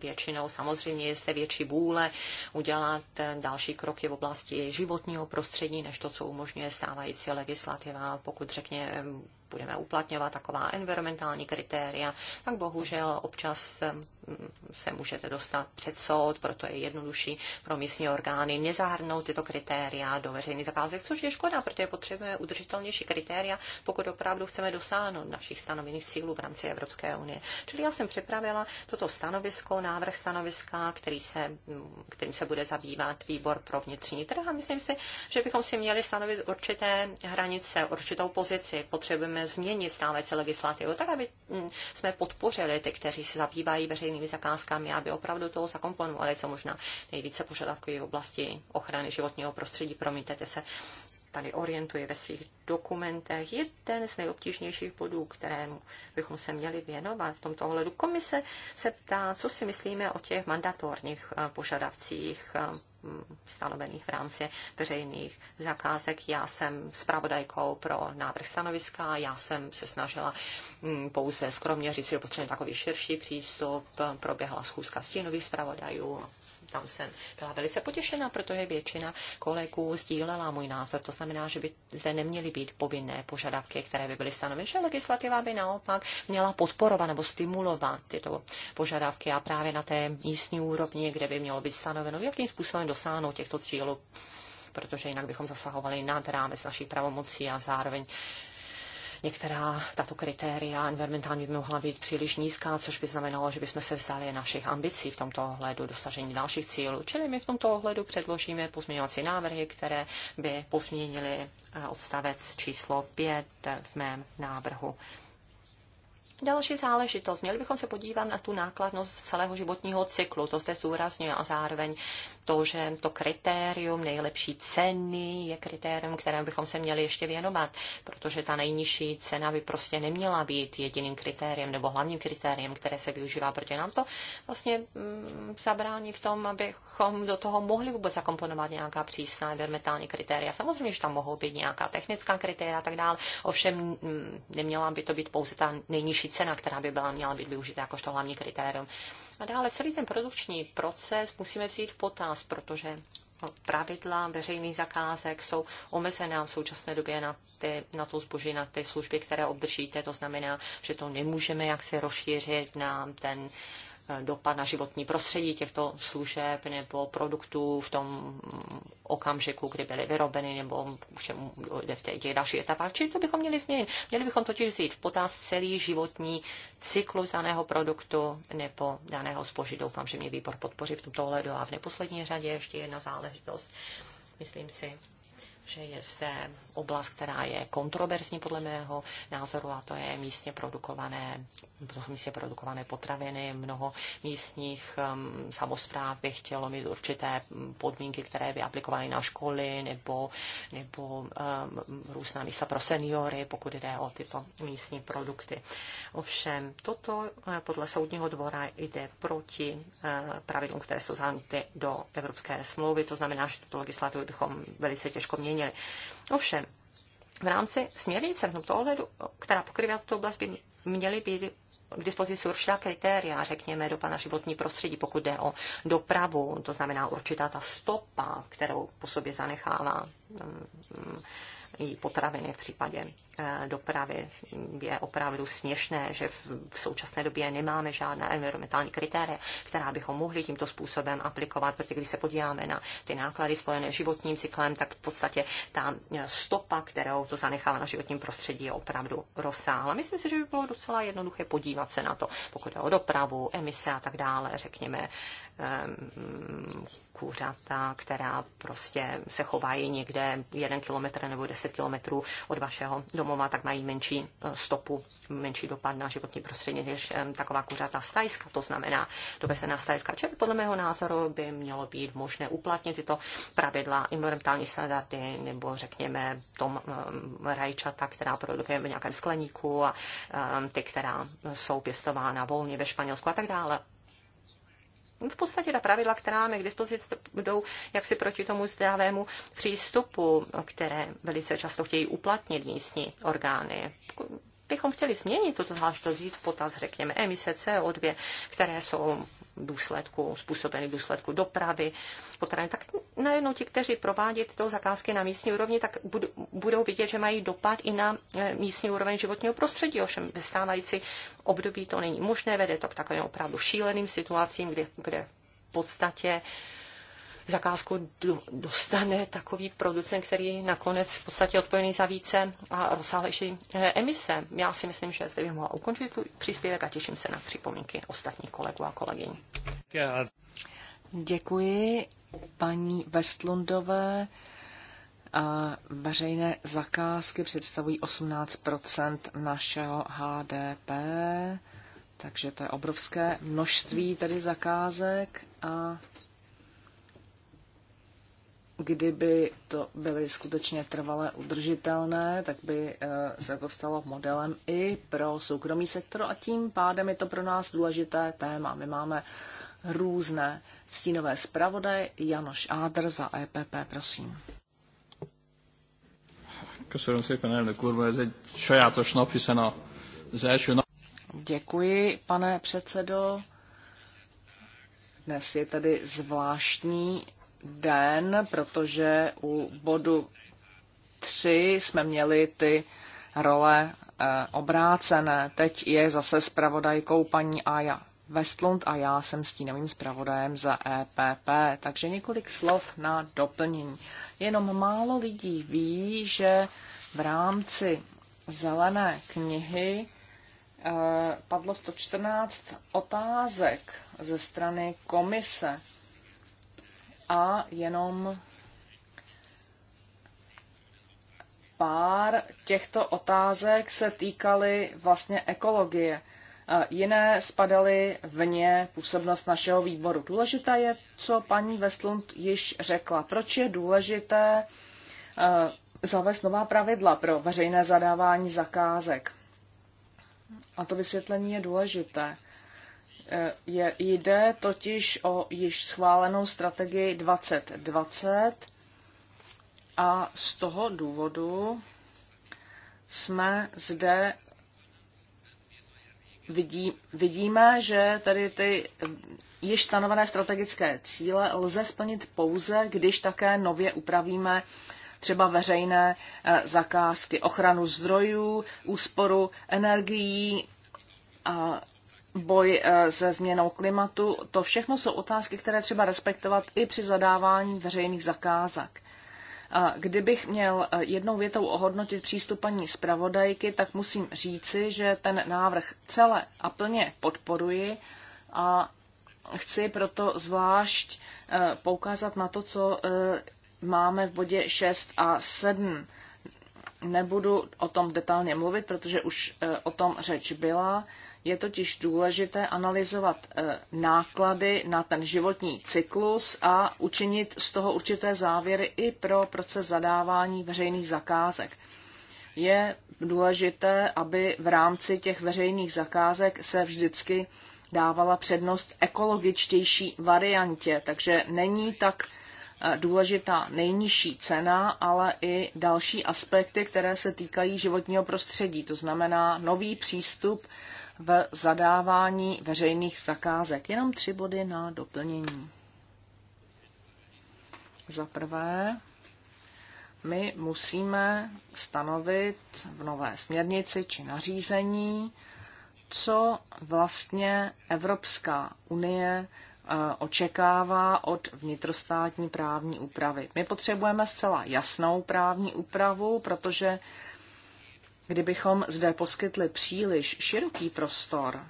Většinou samozřejmě je zde větší vůle udělat další kroky v oblasti životního prostředí, než to, co umožňuje stávající legislativa. Pokud řekně, budeme uplatňovat taková environmentální kritéria, tak bohužel občas mm, se můžete dostat před soud, proto je jednodušší pro místní orgány nezahrnout tyto kritéria do veřejných zakázek, což je škoda, protože potřebujeme udržitelnější kritéria, pokud opravdu chceme dosáhnout našich stanovených cílů v rámci Evropské unie. Čili já jsem připravila toto stanovisko, návrh stanoviska, který se, mm, kterým se bude zabývat výbor pro vnitřní trh a myslím si, že bychom si měli stanovit určité hranice, určitou pozici. Potřebujeme můžeme změnit stávající legislativu, tak aby mm, jsme podpořili ty, kteří se zabývají veřejnými zakázkami, aby opravdu toho zakomponovali co možná nejvíce požadavků v oblasti ochrany životního prostředí. Promiňte se, tady orientuje ve svých dokumentech. Je ten z nejobtížnějších bodů, kterému bychom se měli věnovat v tomto ohledu. Komise se ptá, co si myslíme o těch mandatorních eh, požadavcích eh, Mm, stanovených v rámci veřejných zakázek. Já jsem zpravodajkou pro návrh stanoviska, já jsem se snažila mm, pouze skromně říct, že potřebujeme takový širší přístup. Proběhla schůzka stínových zpravodajů tam jsem byla velice potěšena, protože většina kolegů sdílela můj názor. To znamená, že by zde neměly být povinné požadavky, které by byly stanoveny, že legislativa by naopak měla podporovat nebo stimulovat tyto požadavky a právě na té místní úrovni, kde by mělo být stanoveno, jakým způsobem dosáhnout těchto cílů protože jinak bychom zasahovali nad rámec naší pravomocí a zároveň některá tato kritéria environmentální by mohla být příliš nízká, což by znamenalo, že bychom se vzdali našich ambicí v tomto ohledu, dosažení dalších cílů. Čili my v tomto ohledu předložíme pozměňovací návrhy, které by pozměnily eh, odstavec číslo 5 v mém návrhu. Další záležitost. Měli bychom se podívat na tu nákladnost celého životního cyklu, to zde zúrazňuje a zároveň to, že to kritérium nejlepší ceny je kritérium, kterém bychom se měli ještě věnovat, protože ta nejnižší cena by prostě neměla být jediným kritériem nebo hlavním kritériem, které se využívá, protože nám to vlastně mm, zabrání v tom, abychom do toho mohli vůbec zakomponovat nějaká přísná environmentální kritéria. Samozřejmě, že tam mohou být nějaká technická kritéria a tak dále, ovšem mm, neměla by to být pouze ta nejnižší cena, která by byla měla být využita jakožto hlavní kritérium. A dále celý ten produkční proces musíme vzít v potaz, protože no, pravidla veřejných zakázek jsou omezená v současné době na, ty, na to zboží, na ty služby, které obdržíte. To znamená, že to nemůžeme jaksi rozšířit na ten uh, dopad na životní prostředí těchto služeb nebo produktů v tom okamžiku, kdy byly vyrobeny nebo čemu jde v těch dalších etapách. Čili to bychom měli změnit. Měli bychom totiž vzít v potaz celý životní cyklus daného produktu nebo daného zboží. Doufám, že mě výbor podpoří v tomto ohledu. A v neposlední řadě ještě jedna záležitost. Myslím si, že je zde oblast, která je kontroverzní podle mého názoru a to je místně produkované, místně produkované potraviny. Mnoho místních um, samozpráv by chtělo mít určité podmínky, které by aplikovaly na školy nebo, nebo um, různá místa pro seniory, pokud jde o tyto místní produkty. Ovšem, toto eh, podle soudního dvora jde proti uh, pravidlům, které jsou zahrnuty do Evropské smlouvy. To znamená, že tuto legislativu bychom velice těžko měnili zmínili. Ovšem, v rámci směrnice v tomto ohledu, která pokrývá tuto oblast, by měly být k dispozici určitá kritéria, řekněme, do na životní prostředí, pokud jde o dopravu, to znamená určitá ta stopa, kterou po sobě zanechává mm, i potraviny v případě eh, dopravy. Je opravdu směšné, že v současné době nemáme žádná environmentální kritéria, která bychom mohli tímto způsobem aplikovat, protože když se podíváme na ty náklady spojené s životním cyklem, tak v podstatě ta eh, stopa, kterou to zanechává na životním prostředí, je opravdu rozsáhla. Myslím si, že by bylo docela jednoduché podívat se na to, pokud je o dopravu, emise a tak dále, řekněme, kuřata, která prostě se chovají někde jeden kilometr nebo deset kilometrů od vašeho domova, tak mají menší eh, stopu, menší dopad na životní prostředí než taková kuřata stajska. to znamená dovezená z Tajska. Čili podle mého názoru by mělo být možné uplatnit tyto pravidla environmentální standardy nebo řekněme tom rajčata, která produkujeme v nějakém skleníku a ty, která jsou pěstována volně ve Španělsku a tak dále v podstatě ta pravidla, která máme k dispozici, budou jaksi proti tomu zdravému přístupu, které velice často chtějí uplatnit místní orgány bychom chtěli změnit tuto záležitost, vzít v potaz, řekněme, emise CO2, které jsou důsledku, způsobeny důsledku dopravy, potravin, tak najednou ti, kteří provádí tyto zakázky na místní úrovni, tak budou vidět, že mají dopad i na eh, místní úroveň životního prostředí. Ovšem ve stávající období to není možné, vede to k takovým opravdu šíleným situacím, kde, kde v podstatě uh, zakázku dostane takový producent, který nakonec v podstatě odpovědný za více a rozsáhlejší eh, emise. Já si myslím, že zde bych mohla ukončit tu příspěvek a těším se na připomínky ostatních kolegů a kolegyň. Děkuji paní Westlundové. A veřejné zakázky představují 18 našeho HDP, takže to je obrovské množství tady zakázek a kdyby to byly skutečně trvalé udržitelné, tak by eh, se to stalo modelem i pro soukromý sektor a tím pádem je to pro nás důležité téma. My máme různé stínové zpravodaje. Janoš Ádr za EPP, prosím. Děkuji, pane předsedo. Dnes je tady zvláštní den, protože u bodu 3 jsme měli ty role eh, obrácené. Teď je zase zpravodajkou paní Aja Westlund a já jsem stínovým zpravodajem za EPP, takže několik slov na doplnění. Jenom málo lidí ví, že v rámci zelené knihy eh, padlo 114 otázek ze strany komise a jenom pár těchto otázek se týkaly vlastně ekologie. E, jiné spadaly vně působnost našeho výboru. Důležité je, co paní Westlund již řekla. Proč je důležité e, zavést nová pravidla pro veřejné zadávání zakázek? A to vysvětlení je důležité. Je, jde totiž o již schválenou strategii 2020 a z toho důvodu jsme zde vidí, vidíme, že tady ty již stanovené strategické cíle lze splnit pouze, když také nově upravíme třeba veřejné eh, zakázky, ochranu zdrojů, úsporu energií a boj eh, se změnou klimatu, to všechno jsou otázky, které třeba respektovat i při zadávání veřejných zakázek. Eh, kdybych měl eh, jednou větou ohodnotit přístup paní zpravodajky, tak musím říci, že ten návrh celé a plně podporuji a chci proto zvlášť poukázat na to, co máme v bodě 6 a 7. Nebudu o tom detailně mluvit, protože už o tom řeč byla. Je totiž důležité analyzovat eh, náklady na ten životní cyklus a učinit z toho určité závěry i pro proces zadávání veřejných zakázek. Je důležité, aby v rámci těch veřejných zakázek se vždycky dávala přednost ekologičtější variantě, takže není tak Eh, důležitá nejnižší cena, ale i další aspekty, které se týkají životního prostředí, to znamená nový přístup v zadávání veřejných zakázek. Jenom tři body na doplnění. Za prvé, my musíme stanovit v nové směrnici či nařízení, co vlastně Evropská unie Eh, očekává od vnitrostátní právní úpravy. My potřebujeme zcela jasnou právní úpravu, protože kdybychom zde poskytli příliš široký prostor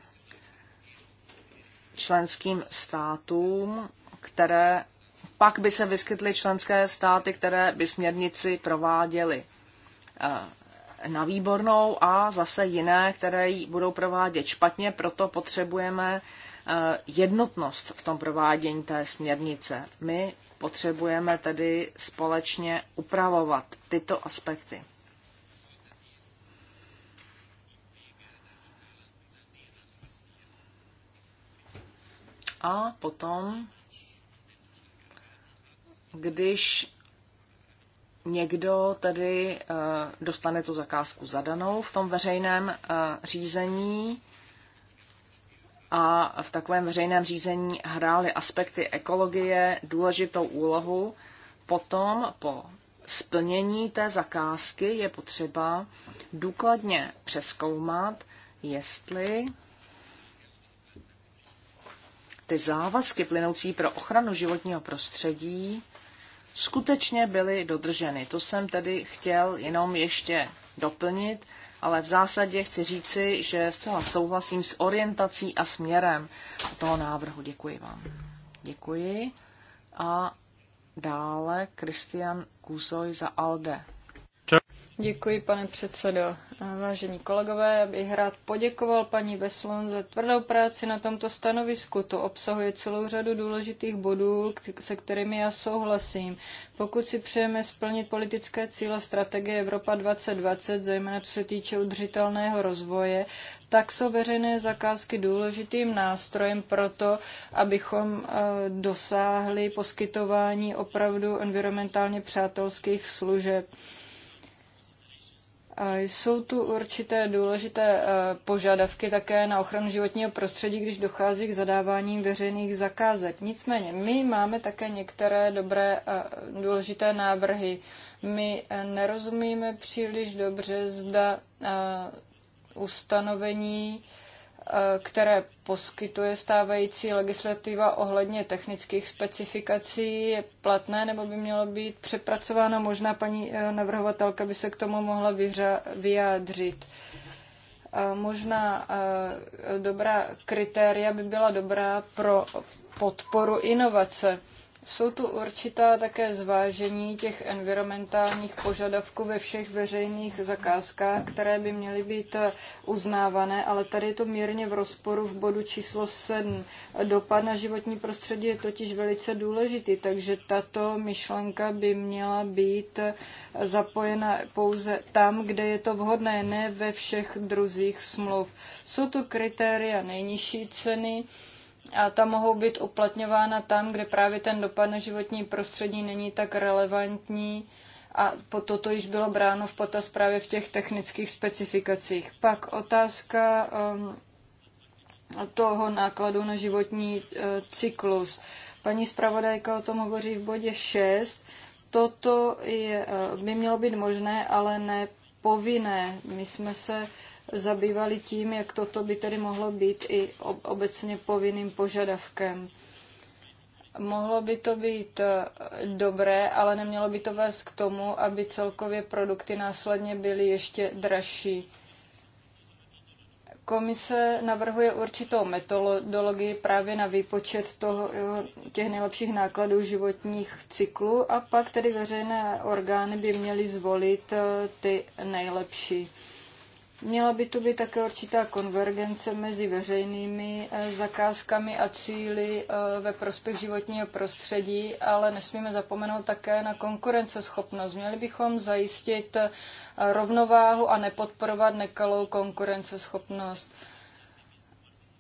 členským státům, které pak by se vyskytly členské státy, které by směrnici prováděly eh, na výbornou a zase jiné, které ji budou provádět špatně, proto potřebujeme Eh, jednotnost v tom provádění té směrnice. My potřebujeme tedy společně upravovat tyto aspekty. A potom, když někdo tedy eh, dostane tu zakázku zadanou v tom veřejném eh, řízení, a v takovém veřejném řízení hrály aspekty ekologie důležitou úlohu. Potom po splnění té zakázky je potřeba důkladně přeskoumat, jestli ty závazky plynoucí pro ochranu životního prostředí skutečně byly dodrženy. To jsem tedy chtěl jenom ještě doplnit ale v zásadě chci říci, že zcela souhlasím s orientací a směrem toho návrhu. Děkuji vám. Děkuji. A dále Kristian Kuzoj za ALDE. Děkuji, pane předsedo. Vážení kolegové, já bych rád poděkoval paní Veslon za tvrdou práci na tomto stanovisku. To obsahuje celou řadu důležitých bodů, se kterými já souhlasím. Pokud si přejeme splnit politické cíle strategie Evropa 2020, zejména co se týče udržitelného rozvoje, tak jsou veřejné zakázky důležitým nástrojem pro to, abychom eh, dosáhli poskytování opravdu environmentálně přátelských služeb jsou tu určité důležité e, požadavky také na ochranu životního prostředí, když dochází k zadávání veřejných zakázek. Nicméně, my máme také některé dobré e, důležité návrhy. My e, nerozumíme příliš dobře, zda ustanovení Eh, které poskytuje stávající legislativa ohledně technických specifikací, je platné nebo by mělo být přepracováno. Možná paní eh, navrhovatelka by se k tomu mohla vyjádřit. Eh, možná dobrá kritéria by byla dobrá pro podporu inovace jsou tu určitá také zvážení těch environmentálních požadavků ve všech veřejných zakázkách, které by měly být eh, uznávané, ale tady je to mírně v rozporu v bodu číslo 7. Dopad na životní prostředí je totiž velice důležitý, takže tato myšlenka by měla být eh, zapojena pouze tam, kde je to vhodné, ne ve všech druzích smluv. Jsou tu kritéria nejnižší ceny, a ta mohou být uplatňována tam, kde právě ten dopad na životní prostředí není tak relevantní a po toto již bylo bráno v potaz právě v těch technických specifikacích. Pak otázka um, toho nákladu na životní uh, cyklus. Paní zpravodajka o tom hovoří v bodě 6. Toto je, uh, by mělo být možné, ale ne povinné. My jsme se uh, zabývali tím, jak toto by tedy mohlo být i obecně povinným požadavkem. Mohlo by to být eh, dobré, ale nemělo by to vést k tomu, aby celkově produkty následně byly ještě dražší. Komise navrhuje určitou metodologii právě na výpočet toho, těch nejlepších nákladů životních cyklů a pak tedy veřejné orgány by měly zvolit eh, ty nejlepší. Měla by tu být také určitá konvergence mezi veřejnými eh, zakázkami a cíly eh, ve prospěch životního prostředí, ale nesmíme zapomenout také na konkurenceschopnost. Měli bychom zajistit eh, rovnováhu a nepodporovat nekalou konkurenceschopnost.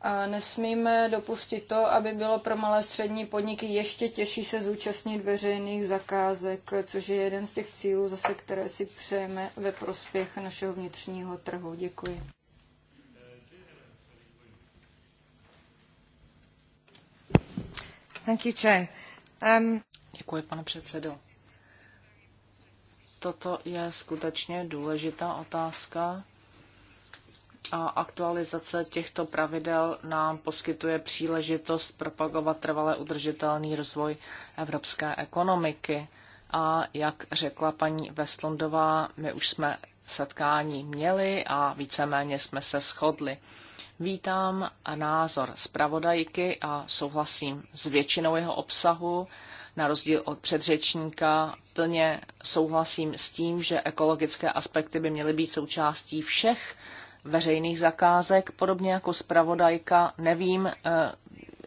A nesmíme dopustit to, aby bylo pro malé střední podniky ještě těžší se zúčastnit veřejných zakázek, což je jeden z těch cílů, zase které si přejeme ve prospěch našeho vnitřního trhu. Děkuji. Thank you, Chair. Um... Děkuji, pane předsedo. Toto je skutečně důležitá otázka a aktualizace těchto pravidel nám poskytuje příležitost propagovat trvale udržitelný rozvoj evropské ekonomiky. A jak řekla paní Vestlundová, my už jsme setkání měli a víceméně jsme se shodli. Vítám názor zpravodajky a souhlasím s většinou jeho obsahu. Na rozdíl od předřečníka plně souhlasím s tím, že ekologické aspekty by měly být součástí všech veřejných zakázek. Podobně jako zpravodajka nevím, eh,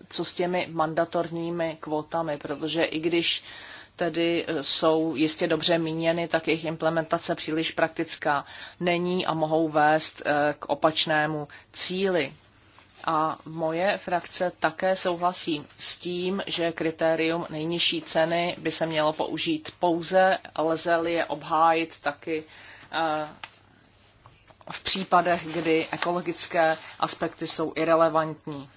co s těmi mandatorními kvótami, protože i když tedy eh, jsou jistě dobře míněny, tak jejich implementace příliš praktická není a mohou vést eh, k opačnému cíli. A moje frakce také souhlasí s tím, že kritérium nejnižší ceny by se mělo použít pouze, lze-li je obhájit taky v případech, kdy ekologické aspekty jsou irrelevantní.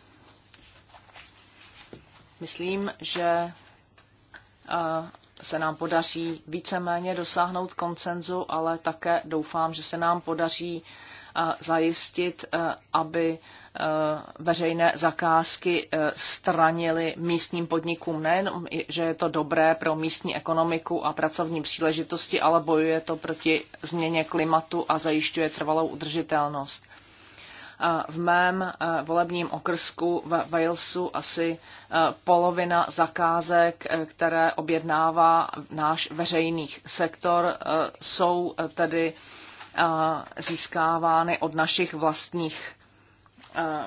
Myslím, že eh, se nám podaří víceméně dosáhnout koncenzu, ale také doufám, že se nám podaří zajistit, eh, aby eh, veřejné zakázky eh, stranily místním podnikům. Nejenom, že je to dobré pro místní ekonomiku a pracovní příležitosti, ale bojuje to proti změně klimatu a zajišťuje trvalou udržitelnost. V mém volebním okrsku v Walesu asi polovina zakázek, které objednává náš veřejný sektor, jsou tedy získávány od našich vlastních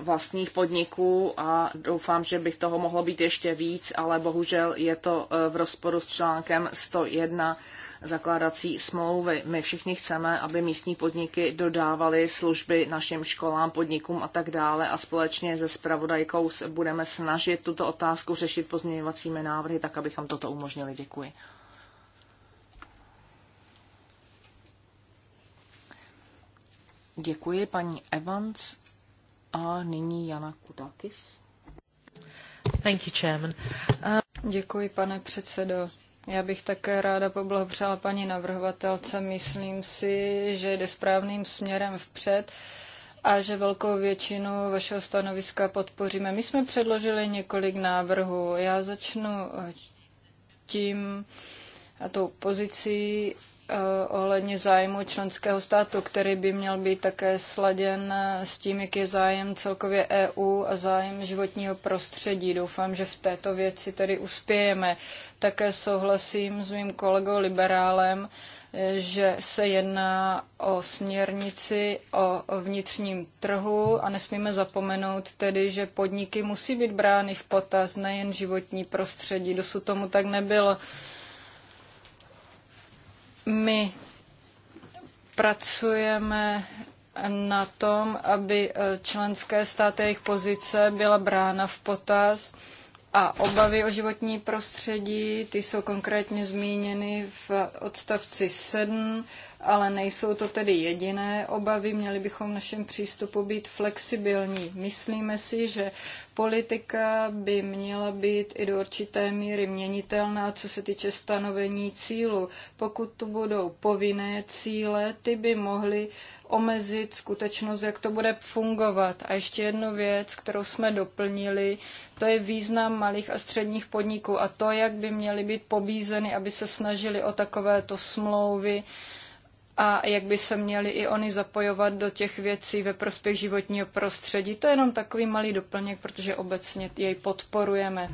vlastních podniků a doufám, že bych toho mohlo být ještě víc, ale bohužel je to e, v rozporu s článkem 101 zakládací smlouvy. My všichni chceme, aby místní podniky dodávaly služby našim školám, podnikům a tak dále a společně se spravodajkou budeme snažit tuto otázku řešit pozměňovacími návrhy, tak abychom toto umožnili. Děkuji. Děkuji paní Evans a nyní Jana Kudakis. Thank you, Chairman. Uh... Děkuji, pane předsedo. Já bych také ráda poblahopřála paní navrhovatelce. Myslím si, že jde správným směrem vpřed a že velkou většinu vašeho stanoviska podpoříme. My jsme předložili několik návrhů. Já začnu eh, tím a tou pozicí, Eh, ohledně zájmu členského státu, který by měl být také sladěn eh, s tím, jak je zájem celkově EU a zájem životního prostředí. Doufám, že v této věci tedy uspějeme. Také souhlasím s mým kolegou liberálem, eh, že se jedná o směrnici o vnitřním trhu a nesmíme zapomenout tedy, že podniky musí být brány v potaz nejen životní prostředí. Dosud tomu tak nebylo. My pracujeme na tom, aby eh, členské státy jejich pozice byla brána v potaz a obavy o životní prostředí, ty jsou konkrétně zmíněny v odstavci 7, ale nejsou to tedy jediné obavy. Měli bychom v našem přístupu být flexibilní. Myslíme si, že Politika by měla být i do určité míry měnitelná, co se týče stanovení cílu. Pokud tu budou povinné cíle, ty by mohly omezit skutečnost, jak to bude fungovat. A ještě jednu věc, kterou jsme doplnili, to je význam malých a středních podniků a to, jak by měly být pobízeny, aby se snažili o takovéto smlouvy, a jak by se měli i oni zapojovat do těch věcí ve prospěch životního prostředí. To je jenom takový malý doplněk, protože obecně jej podporujeme.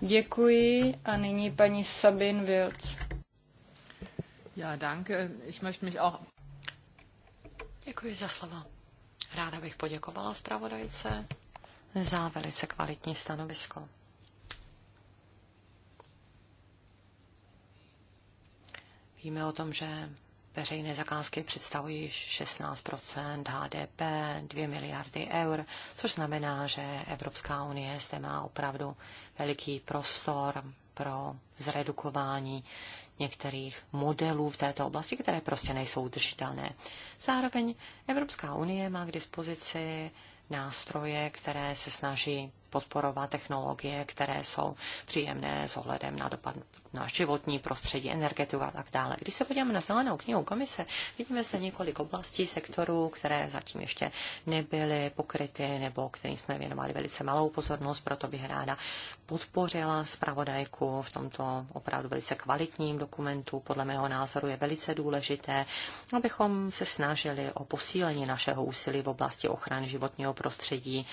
Děkuji a nyní paní Sabin Wilc. Já danke. Ich möchte mich auch... Děkuji za slovo. Ráda bych poděkovala zpravodajce za velice kvalitní stanovisko. Víme o tom, že Veřejné zakázky představují 16 HDP, 2 miliardy eur, což znamená, že Evropská unie zde má opravdu veliký prostor pro zredukování některých modelů v této oblasti, které prostě nejsou udržitelné. Zároveň Evropská unie má k dispozici nástroje, které se snaží podporovat technologie, které jsou příjemné s ohledem na dopad na životní prostředí, energetiku a tak dále. Když se podíváme na zelenou knihu komise, vidíme zde několik oblastí sektorů, které zatím ještě nebyly pokryty nebo kterým jsme věnovali velice malou pozornost, proto bych ráda podpořila zpravodajku v tomto opravdu velice kvalitním dokumentu. Podle mého názoru je velice důležité, abychom se snažili o posílení našeho úsilí v oblasti ochrany životního prostředí.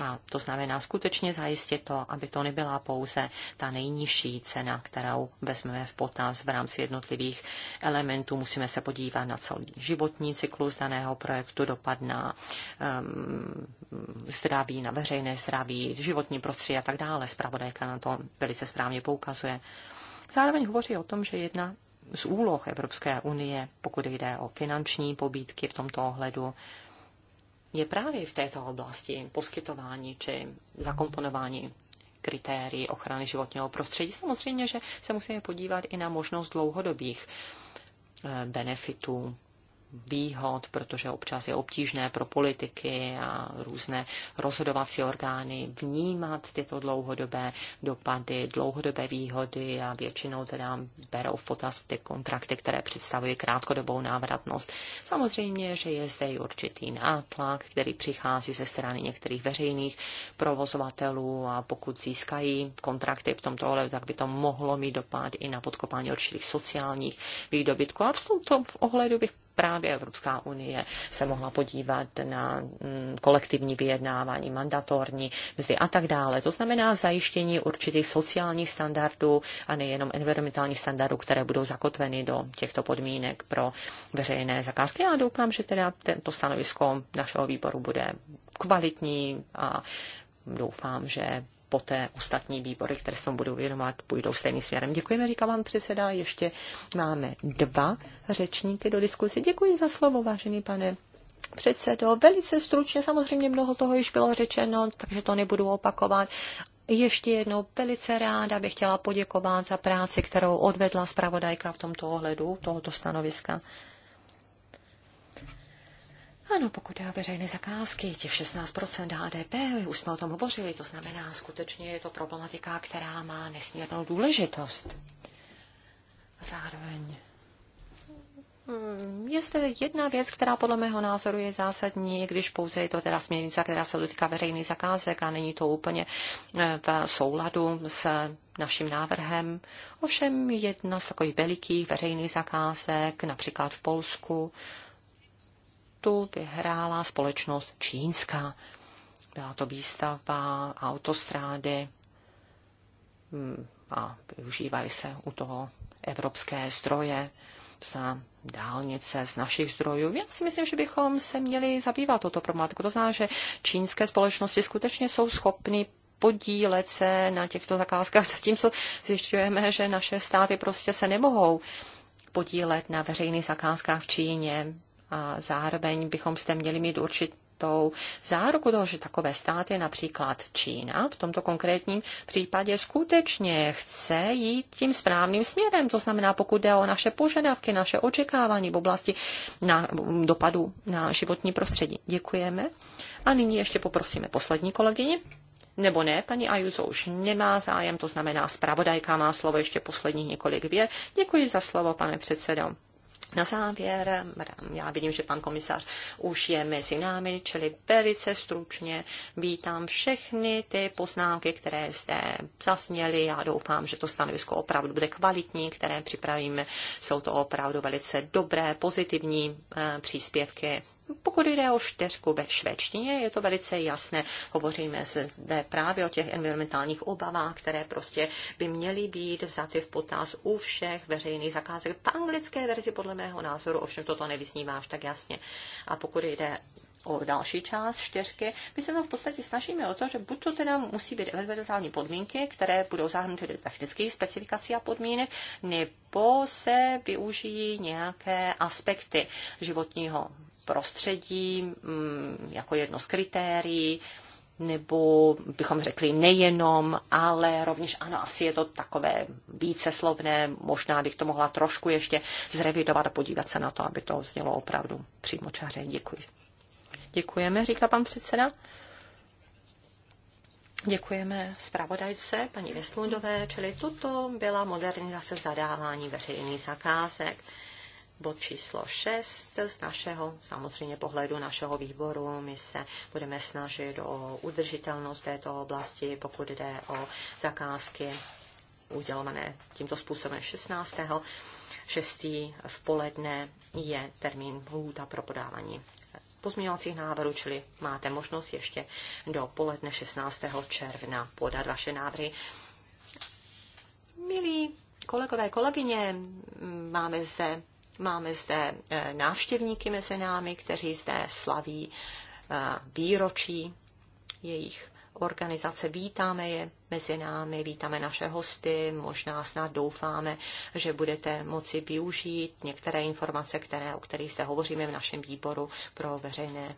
A to znamená skutečně zajistit to, aby to nebyla pouze ta nejnižší cena, kterou vezmeme v potaz v rámci jednotlivých elementů. Musíme se podívat na celý životní cyklus daného projektu, dopad na um, zdraví, na veřejné zdraví, životní prostředí a tak dále. Spravodajka na to velice správně poukazuje. Zároveň hovoří o tom, že jedna z úloh Evropské unie, pokud jde o finanční pobídky v tomto ohledu, je právě v této oblasti poskytování či zakomponování kritérií ochrany životního prostředí. Samozřejmě, že se musíme podívat i na možnost dlouhodobých eh, benefitů výhod, protože občas je obtížné pro politiky a různé rozhodovací orgány vnímat tyto dlouhodobé dopady, dlouhodobé výhody a většinou teda berou v potaz ty kontrakty, které představují krátkodobou návratnost. Samozřejmě, že je zde i určitý nátlak, který přichází ze strany některých veřejných provozovatelů a pokud získají kontrakty v tomto ohledu, tak by to mohlo mít dopad i na podkopání určitých sociálních výdobytků. A v tomto ohledu bych právě Evropská unie se mohla podívat na mm, kolektivní vyjednávání, mandatorní mzdy a tak dále. To znamená zajištění určitých sociálních standardů a nejenom environmentálních standardů, které budou zakotveny do těchto podmínek pro veřejné zakázky. Já doufám, že teda to stanovisko našeho výboru bude kvalitní a doufám, že poté ostatní výbory, které se tomu budou věnovat, půjdou stejným směrem. Děkujeme, říká vám předseda. Ještě máme dva řečníky do diskuse. Děkuji za slovo, vážený pane předsedo. Velice stručně, samozřejmě mnoho toho již bylo řečeno, takže to nebudu opakovat. Ještě jednou velice ráda bych chtěla poděkovat za práci, kterou odvedla zpravodajka v tomto ohledu, tohoto stanoviska. Ano, pokud je o veřejné zakázky, těch 16% HDP, už jsme o tom hovořili, to znamená, skutečně je to problematika, která má nesmírnou důležitost. Zároveň hm, je zde jedna věc, která podle mého názoru je zásadní, když pouze je to teda směrnice, která se dotýká veřejných zakázek a není to úplně eh, v souladu s naším návrhem. Ovšem jedna z takových velikých veřejných zakázek, například v Polsku, tu vyhrála společnost čínská. Byla to výstavba autostrády hm, a využívaly se u toho evropské zdroje, to znamená dálnice z našich zdrojů. Já si myslím, že bychom se měli zabývat toto problematiku. To znamená, že čínské společnosti skutečně jsou schopny podílet se na těchto zakázkách, zatímco zjišťujeme, že naše státy prostě se nemohou podílet na veřejných zakázkách v Číně a zároveň bychom zde měli mít určitě tou záruku toho, že takové státy, například Čína, v tomto konkrétním případě skutečně chce jít tím správným směrem. To znamená, pokud jde o naše požadavky, naše očekávání v oblasti na, dopadu na životní prostředí. Děkujeme. A nyní ještě poprosíme poslední kolegyni. Nebo ne, paní Ajuzo už nemá zájem, to znamená, zpravodajka má slovo ještě posledních několik vět. Děkuji za slovo, pane předsedo. Na závěr, já vidím, že pan komisař už je mezi námi, čili velice stručně vítám všechny ty poznámky, které jste zasněli. Já doufám, že to stanovisko opravdu bude kvalitní, které připravíme. Jsou to opravdu velice dobré, pozitivní e, příspěvky pokud jde o čtyřku ve švédštině, je to velice jasné. Hovoříme zde právě o těch environmentálních obavách, které prostě by měly být vzaty v potaz u všech veřejných zakázek. V anglické verzi podle mého názoru ovšem toto nevysnívá až tak jasně. A pokud jde o další část čtyřky. My se tam v podstatě snažíme o to, že buď to teda musí být environmentální podmínky, které budou zahrnuty do technických specifikací a podmínek, nebo se využijí nějaké aspekty životního prostředí mm, jako jedno z kritérií, nebo bychom řekli nejenom, ale rovněž ano, asi je to takové více slovné, možná bych to mohla trošku ještě zrevidovat a podívat se na to, aby to znělo opravdu přímočaře. Děkuji. Děkujeme, říká pan předseda. Děkujeme zpravodajce paní Veslundové, čili tuto byla modernizace zadávání veřejných zakázek bod číslo 6 z našeho, samozřejmě pohledu našeho výboru. My se budeme snažit o udržitelnost této oblasti, pokud jde o zakázky udělované tímto způsobem 16. 6. v poledne je termín lhůta pro podávání pozměňovacích návrhů, čili máte možnost ještě do poledne 16. června podat vaše návrhy. Milí kolegové, kolegyně, máme zde Máme zde eh, návštěvníky mezi námi, kteří zde slaví eh, výročí jejich organizace. Vítáme je mezi námi, vítáme naše hosty, možná snad doufáme, že budete moci využít některé informace, které, o kterých zde hovoříme v našem výboru pro veřejné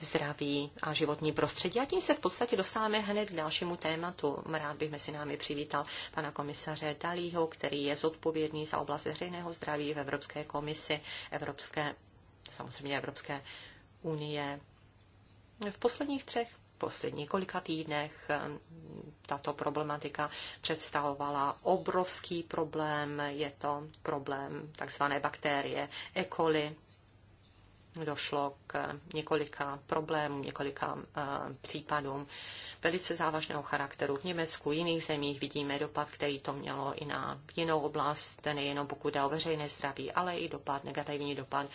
zdraví a životní prostředí. A tím se v podstatě dostáváme hned k dalšímu tématu. Rád bych mezi námi přivítal pana komisaře Dalího, který je zodpovědný za oblast veřejného zdraví v Evropské komisi, Evropské, samozřejmě Evropské unie. V posledních třech posledních několika týdnech ehm, tato problematika představovala obrovský problém. Je to problém takzvané bakterie E. coli, došlo k několika problémům, několika eh, případům velice závažného charakteru v Německu, v jiných zemích. Vidíme dopad, který to mělo i na jinou oblast, nejenom pokud jde o veřejné zdraví, ale i dopad, negativní dopad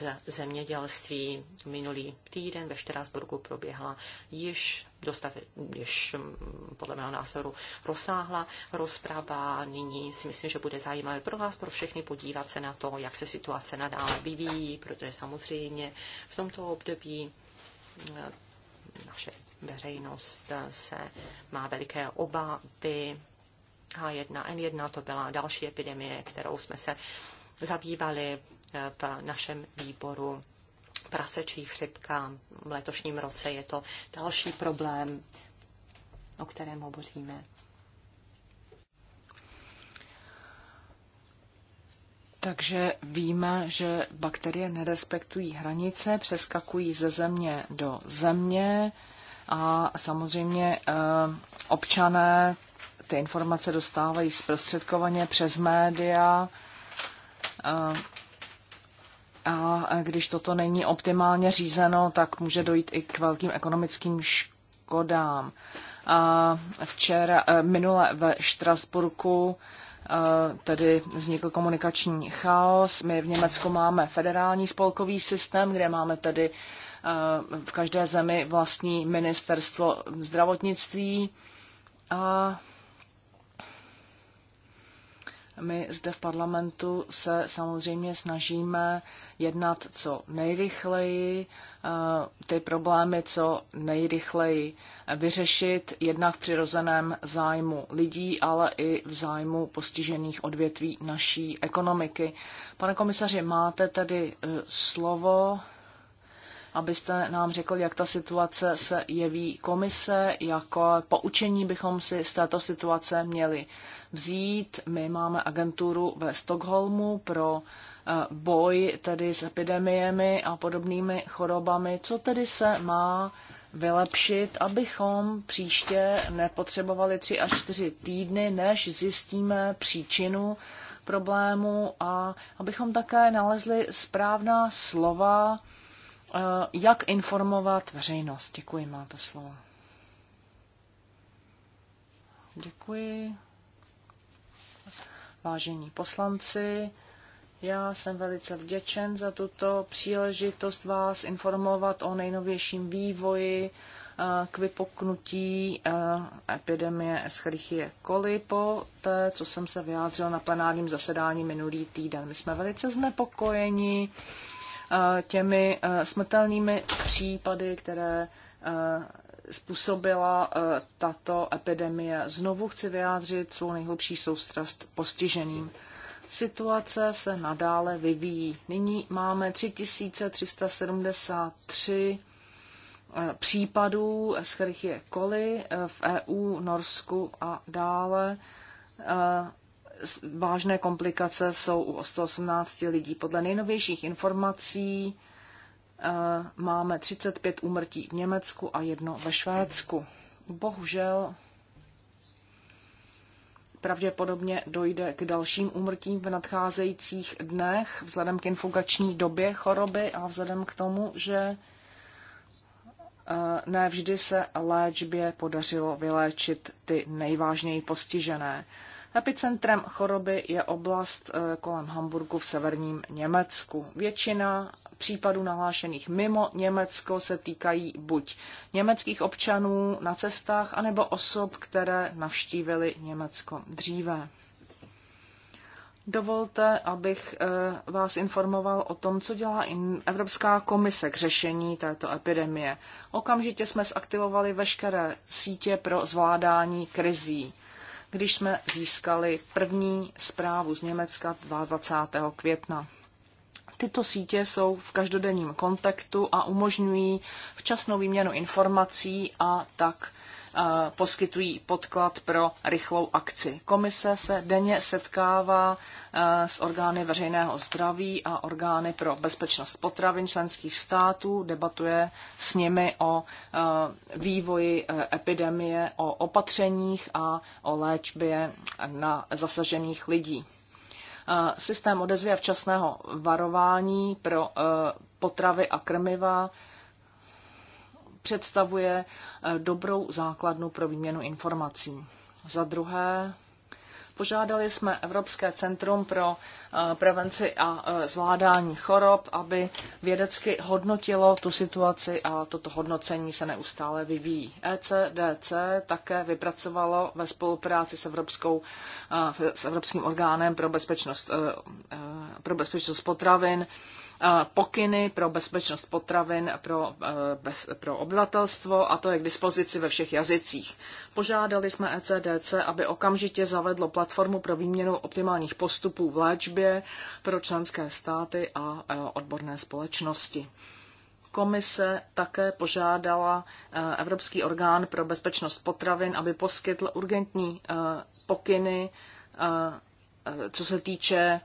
v zemědělství. Minulý týden ve Štrasburgu proběhla již dostat, když mm, podle mého názoru rozsáhla rozprava. Nyní si myslím, že bude zajímavé pro vás, pro všechny podívat se na to, jak se situace nadále vyvíjí, protože samozřejmě v tomto období mm, naše veřejnost se má veliké obavy. H1N1 to byla další epidemie, kterou jsme se zabývali v našem výboru prasečí chřipka. V letošním roce je to další problém, o kterém hovoříme. Takže víme, že bakterie nerespektují hranice, přeskakují ze země do země a samozřejmě eh, občané ty informace dostávají zprostředkovaně přes média eh, a když toto není optimálně řízeno, tak může dojít i k velkým ekonomickým škodám. A včera, eh, minule ve Štrasburku eh, tedy vznikl komunikační chaos. My v Německu máme federální spolkový systém, kde máme tedy eh, v každé zemi vlastní ministerstvo zdravotnictví. A my zde v parlamentu se samozřejmě snažíme jednat co nejrychleji, eh, ty problémy co nejrychleji vyřešit, jednak v přirozeném zájmu lidí, ale i v zájmu postižených odvětví naší ekonomiky. Pane komisaři, máte tedy eh, slovo abyste nám řekl, jak ta situace se jeví komise, jako poučení bychom si z této situace měli vzít. My máme agenturu ve Stockholmu pro eh, boj tedy s epidemiemi a podobnými chorobami. Co tedy se má vylepšit, abychom příště nepotřebovali tři až čtyři týdny, než zjistíme příčinu problému a abychom také nalezli správná slova, Eh, jak informovat veřejnost? Děkuji, máte slovo. Děkuji. Vážení poslanci, já jsem velice vděčen za tuto příležitost vás informovat o nejnovějším vývoji eh, k vypuknutí eh, epidemie Escherichie coli po té, co jsem se vyjádřil na plenárním zasedání minulý týden. My jsme velice znepokojeni Eh, těmi eh, smrtelnými případy, které eh, způsobila tato epidemie. Znovu chci vyjádřit svou nejhlubší soustrast postiženým. Situace se nadále vyvíjí. Nyní máme 3373 případů, z kterých je koli v EU, Norsku a dále vážné komplikace jsou u 118 lidí. Podle nejnovějších informací eh, máme 35 úmrtí v Německu a jedno ve Švédsku. Bohužel pravděpodobně dojde k dalším úmrtím v nadcházejících dnech vzhledem k infugační době choroby a vzhledem k tomu, že eh, ne vždy se léčbě podařilo vyléčit ty nejvážněji postižené. Epicentrem choroby je oblast eh, kolem Hamburgu v severním Německu. Většina případů nahlášených mimo Německo se týkají buď německých občanů na cestách, anebo osob, které navštívili Německo dříve. Dovolte, abych eh, vás informoval o tom, co dělá Evropská komise k řešení této epidemie. Okamžitě jsme zaktivovali veškeré sítě pro zvládání krizí když jsme získali první zprávu z Německa 22. května. Tyto sítě jsou v každodenním kontaktu a umožňují včasnou výměnu informací a tak poskytují podklad pro rychlou akci. Komise se denně setkává s orgány veřejného zdraví a orgány pro bezpečnost potravin členských států, debatuje s nimi o vývoji e, epidemie, o opatřeních a o léčbě na zasažených lidí. Systém odezvy a včasného varování pro e, potravy a krmiva představuje eh, dobrou základnu pro výměnu informací. Za druhé, požádali jsme Evropské centrum pro eh, prevenci a eh, zvládání chorob, aby vědecky hodnotilo tu situaci a toto hodnocení se neustále vyvíjí. ECDC také vypracovalo ve spolupráci s, Evropskou, s Evropským orgánem pro bezpečnost, pro bezpečnost potravin pokyny pro bezpečnost potravin pro, e, bez, pro obyvatelstvo a to je k dispozici ve všech jazycích. Požádali jsme ECDC, aby okamžitě zavedlo platformu pro výměnu optimálních postupů v léčbě pro členské státy a e, odborné společnosti komise také požádala e, Evropský orgán pro bezpečnost potravin, aby poskytl urgentní pokyny, co se týče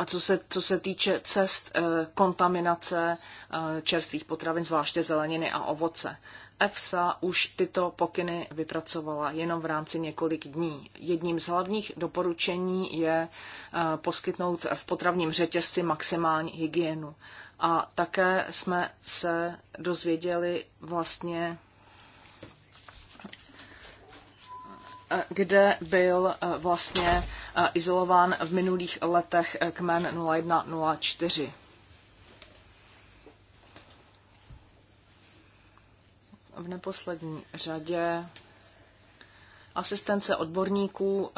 a co se, co se týče cest eh, kontaminace eh, čerstvých potravin, zvláště zeleniny a ovoce. EFSA už tyto pokyny vypracovala jenom v rámci několik dní. Jedním z hlavních doporučení je eh, poskytnout v potravním řetězci maximální hygienu. A také jsme se dozvěděli vlastně kde byl eh, vlastně eh, izolován v minulých letech eh, kmen 0104. V neposlední řadě asistence odborníků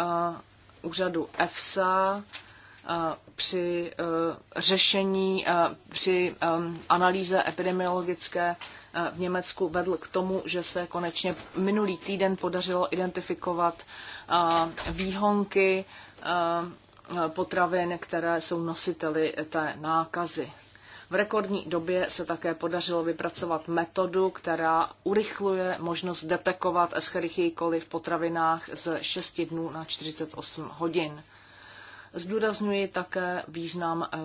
úřadu EFSA Eh, při eh, řešení, eh, při analýze epidemiologické v Německu vedl k tomu, že se konečně minulý týden podařilo identifikovat výhonky potravin, které jsou nositeli té nákazy. V rekordní době se také podařilo vypracovat metodu, která urychluje možnost detekovat Escherichia coli v potravinách z 6 dnů na 48 hodin zdůraznuji také význam eh,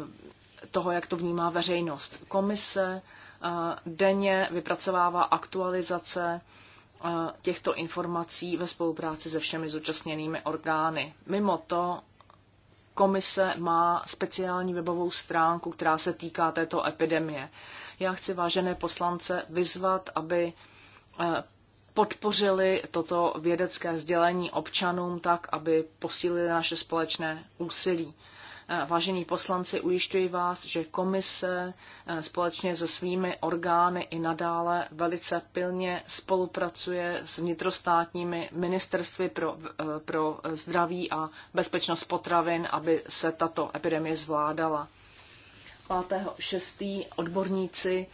toho, jak to vnímá veřejnost. Komise eh, denně vypracovává aktualizace eh, těchto informací ve spolupráci se všemi zúčastněnými orgány. Mimo to komise má speciální webovou stránku, která se týká této epidemie. Já chci vážené poslance vyzvat, aby podpořili toto vědecké sdělení občanům tak, aby posílili naše společné úsilí. Eh, vážení poslanci, ujišťuji vás, že komise eh, společně se svými orgány i nadále velice pilně spolupracuje s vnitrostátními ministerstvy pro, eh, pro zdraví a bezpečnost potravin, aby se tato epidemie zvládala. 5.6. odborníci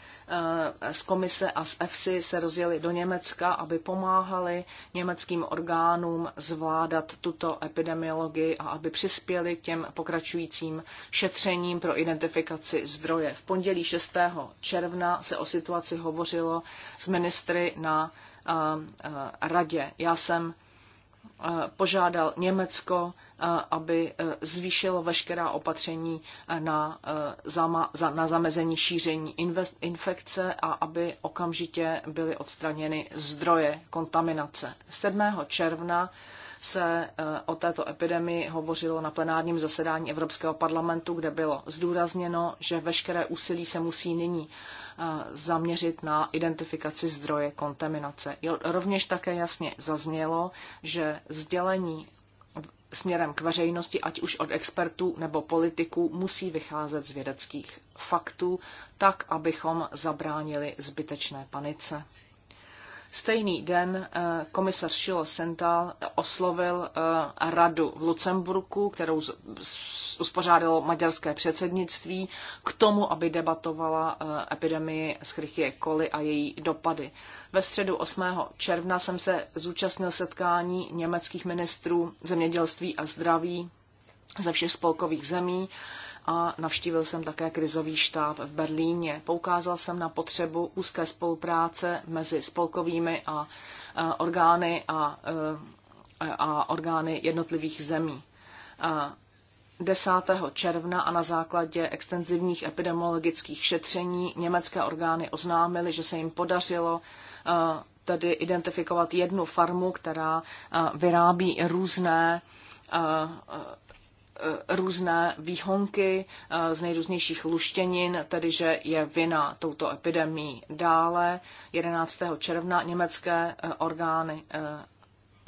eh, z komise a z EFSI se rozjeli do Německa, aby pomáhali německým orgánům zvládat tuto epidemiologii a aby přispěli k těm pokračujícím šetřením pro identifikaci zdroje. V pondělí 6. června se o situaci hovořilo s ministry na eh, eh, radě. Já jsem požádal Německo, aby e, zvýšilo veškerá opatření e, na, e, na zamezení šíření infekce a aby okamžitě byly odstraněny zdroje kontaminace. 7. června se e, o této epidemii hovořilo na plenárním zasedání Evropského parlamentu, kde bylo zdůrazněno, že veškeré úsilí se musí nyní e, zaměřit na identifikaci zdroje kontaminace. Rovněž také jasně zaznělo, že sdělení směrem k veřejnosti, ať už od expertů nebo politiků, musí vycházet z vědeckých faktů, tak abychom zabránili zbytečné panice. Stejný den eh, komisař Šilo Sental eh, oslovil eh, radu v Lucemburku, kterou uspořádalo maďarské předsednictví, k tomu, aby debatovala epidemii skrychie koli a její dopady. Ve středu 8. června jsem se zúčastnil setkání německých ministrů zemědělství a zdraví ze všech spolkových zemí a navštívil jsem také krizový štáb v Berlíně. Poukázal jsem na potřebu úzké spolupráce mezi spolkovými a, a e, orgány a, e, a orgány jednotlivých zemí. A e, 10. června a na základě extenzivních epidemiologických šetření německé orgány oznámily, že se jim podařilo tedy identifikovat jednu farmu, která vyrábí různé Eh, různé výhonky eh, z nejrůznějších luštěnin, tedy že je vina touto epidemii. Dále 11. června německé eh, orgány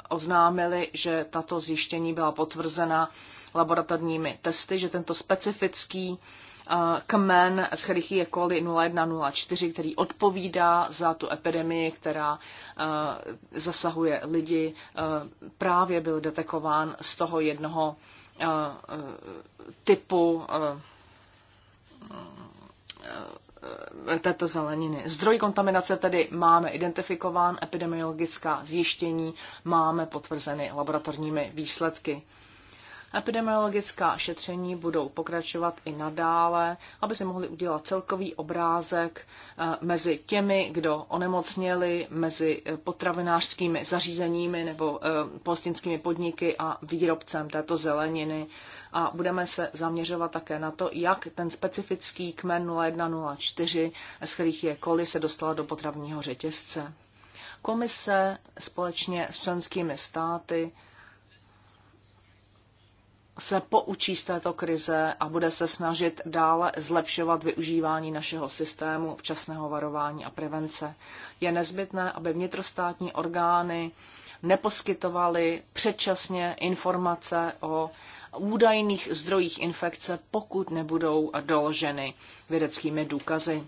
oznámili, že tato zjištění byla potvrzena laboratorními testy, že tento specifický kmen Escherichia coli 0104, který odpovídá za tu epidemii, která zasahuje lidi, právě byl detekován z toho jednoho Eh, typu eh, eh, této zeleniny. Zdroj kontaminace tedy máme identifikován, epidemiologická zjištění máme potvrzeny laboratorními výsledky. Epidemiologická šetření budou pokračovat i nadále, aby se mohli udělat celkový obrázek eh, mezi těmi, kdo onemocněli, mezi eh, potravinářskými zařízeními nebo eh, postinskými podniky a výrobcem této zeleniny. A budeme se zaměřovat také na to, jak ten specifický kmen 0104, z kterých je koli, se dostala do potravního řetězce. Komise společně s členskými státy se poučí z této krize a bude se snažit dále zlepšovat využívání našeho systému včasného varování a prevence. Je nezbytné, aby vnitrostátní orgány neposkytovaly předčasně informace o údajných zdrojích infekce, pokud nebudou doloženy vědeckými důkazy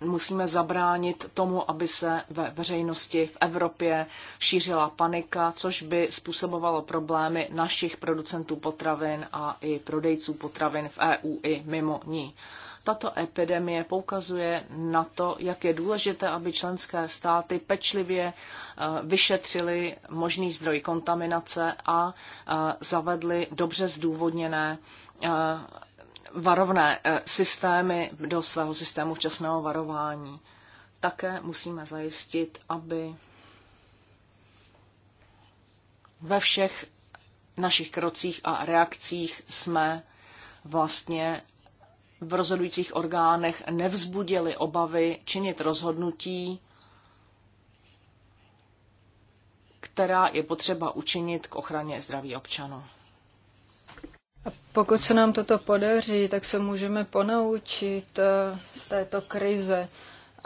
musíme zabránit tomu, aby se ve veřejnosti v Evropě šířila panika, což by způsobovalo problémy našich producentů potravin a i prodejců potravin v EU i mimo ní. Tato epidemie poukazuje na to, jak je důležité, aby členské státy pečlivě eh, vyšetřili možný zdroj kontaminace a eh, zavedli dobře zdůvodněné eh, varovné eh, systémy do svého systému včasného varování. Také musíme zajistit, aby ve všech našich krocích a reakcích jsme vlastně v rozhodujících orgánech nevzbudili obavy činit rozhodnutí, která je potřeba učinit k ochraně zdraví občanů. Pokud se nám toto podaří, tak se můžeme ponaučit eh, z této krize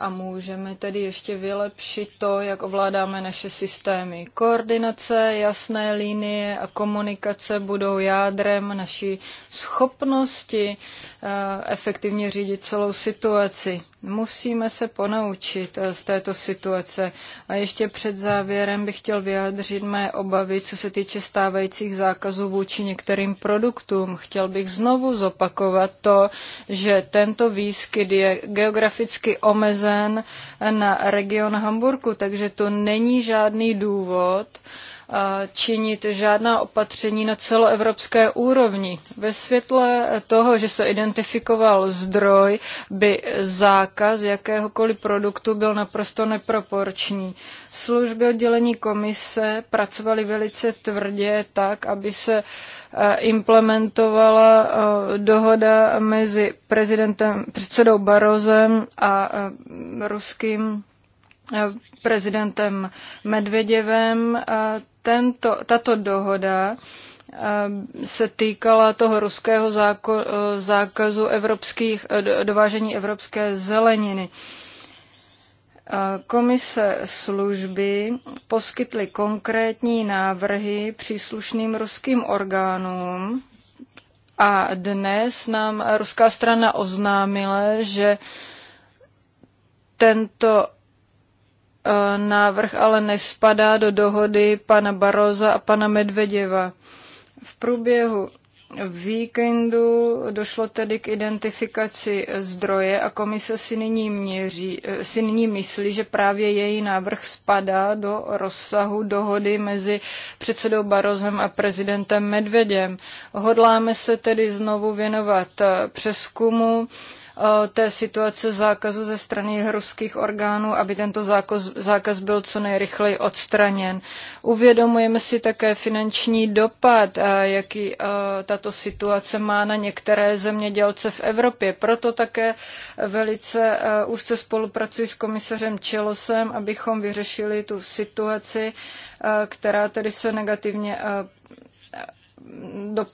a můžeme tedy ještě vylepšit to, jak ovládáme naše systémy. Koordinace, jasné linie a komunikace budou jádrem naší schopnosti eh, efektivně řídit celou situaci. Musíme se ponaučit eh, z této situace. A ještě před závěrem bych chtěl vyjádřit mé obavy, co se týče stávajících zákazů vůči některým produktům. Chtěl bych znovu zopakovat to, že tento výskyt je geograficky omezen omezen na region Hamburku, takže to není žádný důvod, činit žádná opatření na celoevropské úrovni. Ve světle toho, že se identifikoval zdroj, by zákaz jakéhokoliv produktu byl naprosto neproporční. Služby oddělení komise pracovaly velice tvrdě tak, aby se implementovala dohoda mezi prezidentem, předsedou Barozem a ruským prezidentem Medvěděvem. Tento, tato dohoda se týkala toho ruského záko, e, zákazu evropských, e, dovážení evropské zeleniny. Komise služby poskytly konkrétní návrhy příslušným ruským orgánům a dnes nám ruská strana oznámila, že tento Eh, návrh ale nespadá do dohody pana Baroza a pana Medveděva. V průběhu víkendu došlo tedy k identifikaci zdroje a komise si nyní, měří, eh, si nyní myslí, že právě její návrh spadá do rozsahu dohody mezi předsedou Barozem a prezidentem Medvedem. Hodláme se tedy znovu věnovat eh, přeskumu té situace zákazu ze strany ruských orgánů, aby tento zákaz, zákaz byl co nejrychleji odstraněn. Uvědomujeme si také finanční dopad, jaký tato situace má na některé zemědělce v Evropě. Proto také velice úzce spolupracuji s komisařem Čelosem, abychom vyřešili tu situaci, která tedy se negativně do,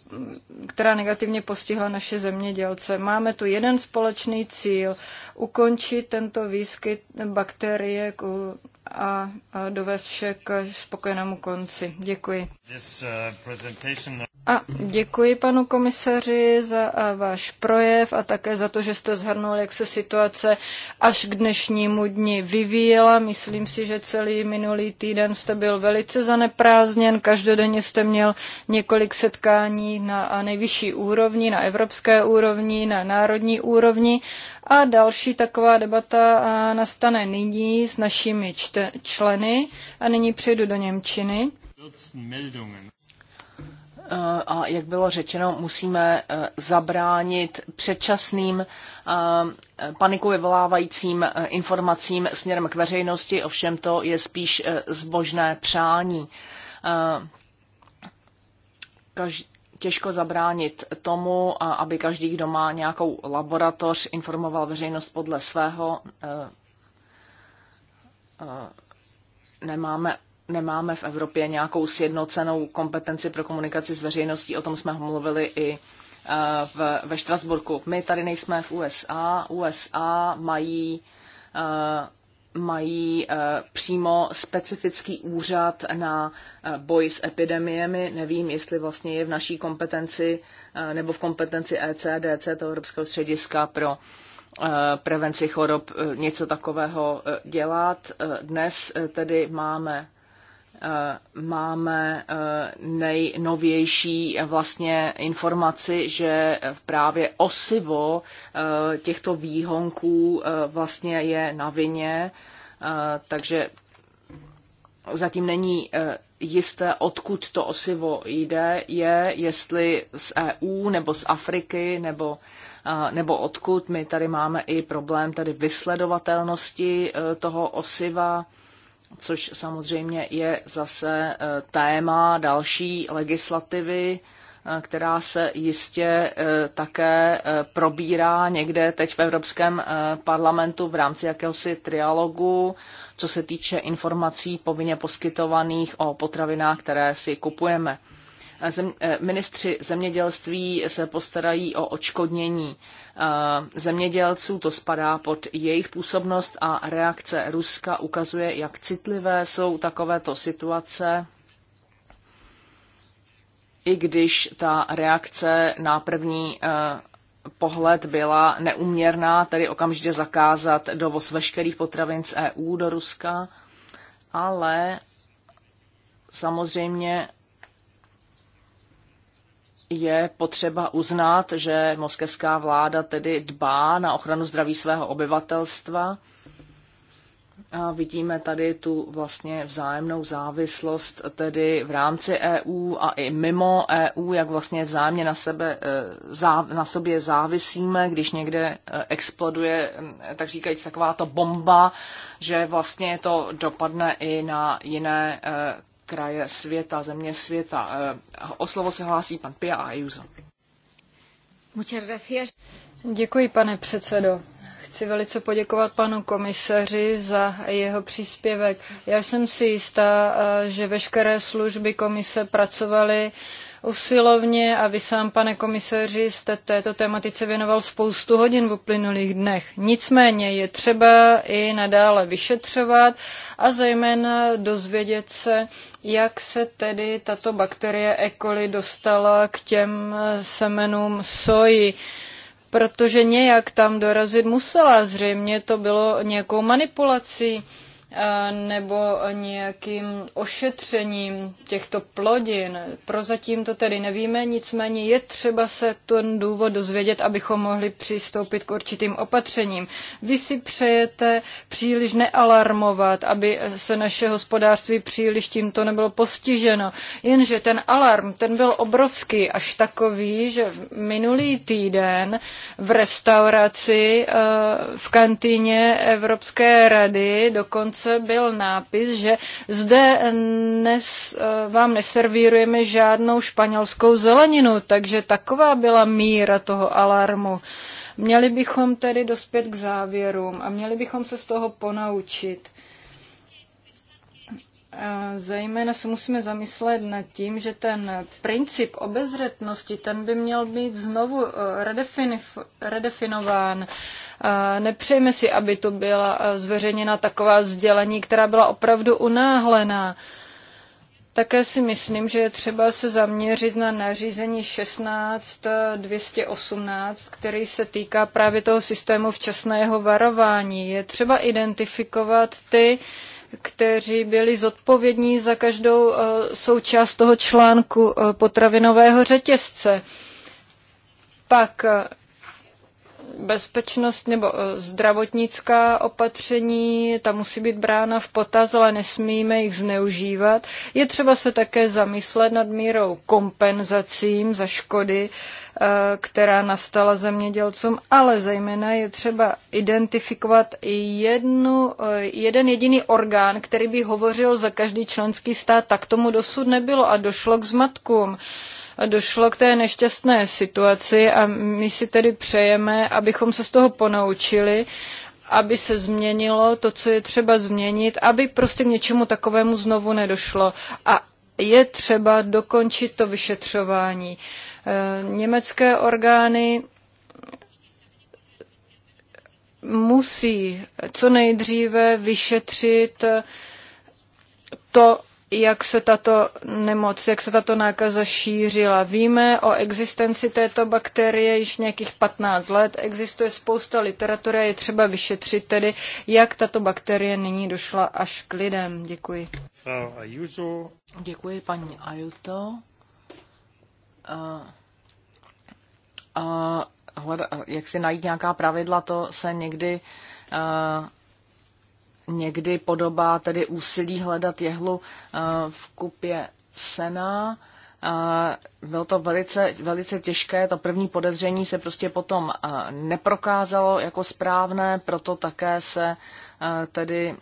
která negativně postihla naše zemědělce. Máme tu jeden společný cíl, ukončit tento výskyt bakterie a dovést vše k spokojenému konci. Děkuji. Uh, a děkuji panu komisaři za váš projev a také za to, že jste zhrnul, jak se situace až k dnešnímu dni vyvíjela. Myslím si, že celý minulý týden jste byl velice zaneprázdněn. Každodenně jste měl několik setkání na nejvyšší úrovni, na evropské úrovni, na národní úrovni a další taková debata nastane nyní s našimi čte- členy a nyní přejdu do Němčiny. E, a jak bylo řečeno, musíme e, zabránit předčasným e, paniku vyvolávajícím informacím směrem k veřejnosti, ovšem to je spíš zbožné přání. Každý těžko zabránit tomu, aby každý, kdo má nějakou laboratoř, informoval veřejnost podle svého. E, e, nemáme, nemáme v Evropě nějakou sjednocenou kompetenci pro komunikaci s veřejností, o tom jsme mluvili i e, v, ve Štrasburku. My tady nejsme v USA. USA mají mají eh, přímo specifický úřad na eh, boj s epidemiemi. Nevím, jestli vlastně je v naší kompetenci eh, nebo v kompetenci ECDC, to Evropského střediska pro prevenci chorob, něco takového dělat. Dnes tedy máme Eh, máme eh, nejnovější vlastně informaci, že právě osivo eh, těchto výhonků vlastně je na vině, takže zatím není jisté, odkud to osivo jde, je, jestli z EU nebo z Afriky nebo nebo odkud. My tady máme i problém tady vysledovatelnosti toho osiva což samozřejmě je zase eh, téma další legislativy, eh, která se jistě eh, také probírá někde teď v Evropském parlamentu v rámci jakéhosi trialogu, co se týče informací povinně poskytovaných o potravinách, které si kupujeme zem, eh, ministři zemědělství se postarají o očkodnění eh, zemědělců, to spadá pod jejich působnost a reakce Ruska ukazuje, jak citlivé jsou takovéto situace i když ta reakce na první eh, pohled byla neuměrná, tedy okamžitě zakázat dovoz veškerých potravin z EU do Ruska, ale samozřejmě je potřeba uznat, že moskevská vláda tedy dbá na ochranu zdraví svého obyvatelstva. A vidíme tady tu vlastně vzájemnou závislost tedy v rámci EU a i mimo EU, jak vlastně vzájemně na, sebe, e, na sobě závisíme, když někde e, exploduje, tak říkajíc, taková ta bomba, že vlastně to dopadne i na jiné e, kraje světa, země světa. Eh, o slovo se hlásí pan Pia Ayuso. Děkuji, pane předsedo. Chci velice poděkovat panu komisaři za jeho příspěvek. Já jsem si jistá, eh, že veškeré služby komise pracovaly usilovně a vy sám, pane komisaři, jste této tématice věnoval spoustu hodin v uplynulých dnech. Nicméně je třeba i nadále vyšetřovat a zejména dozvědět se, jak se tedy tato bakterie E. coli dostala k těm semenům soji protože nějak tam dorazit musela. Zřejmě to bylo nějakou manipulací nebo nějakým ošetřením těchto plodin. Prozatím to tedy nevíme, nicméně je třeba se ten důvod dozvědět, abychom mohli přistoupit k určitým opatřením. Vy si přejete příliš nealarmovat, aby se naše hospodářství příliš tímto nebylo postiženo. Jenže ten alarm, ten byl obrovský, až takový, že minulý týden v restauraci eh, v kantýně Evropské rady dokonce dokonce byl nápis, že zde nes, eh, vám neservírujeme žádnou španělskou zeleninu, takže taková byla míra toho alarmu. Měli bychom tedy dospět k závěrům a měli bychom se z toho ponaučit. Eh, zejména se musíme zamyslet nad tím, že ten princip obezřetnosti, ten by měl být znovu eh, redefinován. Nepřejme si, aby to byla zveřejněna taková sdělení, která byla opravdu unáhlená. Také si myslím, že je třeba se zaměřit na nařízení 16218, který se týká právě toho systému včasného varování. Je třeba identifikovat ty, kteří byli zodpovědní za každou součást toho článku potravinového řetězce. Pak bezpečnost nebo eh, zdravotnická opatření, ta musí být brána v potaz, ale nesmíme jich zneužívat. Je třeba se také zamyslet nad mírou kompenzacím za škody, eh, která nastala zemědělcům, ale zejména je třeba identifikovat jednu, eh, jeden jediný orgán, který by hovořil za každý členský stát. Tak tomu dosud nebylo a došlo k zmatkům došlo k té nešťastné situaci a my si tedy přejeme, abychom se z toho ponaučili, aby se změnilo to, co je třeba změnit, aby prostě k něčemu takovému znovu nedošlo. A je třeba dokončit to vyšetřování. Eh, německé orgány musí co nejdříve vyšetřit to, jak se tato nemoc, jak se tato nákaza šířila. Víme o existenci této bakterie již nějakých 15 let. Existuje spousta literatury a je třeba vyšetřit tedy, jak tato bakterie nyní došla až k lidem. Děkuji. Děkuji, paní Ajuto. Uh, eh, uh, eh, hleda, eh, jak si najít nějaká pravidla, to se někdy uh, někdy podobá tedy úsilí hledat jehlu eh, v kupě sena. Eh, bylo to velice, velice těžké, to první podezření se prostě potom eh, neprokázalo jako správné, proto také se tedy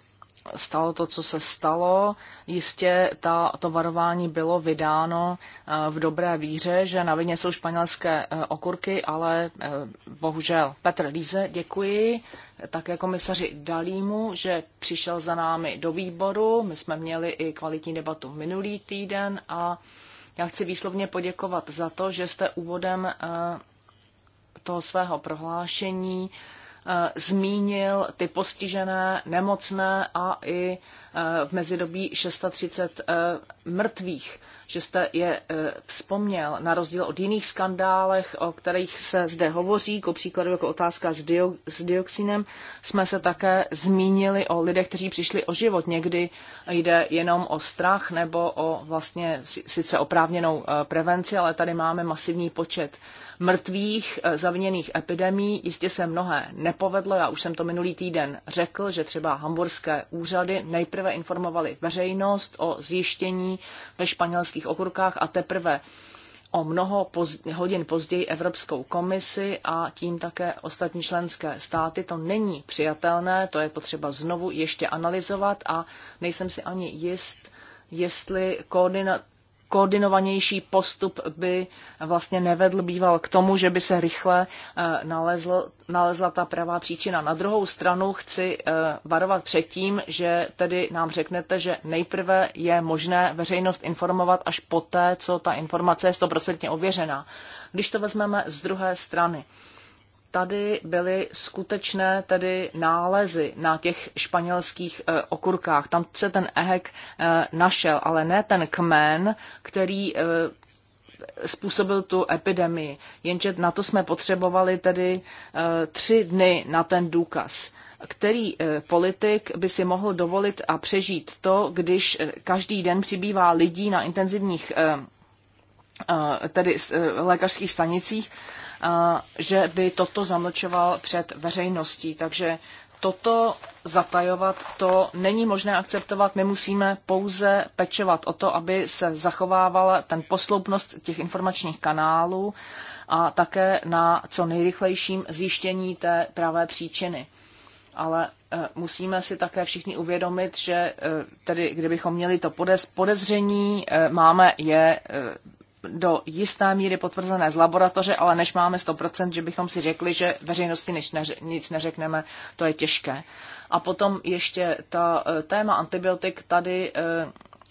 stalo to, co se stalo. Jistě ta, to varování bylo vydáno eh, v dobré víře, že na vině jsou španělské eh, okurky, ale eh, bohužel. Petr Líze, děkuji také komisaři Dalímu, že přišel za námi do výboru. My jsme měli i kvalitní debatu minulý týden a já chci výslovně poděkovat za to, že jste úvodem toho svého prohlášení Eh, zmínil ty postižené, nemocné a i eh, v mezidobí 630 eh, mrtvých že jste je e, vzpomněl, na rozdíl od jiných skandálech, o kterých se zde hovoří, jako příkladu jako otázka s, dio, s dioxinem, jsme se také zmínili o lidech, kteří přišli o život. Někdy jde jenom o strach nebo o vlastně sice oprávněnou e, prevenci, ale tady máme masivní počet mrtvých e, zaviněných epidemí. Jistě se mnohé nepovedlo, já už jsem to minulý týden řekl, že třeba hamburské úřady nejprve informovali veřejnost o zjištění ve španělské evropských okurkách a teprve o mnoho pozdě, hodin později Evropskou komisi a tím také ostatní členské státy. To není přijatelné, to je potřeba znovu ještě analyzovat a nejsem si ani jist, jestli koordina, koordinovanější postup by vlastně nevedl býval k tomu, že by se rychle eh, nalezl, nalezla ta pravá příčina. Na druhou stranu chci eh, varovat před tím, že tedy nám řeknete, že nejprve je možné veřejnost informovat až poté, co ta informace je stoprocentně ověřená. Když to vezmeme z druhé strany, tady byly skutečné tedy nálezy na těch španělských eh, okurkách. Tam se ten ehek eh, našel, ale ne ten kmen, který eh, způsobil tu epidemii. Jenže na to jsme potřebovali tedy tři dny na ten důkaz. Který politik by si mohl dovolit a přežít to, když každý den přibývá lidí na intenzivních tedy lékařských stanicích že by toto zamlčoval před veřejností. Takže toto zatajovat, to není možné akceptovat. My musíme pouze pečovat o to, aby se zachovávala ten posloupnost těch informačních kanálů a také na co nejrychlejším zjištění té pravé příčiny. Ale e, musíme si také všichni uvědomit, že e, tedy kdybychom měli to podezření, e, máme je do jisté míry potvrzené z laboratoře, ale než máme 100%, že bychom si řekli, že veřejnosti nic, neř- nic neřekneme, to je těžké. A potom ještě ta eh, téma antibiotik tady eh,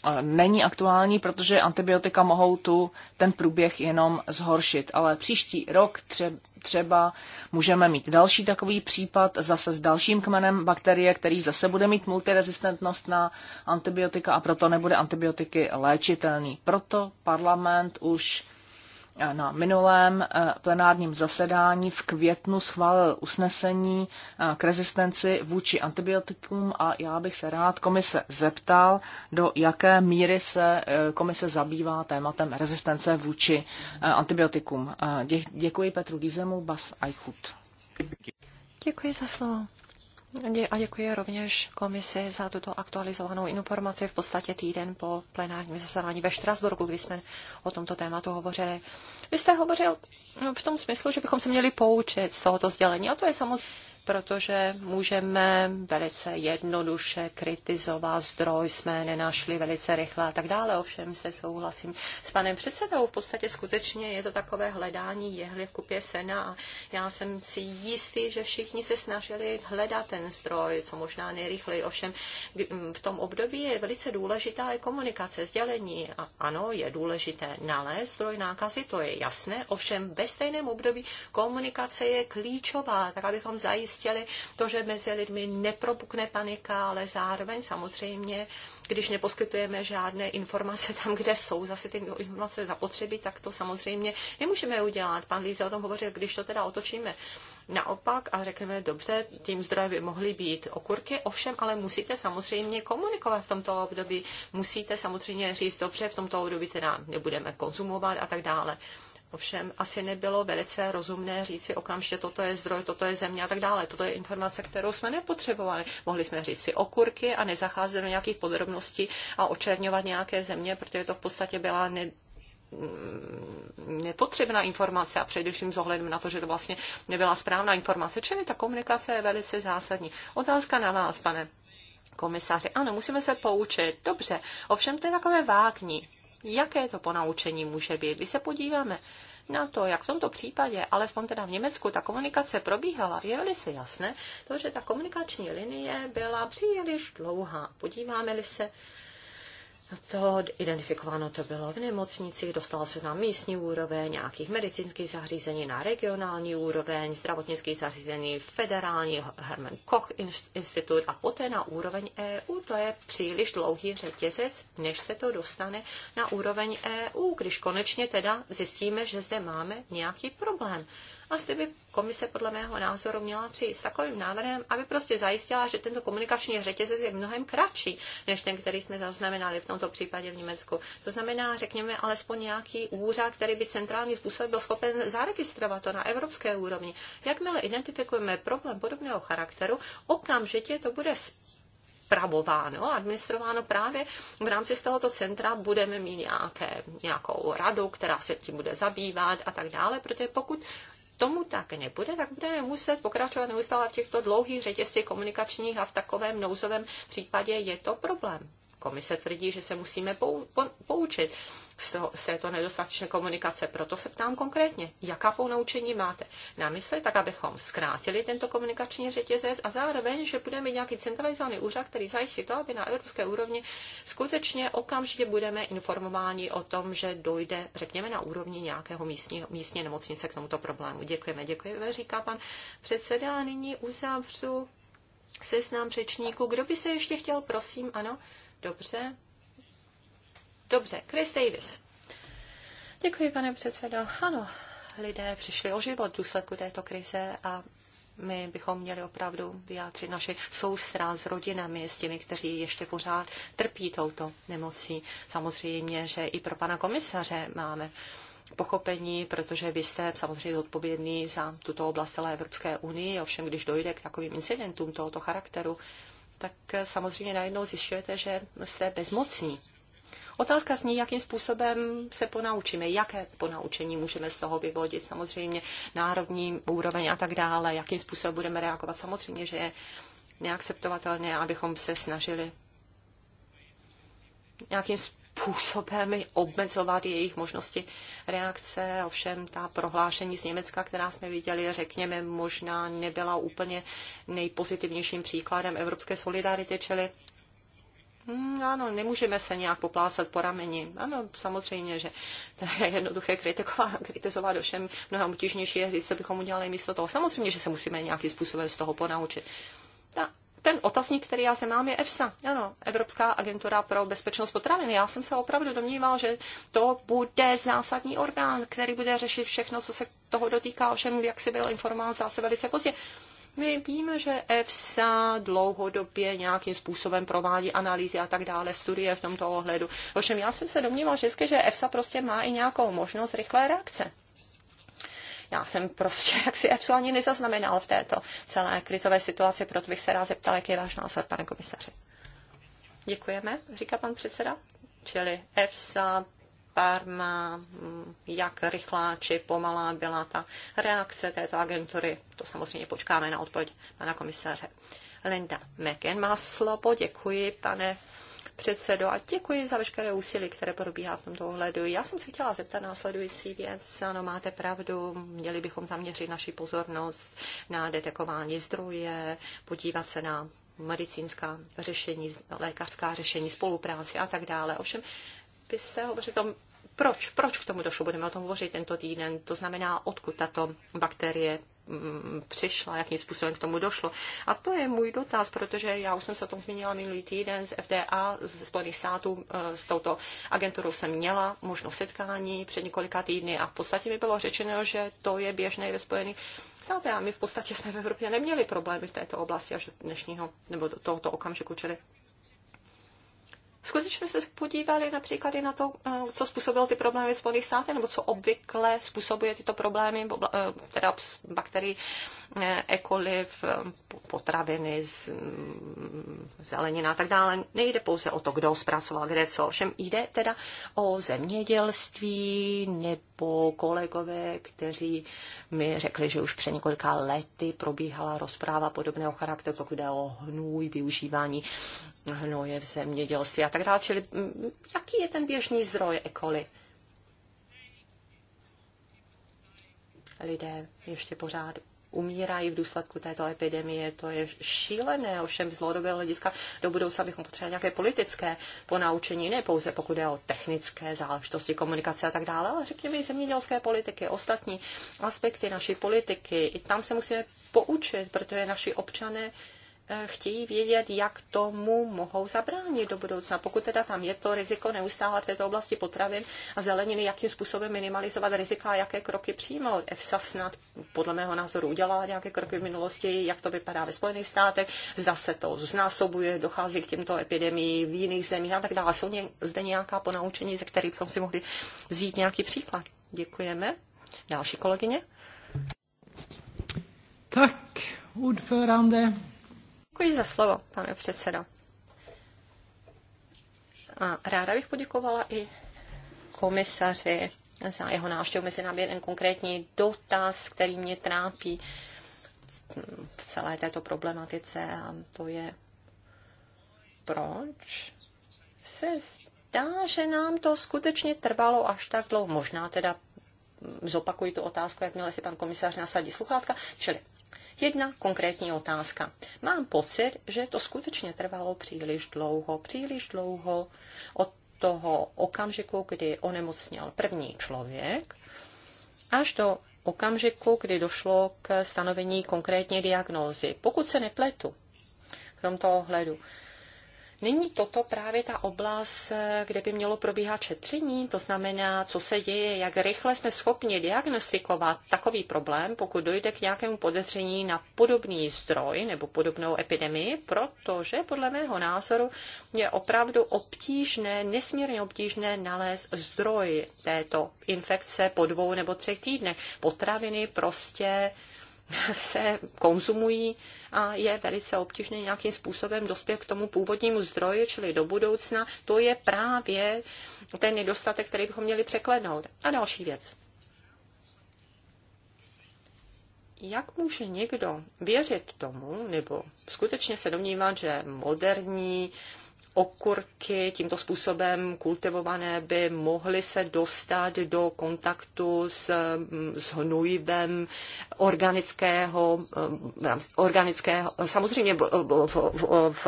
eh, není aktuální, protože antibiotika mohou tu ten průběh jenom zhoršit. Ale příští rok, tře- třeba můžeme mít další takový případ zase s dalším kmenem bakterie, který zase bude mít multirezistentnost na antibiotika a proto nebude antibiotiky léčitelný. Proto parlament už na minulém eh, plenárním zasedání v květnu schválil usnesení eh, k rezistenci vůči antibiotikům a já bych se rád komise zeptal, do jaké míry se eh, komise zabývá tématem rezistence vůči antibiotikům. Děkuji Petru Dízemu, Bas Eichhut. Děkuji za slovo. A děkuji rovněž komisi za tuto aktualizovanou informaci v podstatě týden po plenárním zasedání ve Štrasburgu, kdy jsme o tomto tématu hovořili. Vy jste hovořil no, v tom smyslu, že bychom se měli poučit z tohoto sdělení a to je samozřejmě protože můžeme velice jednoduše kritizovat zdroj, jsme nenašli velice rychle a tak dále. Ovšem se souhlasím s panem předsedou. V podstatě skutečně je to takové hledání jehly v kupě sena a já jsem si jistý, že všichni se snažili hledat ten zdroj, co možná nejrychleji. Ovšem v tom období je velice důležitá i komunikace, sdělení. A ano, je důležité nalézt zdroj nákazy, to je jasné. Ovšem ve stejném období komunikace je klíčová, tak abychom zajistili zajistili to, že mezi lidmi nepropukne panika, ale zároveň samozřejmě, když neposkytujeme žádné informace tam, kde jsou zase ty informace zapotřebí, tak to samozřejmě nemůžeme udělat. Pan Líze o tom hovořil, když to teda otočíme naopak a řekneme, dobře, tím zdrojem by mohly být okurky, ovšem, ale musíte samozřejmě komunikovat v tomto období, musíte samozřejmě říct, dobře, v tomto období teda nebudeme konzumovat a tak dále. Ovšem asi nebylo velice rozumné říci okamžitě, toto je zdroj, toto je země a tak dále. Toto je informace, kterou jsme nepotřebovali. Mohli jsme říci okurky a nezacházet do nějakých podrobností a očerňovat nějaké země, protože to v podstatě byla ne, nepotřebná informace a především s ohledem na to, že to vlastně nebyla správná informace. Čili ta komunikace je velice zásadní. Otázka na vás, pane komisaři. Ano, musíme se poučit. Dobře, ovšem to je takové vágní jaké to ponaučení může být. Když se podíváme na to, jak v tomto případě, alespoň teda v Německu, ta komunikace probíhala, je velice jasné, to, že ta komunikační linie byla příliš dlouhá. Podíváme-li se to identifikováno to bylo v nemocnicích, dostalo se na místní úroveň, nějakých medicínských zařízení, na regionální úroveň, zdravotnických zařízení, federální Herman Koch institut a poté na úroveň EU. To je příliš dlouhý řetězec, než se to dostane na úroveň EU, když konečně teda zjistíme, že zde máme nějaký problém. A vlastně zde by komise podle mého názoru měla přijít s takovým návrhem, aby prostě zajistila, že tento komunikační řetězec je mnohem kratší, než ten, který jsme zaznamenali v tomto případě v Německu. To znamená, řekněme, alespoň nějaký úřad, který by centrální způsob byl schopen zaregistrovat to na evropské úrovni. Jakmile identifikujeme problém podobného charakteru, okamžitě to bude pravováno, administrováno právě v rámci z tohoto centra budeme mít nějaké, nějakou radu, která se tím bude zabývat a tak dále, protože pokud tomu tak nebude, tak budeme muset pokračovat neustále v těchto dlouhých řetězcích komunikačních a v takovém nouzovém případě je to problém. Komise tvrdí, že se musíme poučit z, toho, z této nedostatečné komunikace. Proto se ptám konkrétně, jaká ponaučení máte na mysli, tak abychom zkrátili tento komunikační řetězec a zároveň, že budeme nějaký centralizovaný úřad, který zajistí to, aby na evropské úrovni skutečně okamžitě budeme informováni o tom, že dojde, řekněme, na úrovni nějakého místního, místní nemocnice k tomuto problému. Děkujeme, děkujeme, říká pan předseda. A nyní uzavřu seznam řečníků. Kdo by se ještě chtěl, prosím, ano? Dobře, Dobře, Chris Davis. Děkuji, pane předsedo. Ano, lidé přišli o život v důsledku této krize a my bychom měli opravdu vyjádřit naše soustra s rodinami, s těmi, kteří ještě pořád trpí touto nemocí. Samozřejmě, že i pro pana komisaře máme pochopení, protože vy jste samozřejmě odpovědný za tuto oblast celé Evropské unii, ovšem když dojde k takovým incidentům tohoto charakteru, tak samozřejmě najednou zjišťujete, že jste bezmocní Otázka zní, jakým způsobem se ponaučíme, jaké ponaučení můžeme z toho vyvodit, samozřejmě národní úroveň a tak dále, jakým způsobem budeme reagovat. Samozřejmě, že je neakceptovatelné, abychom se snažili nějakým způsobem obmezovat jejich možnosti reakce. Ovšem ta prohlášení z Německa, která jsme viděli, řekněme, možná nebyla úplně nejpozitivnějším příkladem evropské solidarity, čili Hmm, ano, nemůžeme se nějak poplácat po rameni. Ano, samozřejmě, že to je jednoduché kritikovat, kritizovat, ovšem mnohem obtížnější je říct, co bychom udělali místo toho. Samozřejmě, že se musíme nějakým způsobem z toho ponaučit. Ta, ten otazník, který já se mám, je EFSA. Ano, Evropská agentura pro bezpečnost potravin. Já jsem se opravdu domníval, že to bude zásadní orgán, který bude řešit všechno, co se toho dotýká, ovšem, jak si byl informován, zdá se velice pozdě. My víme, že EFSA dlouhodobě nějakým způsobem provádí analýzy a tak dále, studie v tomto ohledu. Ovšem já jsem se domníval vždycky, že EFSA prostě má i nějakou možnost rychlé reakce. Já jsem prostě jaksi EFSA ani nezaznamenal v této celé krizové situaci, proto bych se rád zeptal, jaký je váš názor, pane komisaři. Děkujeme, říká pan předseda. Čili EFSA Parma, mm, jak rychlá či pomalá byla ta reakce této agentury. To samozřejmě počkáme na odpověď pana komisaře. Linda Meken má slovo. Děkuji, pane předsedo, a děkuji za veškeré úsilí, které probíhá v tomto ohledu. Já jsem se chtěla zeptat následující věc. Ano, máte pravdu, měli bychom zaměřit naši pozornost na detekování zdroje, podívat se na medicínská řešení, lékařská řešení, spolupráci a tak dále. Ovšem, byste hovořili tom, proč, proč k tomu došlo, budeme o tom hovořit tento týden, to znamená, odkud tato bakterie mm, přišla, jakým způsobem k tomu došlo. A to je můj dotaz, protože já už jsem se o tom zmínila minulý týden z FDA, z Spojených států, e, s touto agenturou jsem měla možnost setkání před několika týdny a v podstatě mi bylo řečeno, že to je běžné ve Spojených státech a my v podstatě jsme v Evropě neměli problémy v této oblasti až do dnešního nebo do tohoto okamžiku, čili skutečně jsme se podívali například i na to, eh, co způsobilo ty problémy v Spojených státech, nebo co obvykle způsobuje tyto problémy, eh, teda bakterii, eh, E. coli, potraviny, mm, zelenina a tak dále. Nejde pouze o to, kdo zpracoval kde co. Všem jde teda o zemědělství nebo kolegové, kteří mi řekli, že už před několika lety probíhala rozpráva podobného charakteru, pokud jde o hnůj, využívání hnoje v zemědělství a tak dále. Čili mm, jaký je ten běžný zdroj ekoly? Lidé ještě pořád umírají v důsledku této epidemie. To je šílené, ovšem z dlouhodobého hlediska do budoucna bychom potřebovali nějaké politické ponaučení, ne pouze pokud je o technické záležitosti, komunikace a tak dále, ale řekněme i zemědělské politiky, ostatní aspekty naší politiky. I tam se musíme poučit, protože naši občané Eh, chtějí vědět, jak tomu mohou zabránit do budoucna. Pokud teda tam je to riziko neustále v této oblasti potravin a zeleniny, jakým způsobem minimalizovat rizika a jaké kroky přijmout. EFSA snad podle mého názoru udělala nějaké kroky v minulosti, jak to vypadá ve Spojených státech, zda se to znásobuje, dochází k těmto epidemii v jiných zemích a tak dále. Jsou zde nějaká ponaučení, ze kterých bychom si mohli vzít nějaký příklad. Děkujeme. Další kolegyně. Tak, ordförande. Děkuji za slovo, pane předsedo. A ráda bych poděkovala i komisaři za jeho návštěvu. Mezi námi jeden konkrétní dotaz, který mě trápí v celé této problematice a to je proč se zdá, že nám to skutečně trvalo až tak dlouho. Možná teda zopakuji tu otázku, jakmile si pan komisař nasadí sluchátka, čili Jedna konkrétní otázka. Mám pocit, že to skutečně trvalo příliš dlouho, příliš dlouho od toho okamžiku, kdy onemocněl první člověk, až do okamžiku, kdy došlo k stanovení konkrétní diagnózy. Pokud se nepletu v tomto ohledu, Není toto právě ta oblast, eh, kde by mělo probíhat šetření? To znamená, co se děje, jak rychle jsme schopni diagnostikovat takový problém, pokud dojde k nějakému podezření na podobný zdroj nebo podobnou epidemii, protože podle mého názoru je opravdu obtížné, nesmírně obtížné nalézt zdroj této infekce po dvou nebo třech týdnech. Potraviny prostě se konzumují a je velice obtížné nějakým způsobem dospět k tomu původnímu zdroji, čili do budoucna. To je právě ten nedostatek, který bychom měli překlenout. A další věc. jak může někdo věřit tomu, nebo skutečně se domnívat, že moderní okurky tímto způsobem kultivované by mohly se dostat do kontaktu s, s hnojivem organického, eh, organického samozřejmě v, v, v, v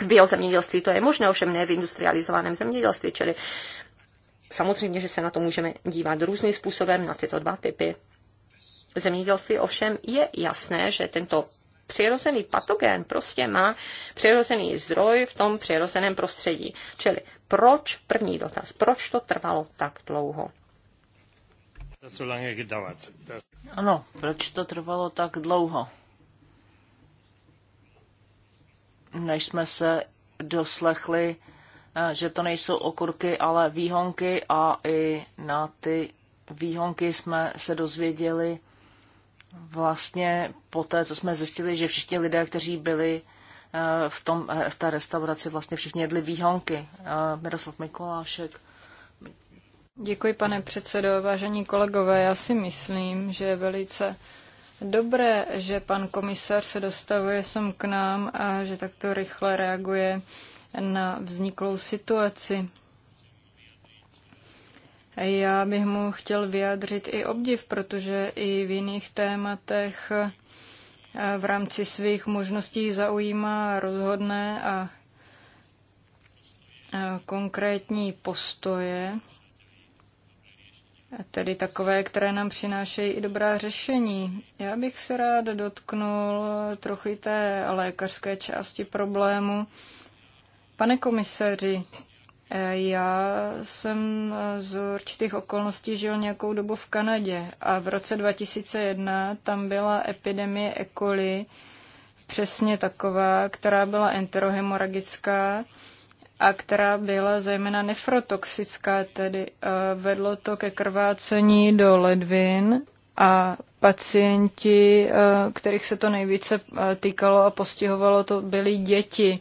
v biozemědělství to je možné, ovšem ne v industrializovaném zemědělství, čili samozřejmě, že se na to můžeme dívat různým způsobem na tyto dva typy zemědělství. Ovšem je jasné, že tento přirozený patogen prostě má přirozený zdroj v tom přirozeném prostředí. Čili proč, první dotaz, proč to trvalo tak dlouho? Ano, proč to trvalo tak dlouho? Než jsme se doslechli, eh, že to nejsou okurky, ale výhonky a i na ty výhonky jsme se dozvěděli vlastně po té, co jsme zjistili, že všichni lidé, kteří byli eh, v, tom, eh, v té restauraci, vlastně všichni jedli výhonky. Eh, Miroslav Mikolášek. Děkuji, pane předsedo. Vážení kolegové, já si myslím, že je velice dobré, že pan komisař se dostavuje sem k nám a že takto rychle reaguje na vzniklou situaci. Já bych mu chtěl vyjádřit i obdiv, protože i v jiných tématech eh, v rámci svých možností zaujímá rozhodné a eh, konkrétní postoje, tedy takové, které nám přinášejí i dobrá řešení. Já bych se rád dotknul trochu té lékařské části problému. Pane komisaři, já jsem z určitých okolností žil nějakou dobu v Kanadě a v roce 2001 tam byla epidemie E. coli, přesně taková, která byla enterohemoragická a která byla zejména nefrotoxická, tedy eh, vedlo to ke krvácení do ledvin a pacienti, eh, kterých se to nejvíce eh, týkalo a postihovalo, to byly děti.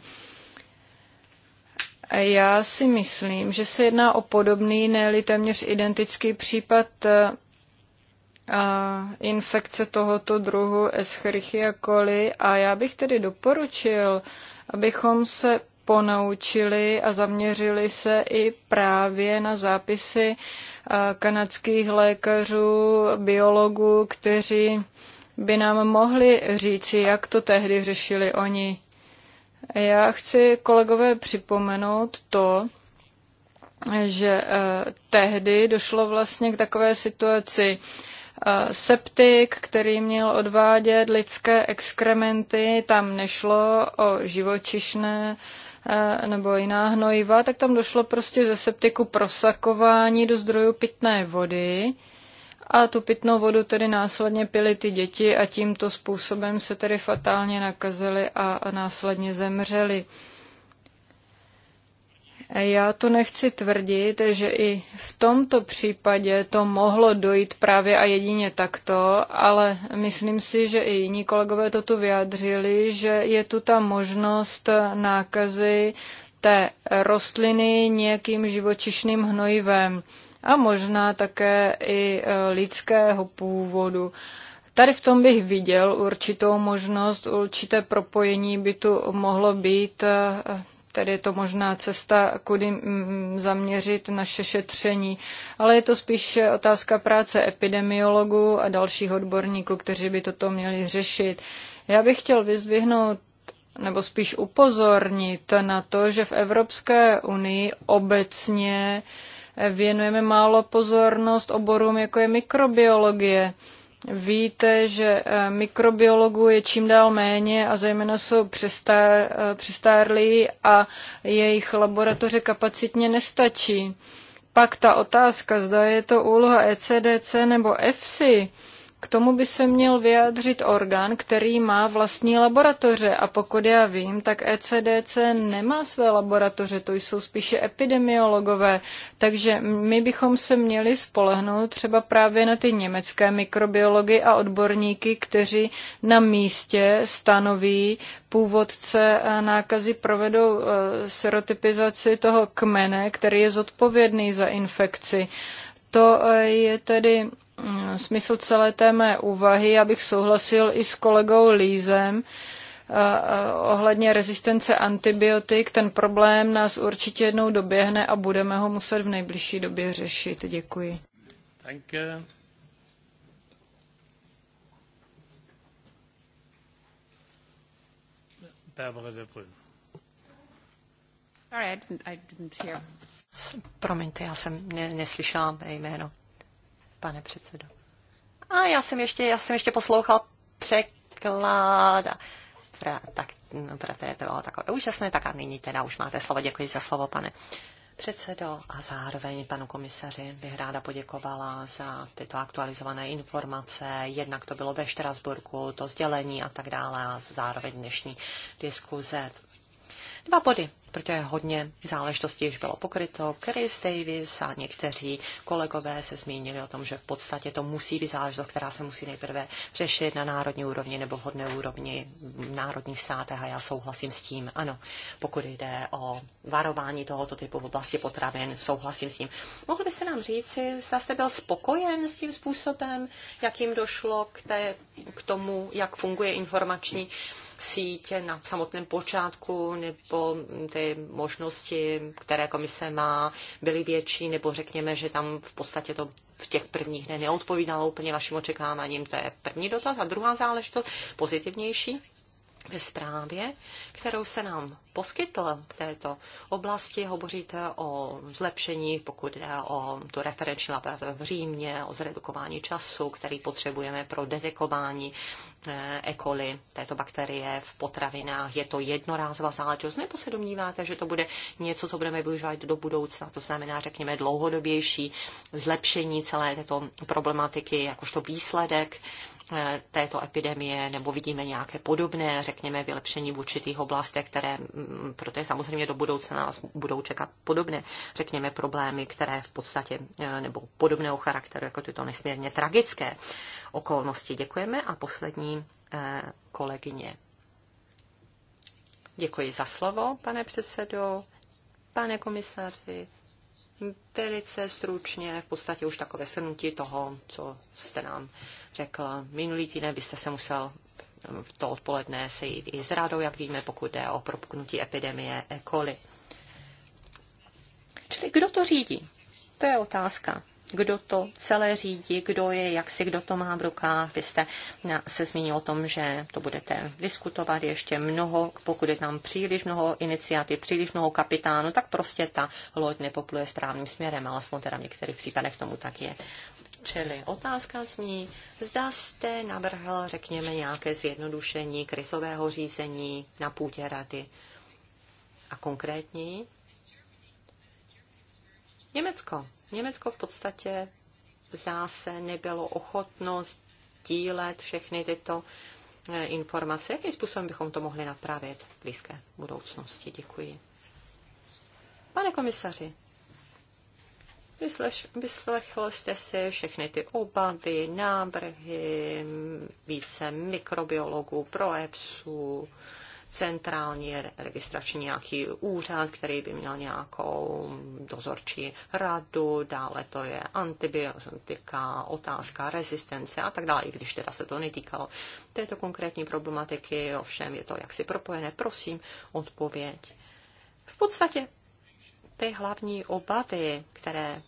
Já si myslím, že se jedná o podobný, ne téměř identický případ eh, infekce tohoto druhu Escherichia coli a já bych tedy doporučil, abychom se ponaučili a zaměřili se i právě na zápisy eh, kanadských lékařů, biologů, kteří by nám mohli říci, jak to tehdy řešili oni. Já chci kolegové připomenout to, že eh, tehdy došlo vlastně k takové situaci, eh, septik, který měl odvádět lidské exkrementy, tam nešlo o živočišné eh, nebo jiná hnojiva, tak tam došlo prostě ze septiku prosakování do zdrojů pitné vody a tu pitnou vodu tedy následně pili ty děti a tímto způsobem se tedy fatálně nakazili a následně zemřeli. Já to nechci tvrdit, že i v tomto případě to mohlo dojít právě a jedině takto, ale myslím si, že i jiní kolegové to tu vyjádřili, že je tu ta možnost nákazy té rostliny nějakým živočišným hnojivem a možná také i e, lidského původu. Tady v tom bych viděl určitou možnost, určité propojení by tu mohlo být. E, Tady je to možná cesta, kudy zaměřit naše šetření, ale je to spíš otázka práce epidemiologů a dalších odborníků, kteří by toto měli řešit. Já bych chtěl vyzvihnout nebo spíš upozornit na to, že v Evropské unii obecně uh, věnujeme málo pozornost oborům, jako je mikrobiologie. Víte, že eh, mikrobiologů je čím dál méně a zejména jsou eh, přestárlí a jejich laboratoře kapacitně nestačí. Pak ta otázka, zda je to úloha ECDC nebo EFSI, k tomu by se měl vyjádřit orgán, který má vlastní laboratoře. A pokud já vím, tak ECDC nemá své laboratoře, to jsou spíše epidemiologové. Takže my bychom se měli spolehnout třeba právě na ty německé mikrobiology a odborníky, kteří na místě stanoví původce nákazy, provedou e, serotypizaci toho kmene, který je zodpovědný za infekci. To e, je tedy smysl celé té mé úvahy, abych souhlasil i s kolegou Lízem, eh, eh, ohledně rezistence antibiotik, ten problém nás určitě jednou doběhne a budeme ho muset v nejbližší době řešit. Děkuji. Danke. you. Sorry, I didn't, I didn't hear. Promiňte, já jsem ne, neslyšela jméno pane předsedo. A já jsem ještě, já jsem ještě poslouchal překláda. Pra, tak, no, protože to bylo takové úžasné, tak a nyní teda už máte slovo. Děkuji za slovo, pane předsedo a zároveň panu komisaři bych ráda poděkovala za tyto aktualizované informace. Jednak to bylo ve Štrasburku, to sdělení a tak dále a zároveň dnešní diskuze. Dva body, protože hodně záležitostí už bylo pokryto. Chris Davis a někteří kolegové se zmínili o tom, že v podstatě to musí být záležitost, která se musí nejprve řešit na národní úrovni nebo hodné úrovni v národních státech a já souhlasím s tím. Ano, pokud jde o varování tohoto typu v oblasti potravin, souhlasím s tím. Mohl byste nám říct, zda jste byl spokojen s tím způsobem, jakým došlo k, té, k tomu, jak funguje informační sítě na samotném počátku nebo ty možnosti, které komise má, byly větší, nebo řekněme, že tam v podstatě to v těch prvních dnech neodpovídalo úplně vašim očekáváním. To je první dotaz. A druhá záležitost, pozitivnější, ve zprávě, kterou se nám poskytl v této oblasti, hovoříte o zlepšení, pokud jde o tu referenční labe v Římě, o zredukování času, který potřebujeme pro detekování eh, E. coli, této bakterie v potravinách. Je to jednorázová záležitost, nebo se domníváte, že to bude něco, co budeme využívat do budoucna, to znamená, řekněme, dlouhodobější zlepšení celé této problematiky, jakožto výsledek Eh, této epidemie, nebo vidíme nějaké podobné, řekněme, vylepšení v určitých oblastech, které, je mm, samozřejmě do budoucna nás budou čekat podobné, řekněme, problémy, které v podstatě, eh, nebo podobného charakteru, jako tyto nesmírně tragické okolnosti. Děkujeme a poslední eh, kolegyně. Děkuji za slovo, pane předsedo, pane komisaři, velice stručně, v podstatě už takové shrnutí toho, co jste nám řekl, minulý týden byste se musel v to odpoledne sejít i s rádou, jak víme, pokud jde o propuknutí epidemie E. coli. Čili kdo to řídí? To je otázka. Kdo to celé řídí, kdo je, jak si kdo to má v rukách. Vy jste se zmínil o tom, že to budete diskutovat ještě mnoho, pokud je tam příliš mnoho iniciativ, příliš mnoho kapitánů, tak prostě ta loď nepopluje správným směrem, alespoň teda v některých případech tomu tak je. Čili otázka zní, zda jste navrhl, řekněme, nějaké zjednodušení krizového řízení na půdě rady. A konkrétně Německo. Německo v podstatě zdá se nebylo ochotno sdílet všechny tyto eh, informace. Jakým způsobem bychom to mohli napravit v blízké budoucnosti? Děkuji. Pane komisaři, vyslechl jste si všechny ty obavy, návrhy, více mikrobiologů, proepsů, centrální registrační nějaký úřad, který by měl nějakou dozorčí radu, dále to je antibiotika, otázka rezistence a tak dále, i když teda se to netýkalo této konkrétní problematiky, ovšem je to jaksi propojené, prosím, odpověď. V podstatě ty hlavní obavy, které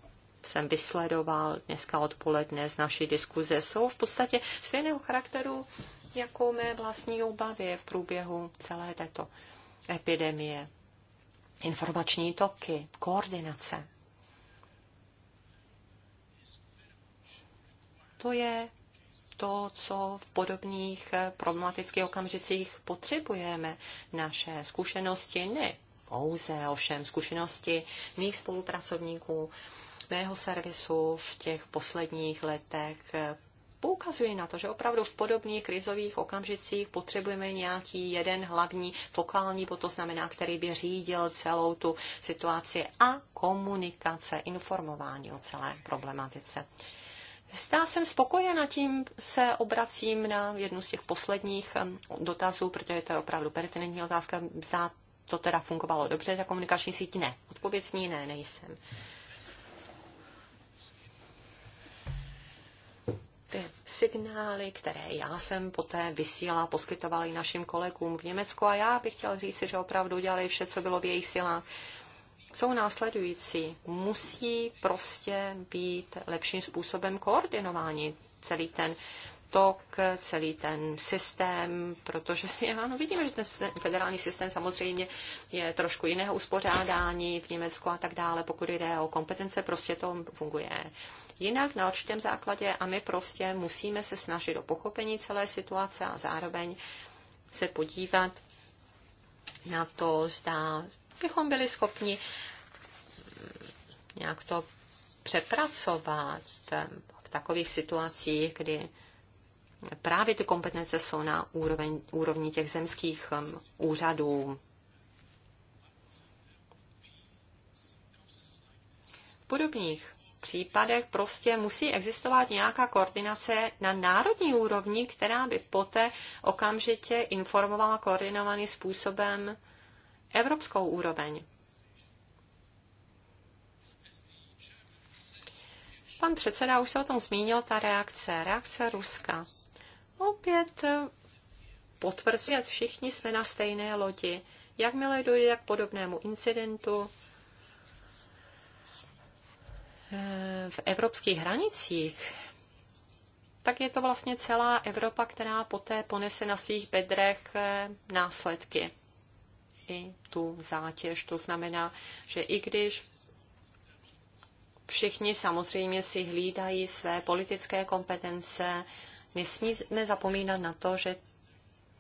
jsem vysledoval dneska odpoledne z naší diskuze, jsou v podstatě stejného charakteru jako mé vlastní obavy v průběhu celé této epidemie. Informační toky, koordinace. To je to, co v podobných problematických okamžicích potřebujeme. Naše zkušenosti, ne pouze ovšem zkušenosti mých spolupracovníků, mého servisu v těch posledních letech eh, poukazují na to, že opravdu v podobných krizových okamžicích potřebujeme nějaký jeden hlavní fokální bo to znamená, který by řídil celou tu situaci a komunikace, informování o celé problematice. Zdá jsem spokojena, tím se obracím na jednu z těch posledních eh, dotazů, protože to je opravdu pertinentní otázka. Zdá to teda fungovalo dobře, ta komunikační síť ne. Odpověď zní ne, nejsem. Ty signály, které já jsem poté vysílala, poskytovala i našim kolegům v Německu a já bych chtěl říct, že opravdu dělali vše, co bylo v jejich silách, jsou následující. Musí prostě být lepším způsobem koordinování celý ten tok, celý ten systém, protože ano, vidíme, že ten federální systém samozřejmě je trošku jiného uspořádání v Německu a tak dále, pokud jde o kompetence, prostě to funguje jinak na určitém základě a my prostě musíme se snažit o pochopení celé situace a zároveň se podívat na to, zda bychom byli schopni mm, nějak to přepracovat mm, v takových situacích, kdy právě ty kompetence jsou na úroveň, úrovni těch zemských um, úřadů. V podobných případech prostě musí existovat nějaká koordinace na národní úrovni, která by poté okamžitě informovala koordinovaným způsobem evropskou úroveň. Pan předseda už se o tom zmínil, ta reakce, reakce Ruska opět eh, potvrzuje, všichni jsme na stejné lodi. Jakmile dojde k podobnému incidentu eh, v evropských hranicích, tak je to vlastně celá Evropa, která poté ponese na svých bedrech eh, následky. I tu zátěž. To znamená, že i když všichni samozřejmě si hlídají své politické kompetence, Nesmíme zapomínat na to, že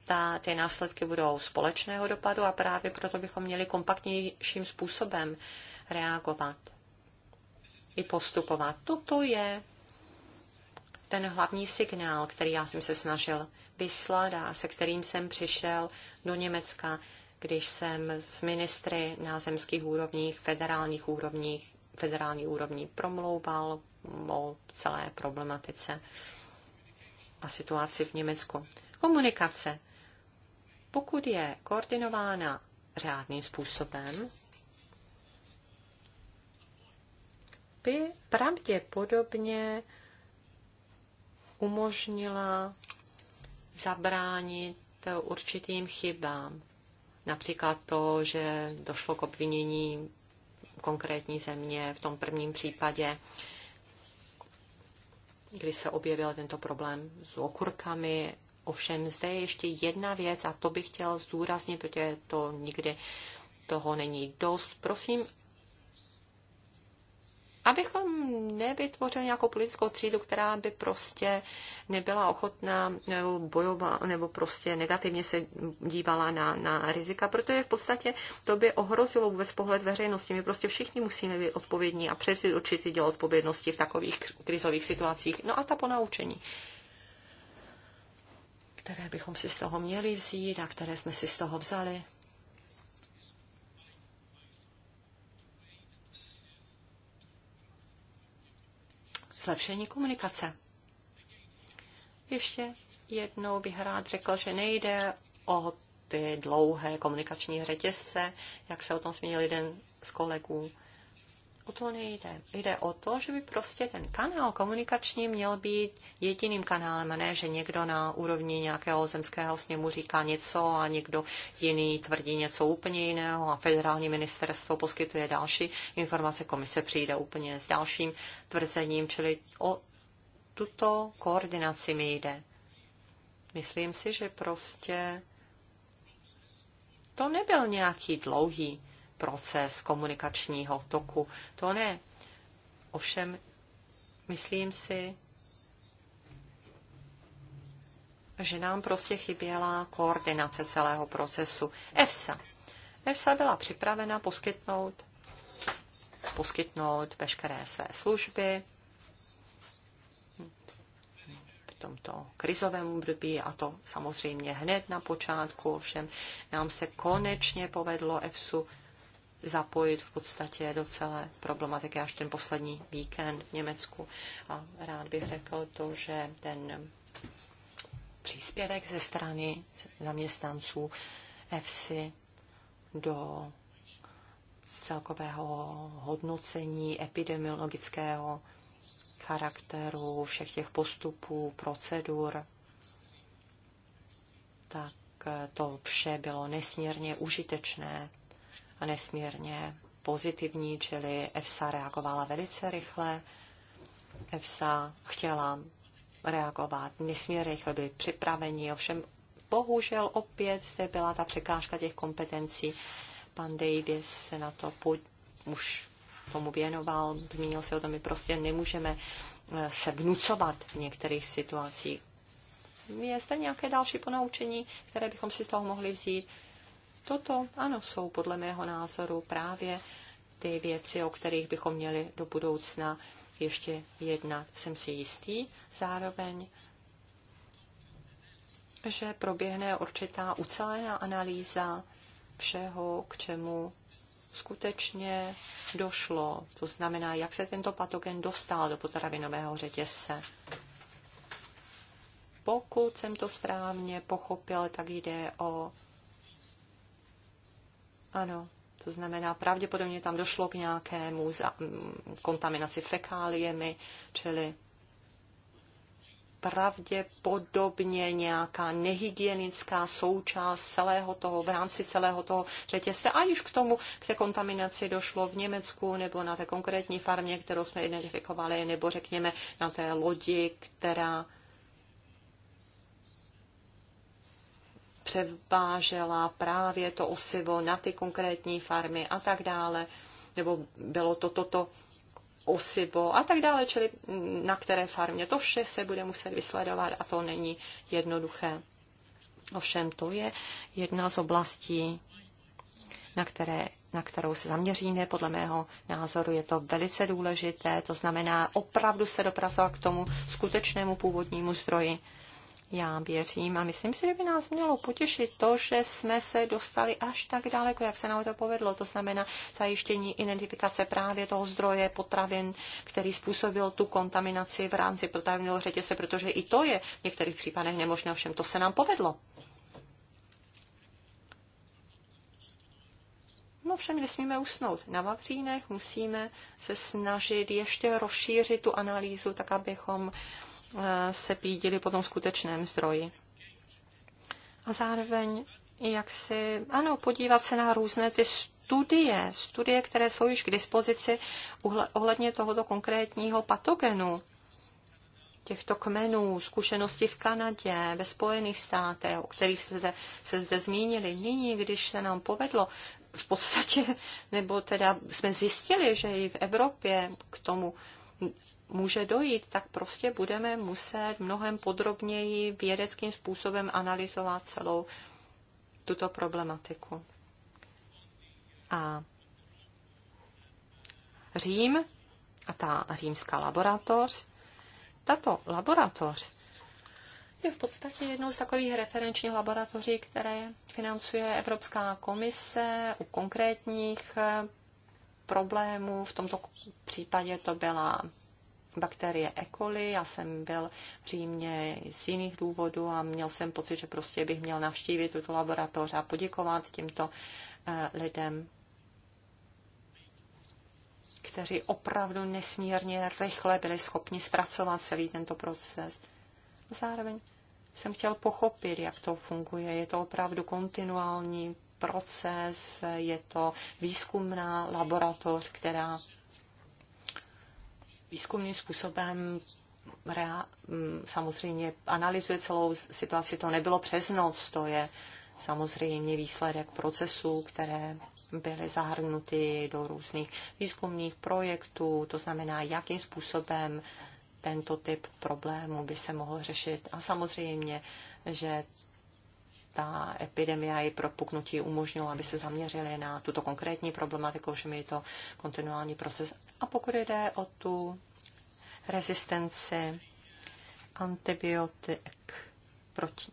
ta, ty následky budou společného dopadu a právě proto bychom měli kompaktnějším způsobem reagovat i postupovat. Toto je ten hlavní signál, který já jsem se snažil vyslat a se kterým jsem přišel do Německa, když jsem s ministry na zemských úrovních, federálních úrovních, federální úrovní promlouval o celé problematice a situaci v Německu. Komunikace. Pokud je koordinována řádným způsobem, by pravděpodobně umožnila zabránit určitým chybám. Například to, že došlo k obvinění konkrétní země v tom prvním případě kdy se objevil tento problém s okurkami. Ovšem zde je ještě jedna věc a to bych chtěl zdůraznit, protože to nikdy toho není dost. Prosím, abychom nevytvořili nějakou politickou třídu, která by prostě nebyla ochotná nebo eh, bojová nebo prostě negativně se dívala na, na rizika, protože v podstatě to by ohrozilo vůbec pohled veřejnosti. My prostě všichni musíme být odpovědní a převzít určitě dělat odpovědnosti v takových krizových situacích. No a ta ponaučení které bychom si z toho měli vzít a které jsme si z toho vzali. zlepšení komunikace. Ještě jednou bych rád řekl, že nejde o ty dlouhé komunikační řetězce, jak se o tom zmínil jeden z kolegů o to nejde. Jde o to, že by prostě ten kanál komunikační měl být jediným kanálem, a ne, že někdo na úrovni nějakého zemského sněmu říká něco a někdo jiný tvrdí něco úplně jiného a federální ministerstvo poskytuje další informace, komise přijde úplně s dalším tvrzením, čili o tuto koordinaci mi jde. Myslím si, že prostě to nebyl nějaký dlouhý proces komunikačního toku. To ne. Ovšem, myslím si, že nám prostě chyběla koordinace celého procesu. EFSA. EFSA byla připravena poskytnout, poskytnout veškeré své služby v tomto krizovém období a to samozřejmě hned na počátku. Všem nám se konečně povedlo EFSU zapojit v podstatě do celé problematiky až ten poslední víkend v Německu. A rád bych řekl to, že ten příspěvek ze strany zaměstnanců EFSI do celkového hodnocení epidemiologického charakteru, všech těch postupů, procedur, tak to vše bylo nesmírně užitečné nesmírně pozitivní, čili EFSA reagovala velice rychle. EFSA chtěla reagovat nesmírně rychle, byli připraveni, ovšem bohužel opět zde byla ta překážka těch kompetencí. Pan Davis se na to pod, už tomu věnoval, zmínil se o tom, my prostě nemůžeme eh, se vnucovat v některých situacích. Je zde nějaké další ponaučení, které bychom si z toho mohli vzít? Toto, ano, jsou podle mého názoru právě ty věci, o kterých bychom měli do budoucna ještě jednat. Jsem si jistý zároveň, že proběhne určitá ucelená analýza všeho, k čemu skutečně došlo. To znamená, jak se tento patogen dostal do potravinového řetězce. Pokud jsem to správně pochopil, tak jde o ano, to znamená, pravděpodobně tam došlo k nějakému kontaminaci fekáliemi, čili pravděpodobně nějaká nehygienická součást celého toho, v rámci celého toho řetězce, a již k tomu, k té kontaminaci došlo v Německu nebo na té konkrétní farmě, kterou jsme identifikovali, nebo řekněme na té lodi, která převážela právě to osivo na ty konkrétní farmy a tak dále, nebo bylo to toto osivo a tak dále, čili na které farmě. To vše se bude muset vysledovat a to není jednoduché. Ovšem, to je jedna z oblastí, na, které, na kterou se zaměříme. Podle mého názoru je to velice důležité, to znamená opravdu se dopracovat k tomu skutečnému původnímu zdroji já věřím a myslím si, že by nás mělo potěšit to, že jsme se dostali až tak daleko, jak se nám to povedlo. To znamená zajištění identifikace právě toho zdroje potravin, který způsobil tu kontaminaci v rámci potravinového řetězce, protože i to je v některých případech nemožné, všem to se nám povedlo. No všem nesmíme usnout. Na Vavřínech musíme se snažit ještě rozšířit tu analýzu, tak abychom Eh, se pídili po tom skutečném zdroji. A zároveň, jak si, ano, podívat se na různé ty studie, studie, které jsou již k dispozici ohledně tohoto konkrétního patogenu, těchto kmenů, zkušenosti v Kanadě, ve Spojených státech, o kterých se zde, se zde zmínili. Nyní, když se nám povedlo v podstatě, nebo teda jsme zjistili, že i v Evropě k tomu může dojít, tak prostě budeme muset mnohem podrobněji vědeckým způsobem analyzovat celou tuto problematiku. A Řím a ta římská laboratoř, tato laboratoř je v podstatě jednou z takových referenčních laboratoří, které financuje Evropská komise u konkrétních eh, problémů. V tomto případě to byla bakterie E. coli. Já jsem byl v Římě z jiných důvodů a měl jsem pocit, že prostě bych měl navštívit tuto laboratoř a poděkovat těmto eh, lidem, kteří opravdu nesmírně rychle byli schopni zpracovat celý tento proces. Zároveň jsem chtěl pochopit, jak to funguje. Je to opravdu kontinuální proces, je to výzkumná laboratoř, která výzkumným způsobem rea- mm, samozřejmě analyzuje celou situaci. To nebylo přes noc, to je samozřejmě výsledek procesů, které byly zahrnuty do různých výzkumných projektů, to znamená, jakým způsobem tento typ problému by se mohl řešit. A samozřejmě, že ta epidemie i propuknutí umožnilo, aby se zaměřili na tuto konkrétní problematiku, že je to kontinuální proces a pokud jde o tu rezistenci antibiotik proti.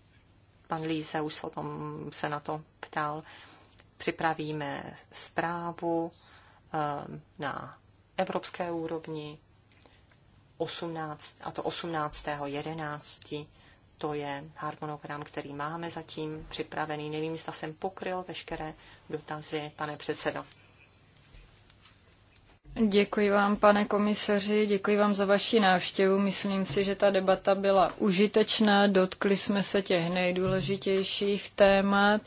Pan Líze už se, o tom, se na to ptal. Připravíme zprávu eh, na evropské úrovni 18, a to 18. 11. To je harmonogram, který máme zatím připravený. Nevím, zda jsem pokryl veškeré dotazy, pane předsedo. Děkuji vám, pane komisaři, děkuji vám za vaši návštěvu. Myslím si, že ta debata byla užitečná, dotkli jsme se těch nejdůležitějších témat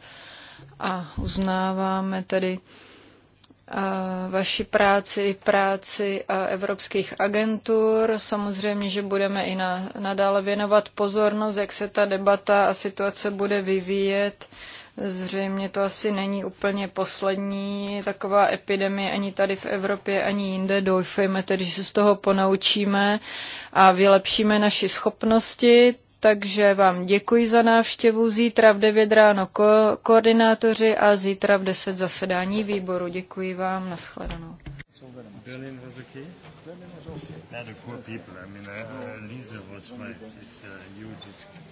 a uznáváme tedy vaši práci i práci evropských agentur. Samozřejmě, že budeme i nadále věnovat pozornost, jak se ta debata a situace bude vyvíjet. Zřejmě to asi není úplně poslední taková epidemie ani tady v Evropě, ani jinde. Doufejme tedy, že se z toho ponaučíme a vylepšíme naši schopnosti. Takže vám děkuji za návštěvu. Zítra v 9 ráno ko- koordinátoři a zítra v 10 zasedání výboru. Děkuji vám. Naschledanou. Berlin was okay? Berlin was okay. Yeah, the poor people. I mean, uh, Lisa was my uh, you disc.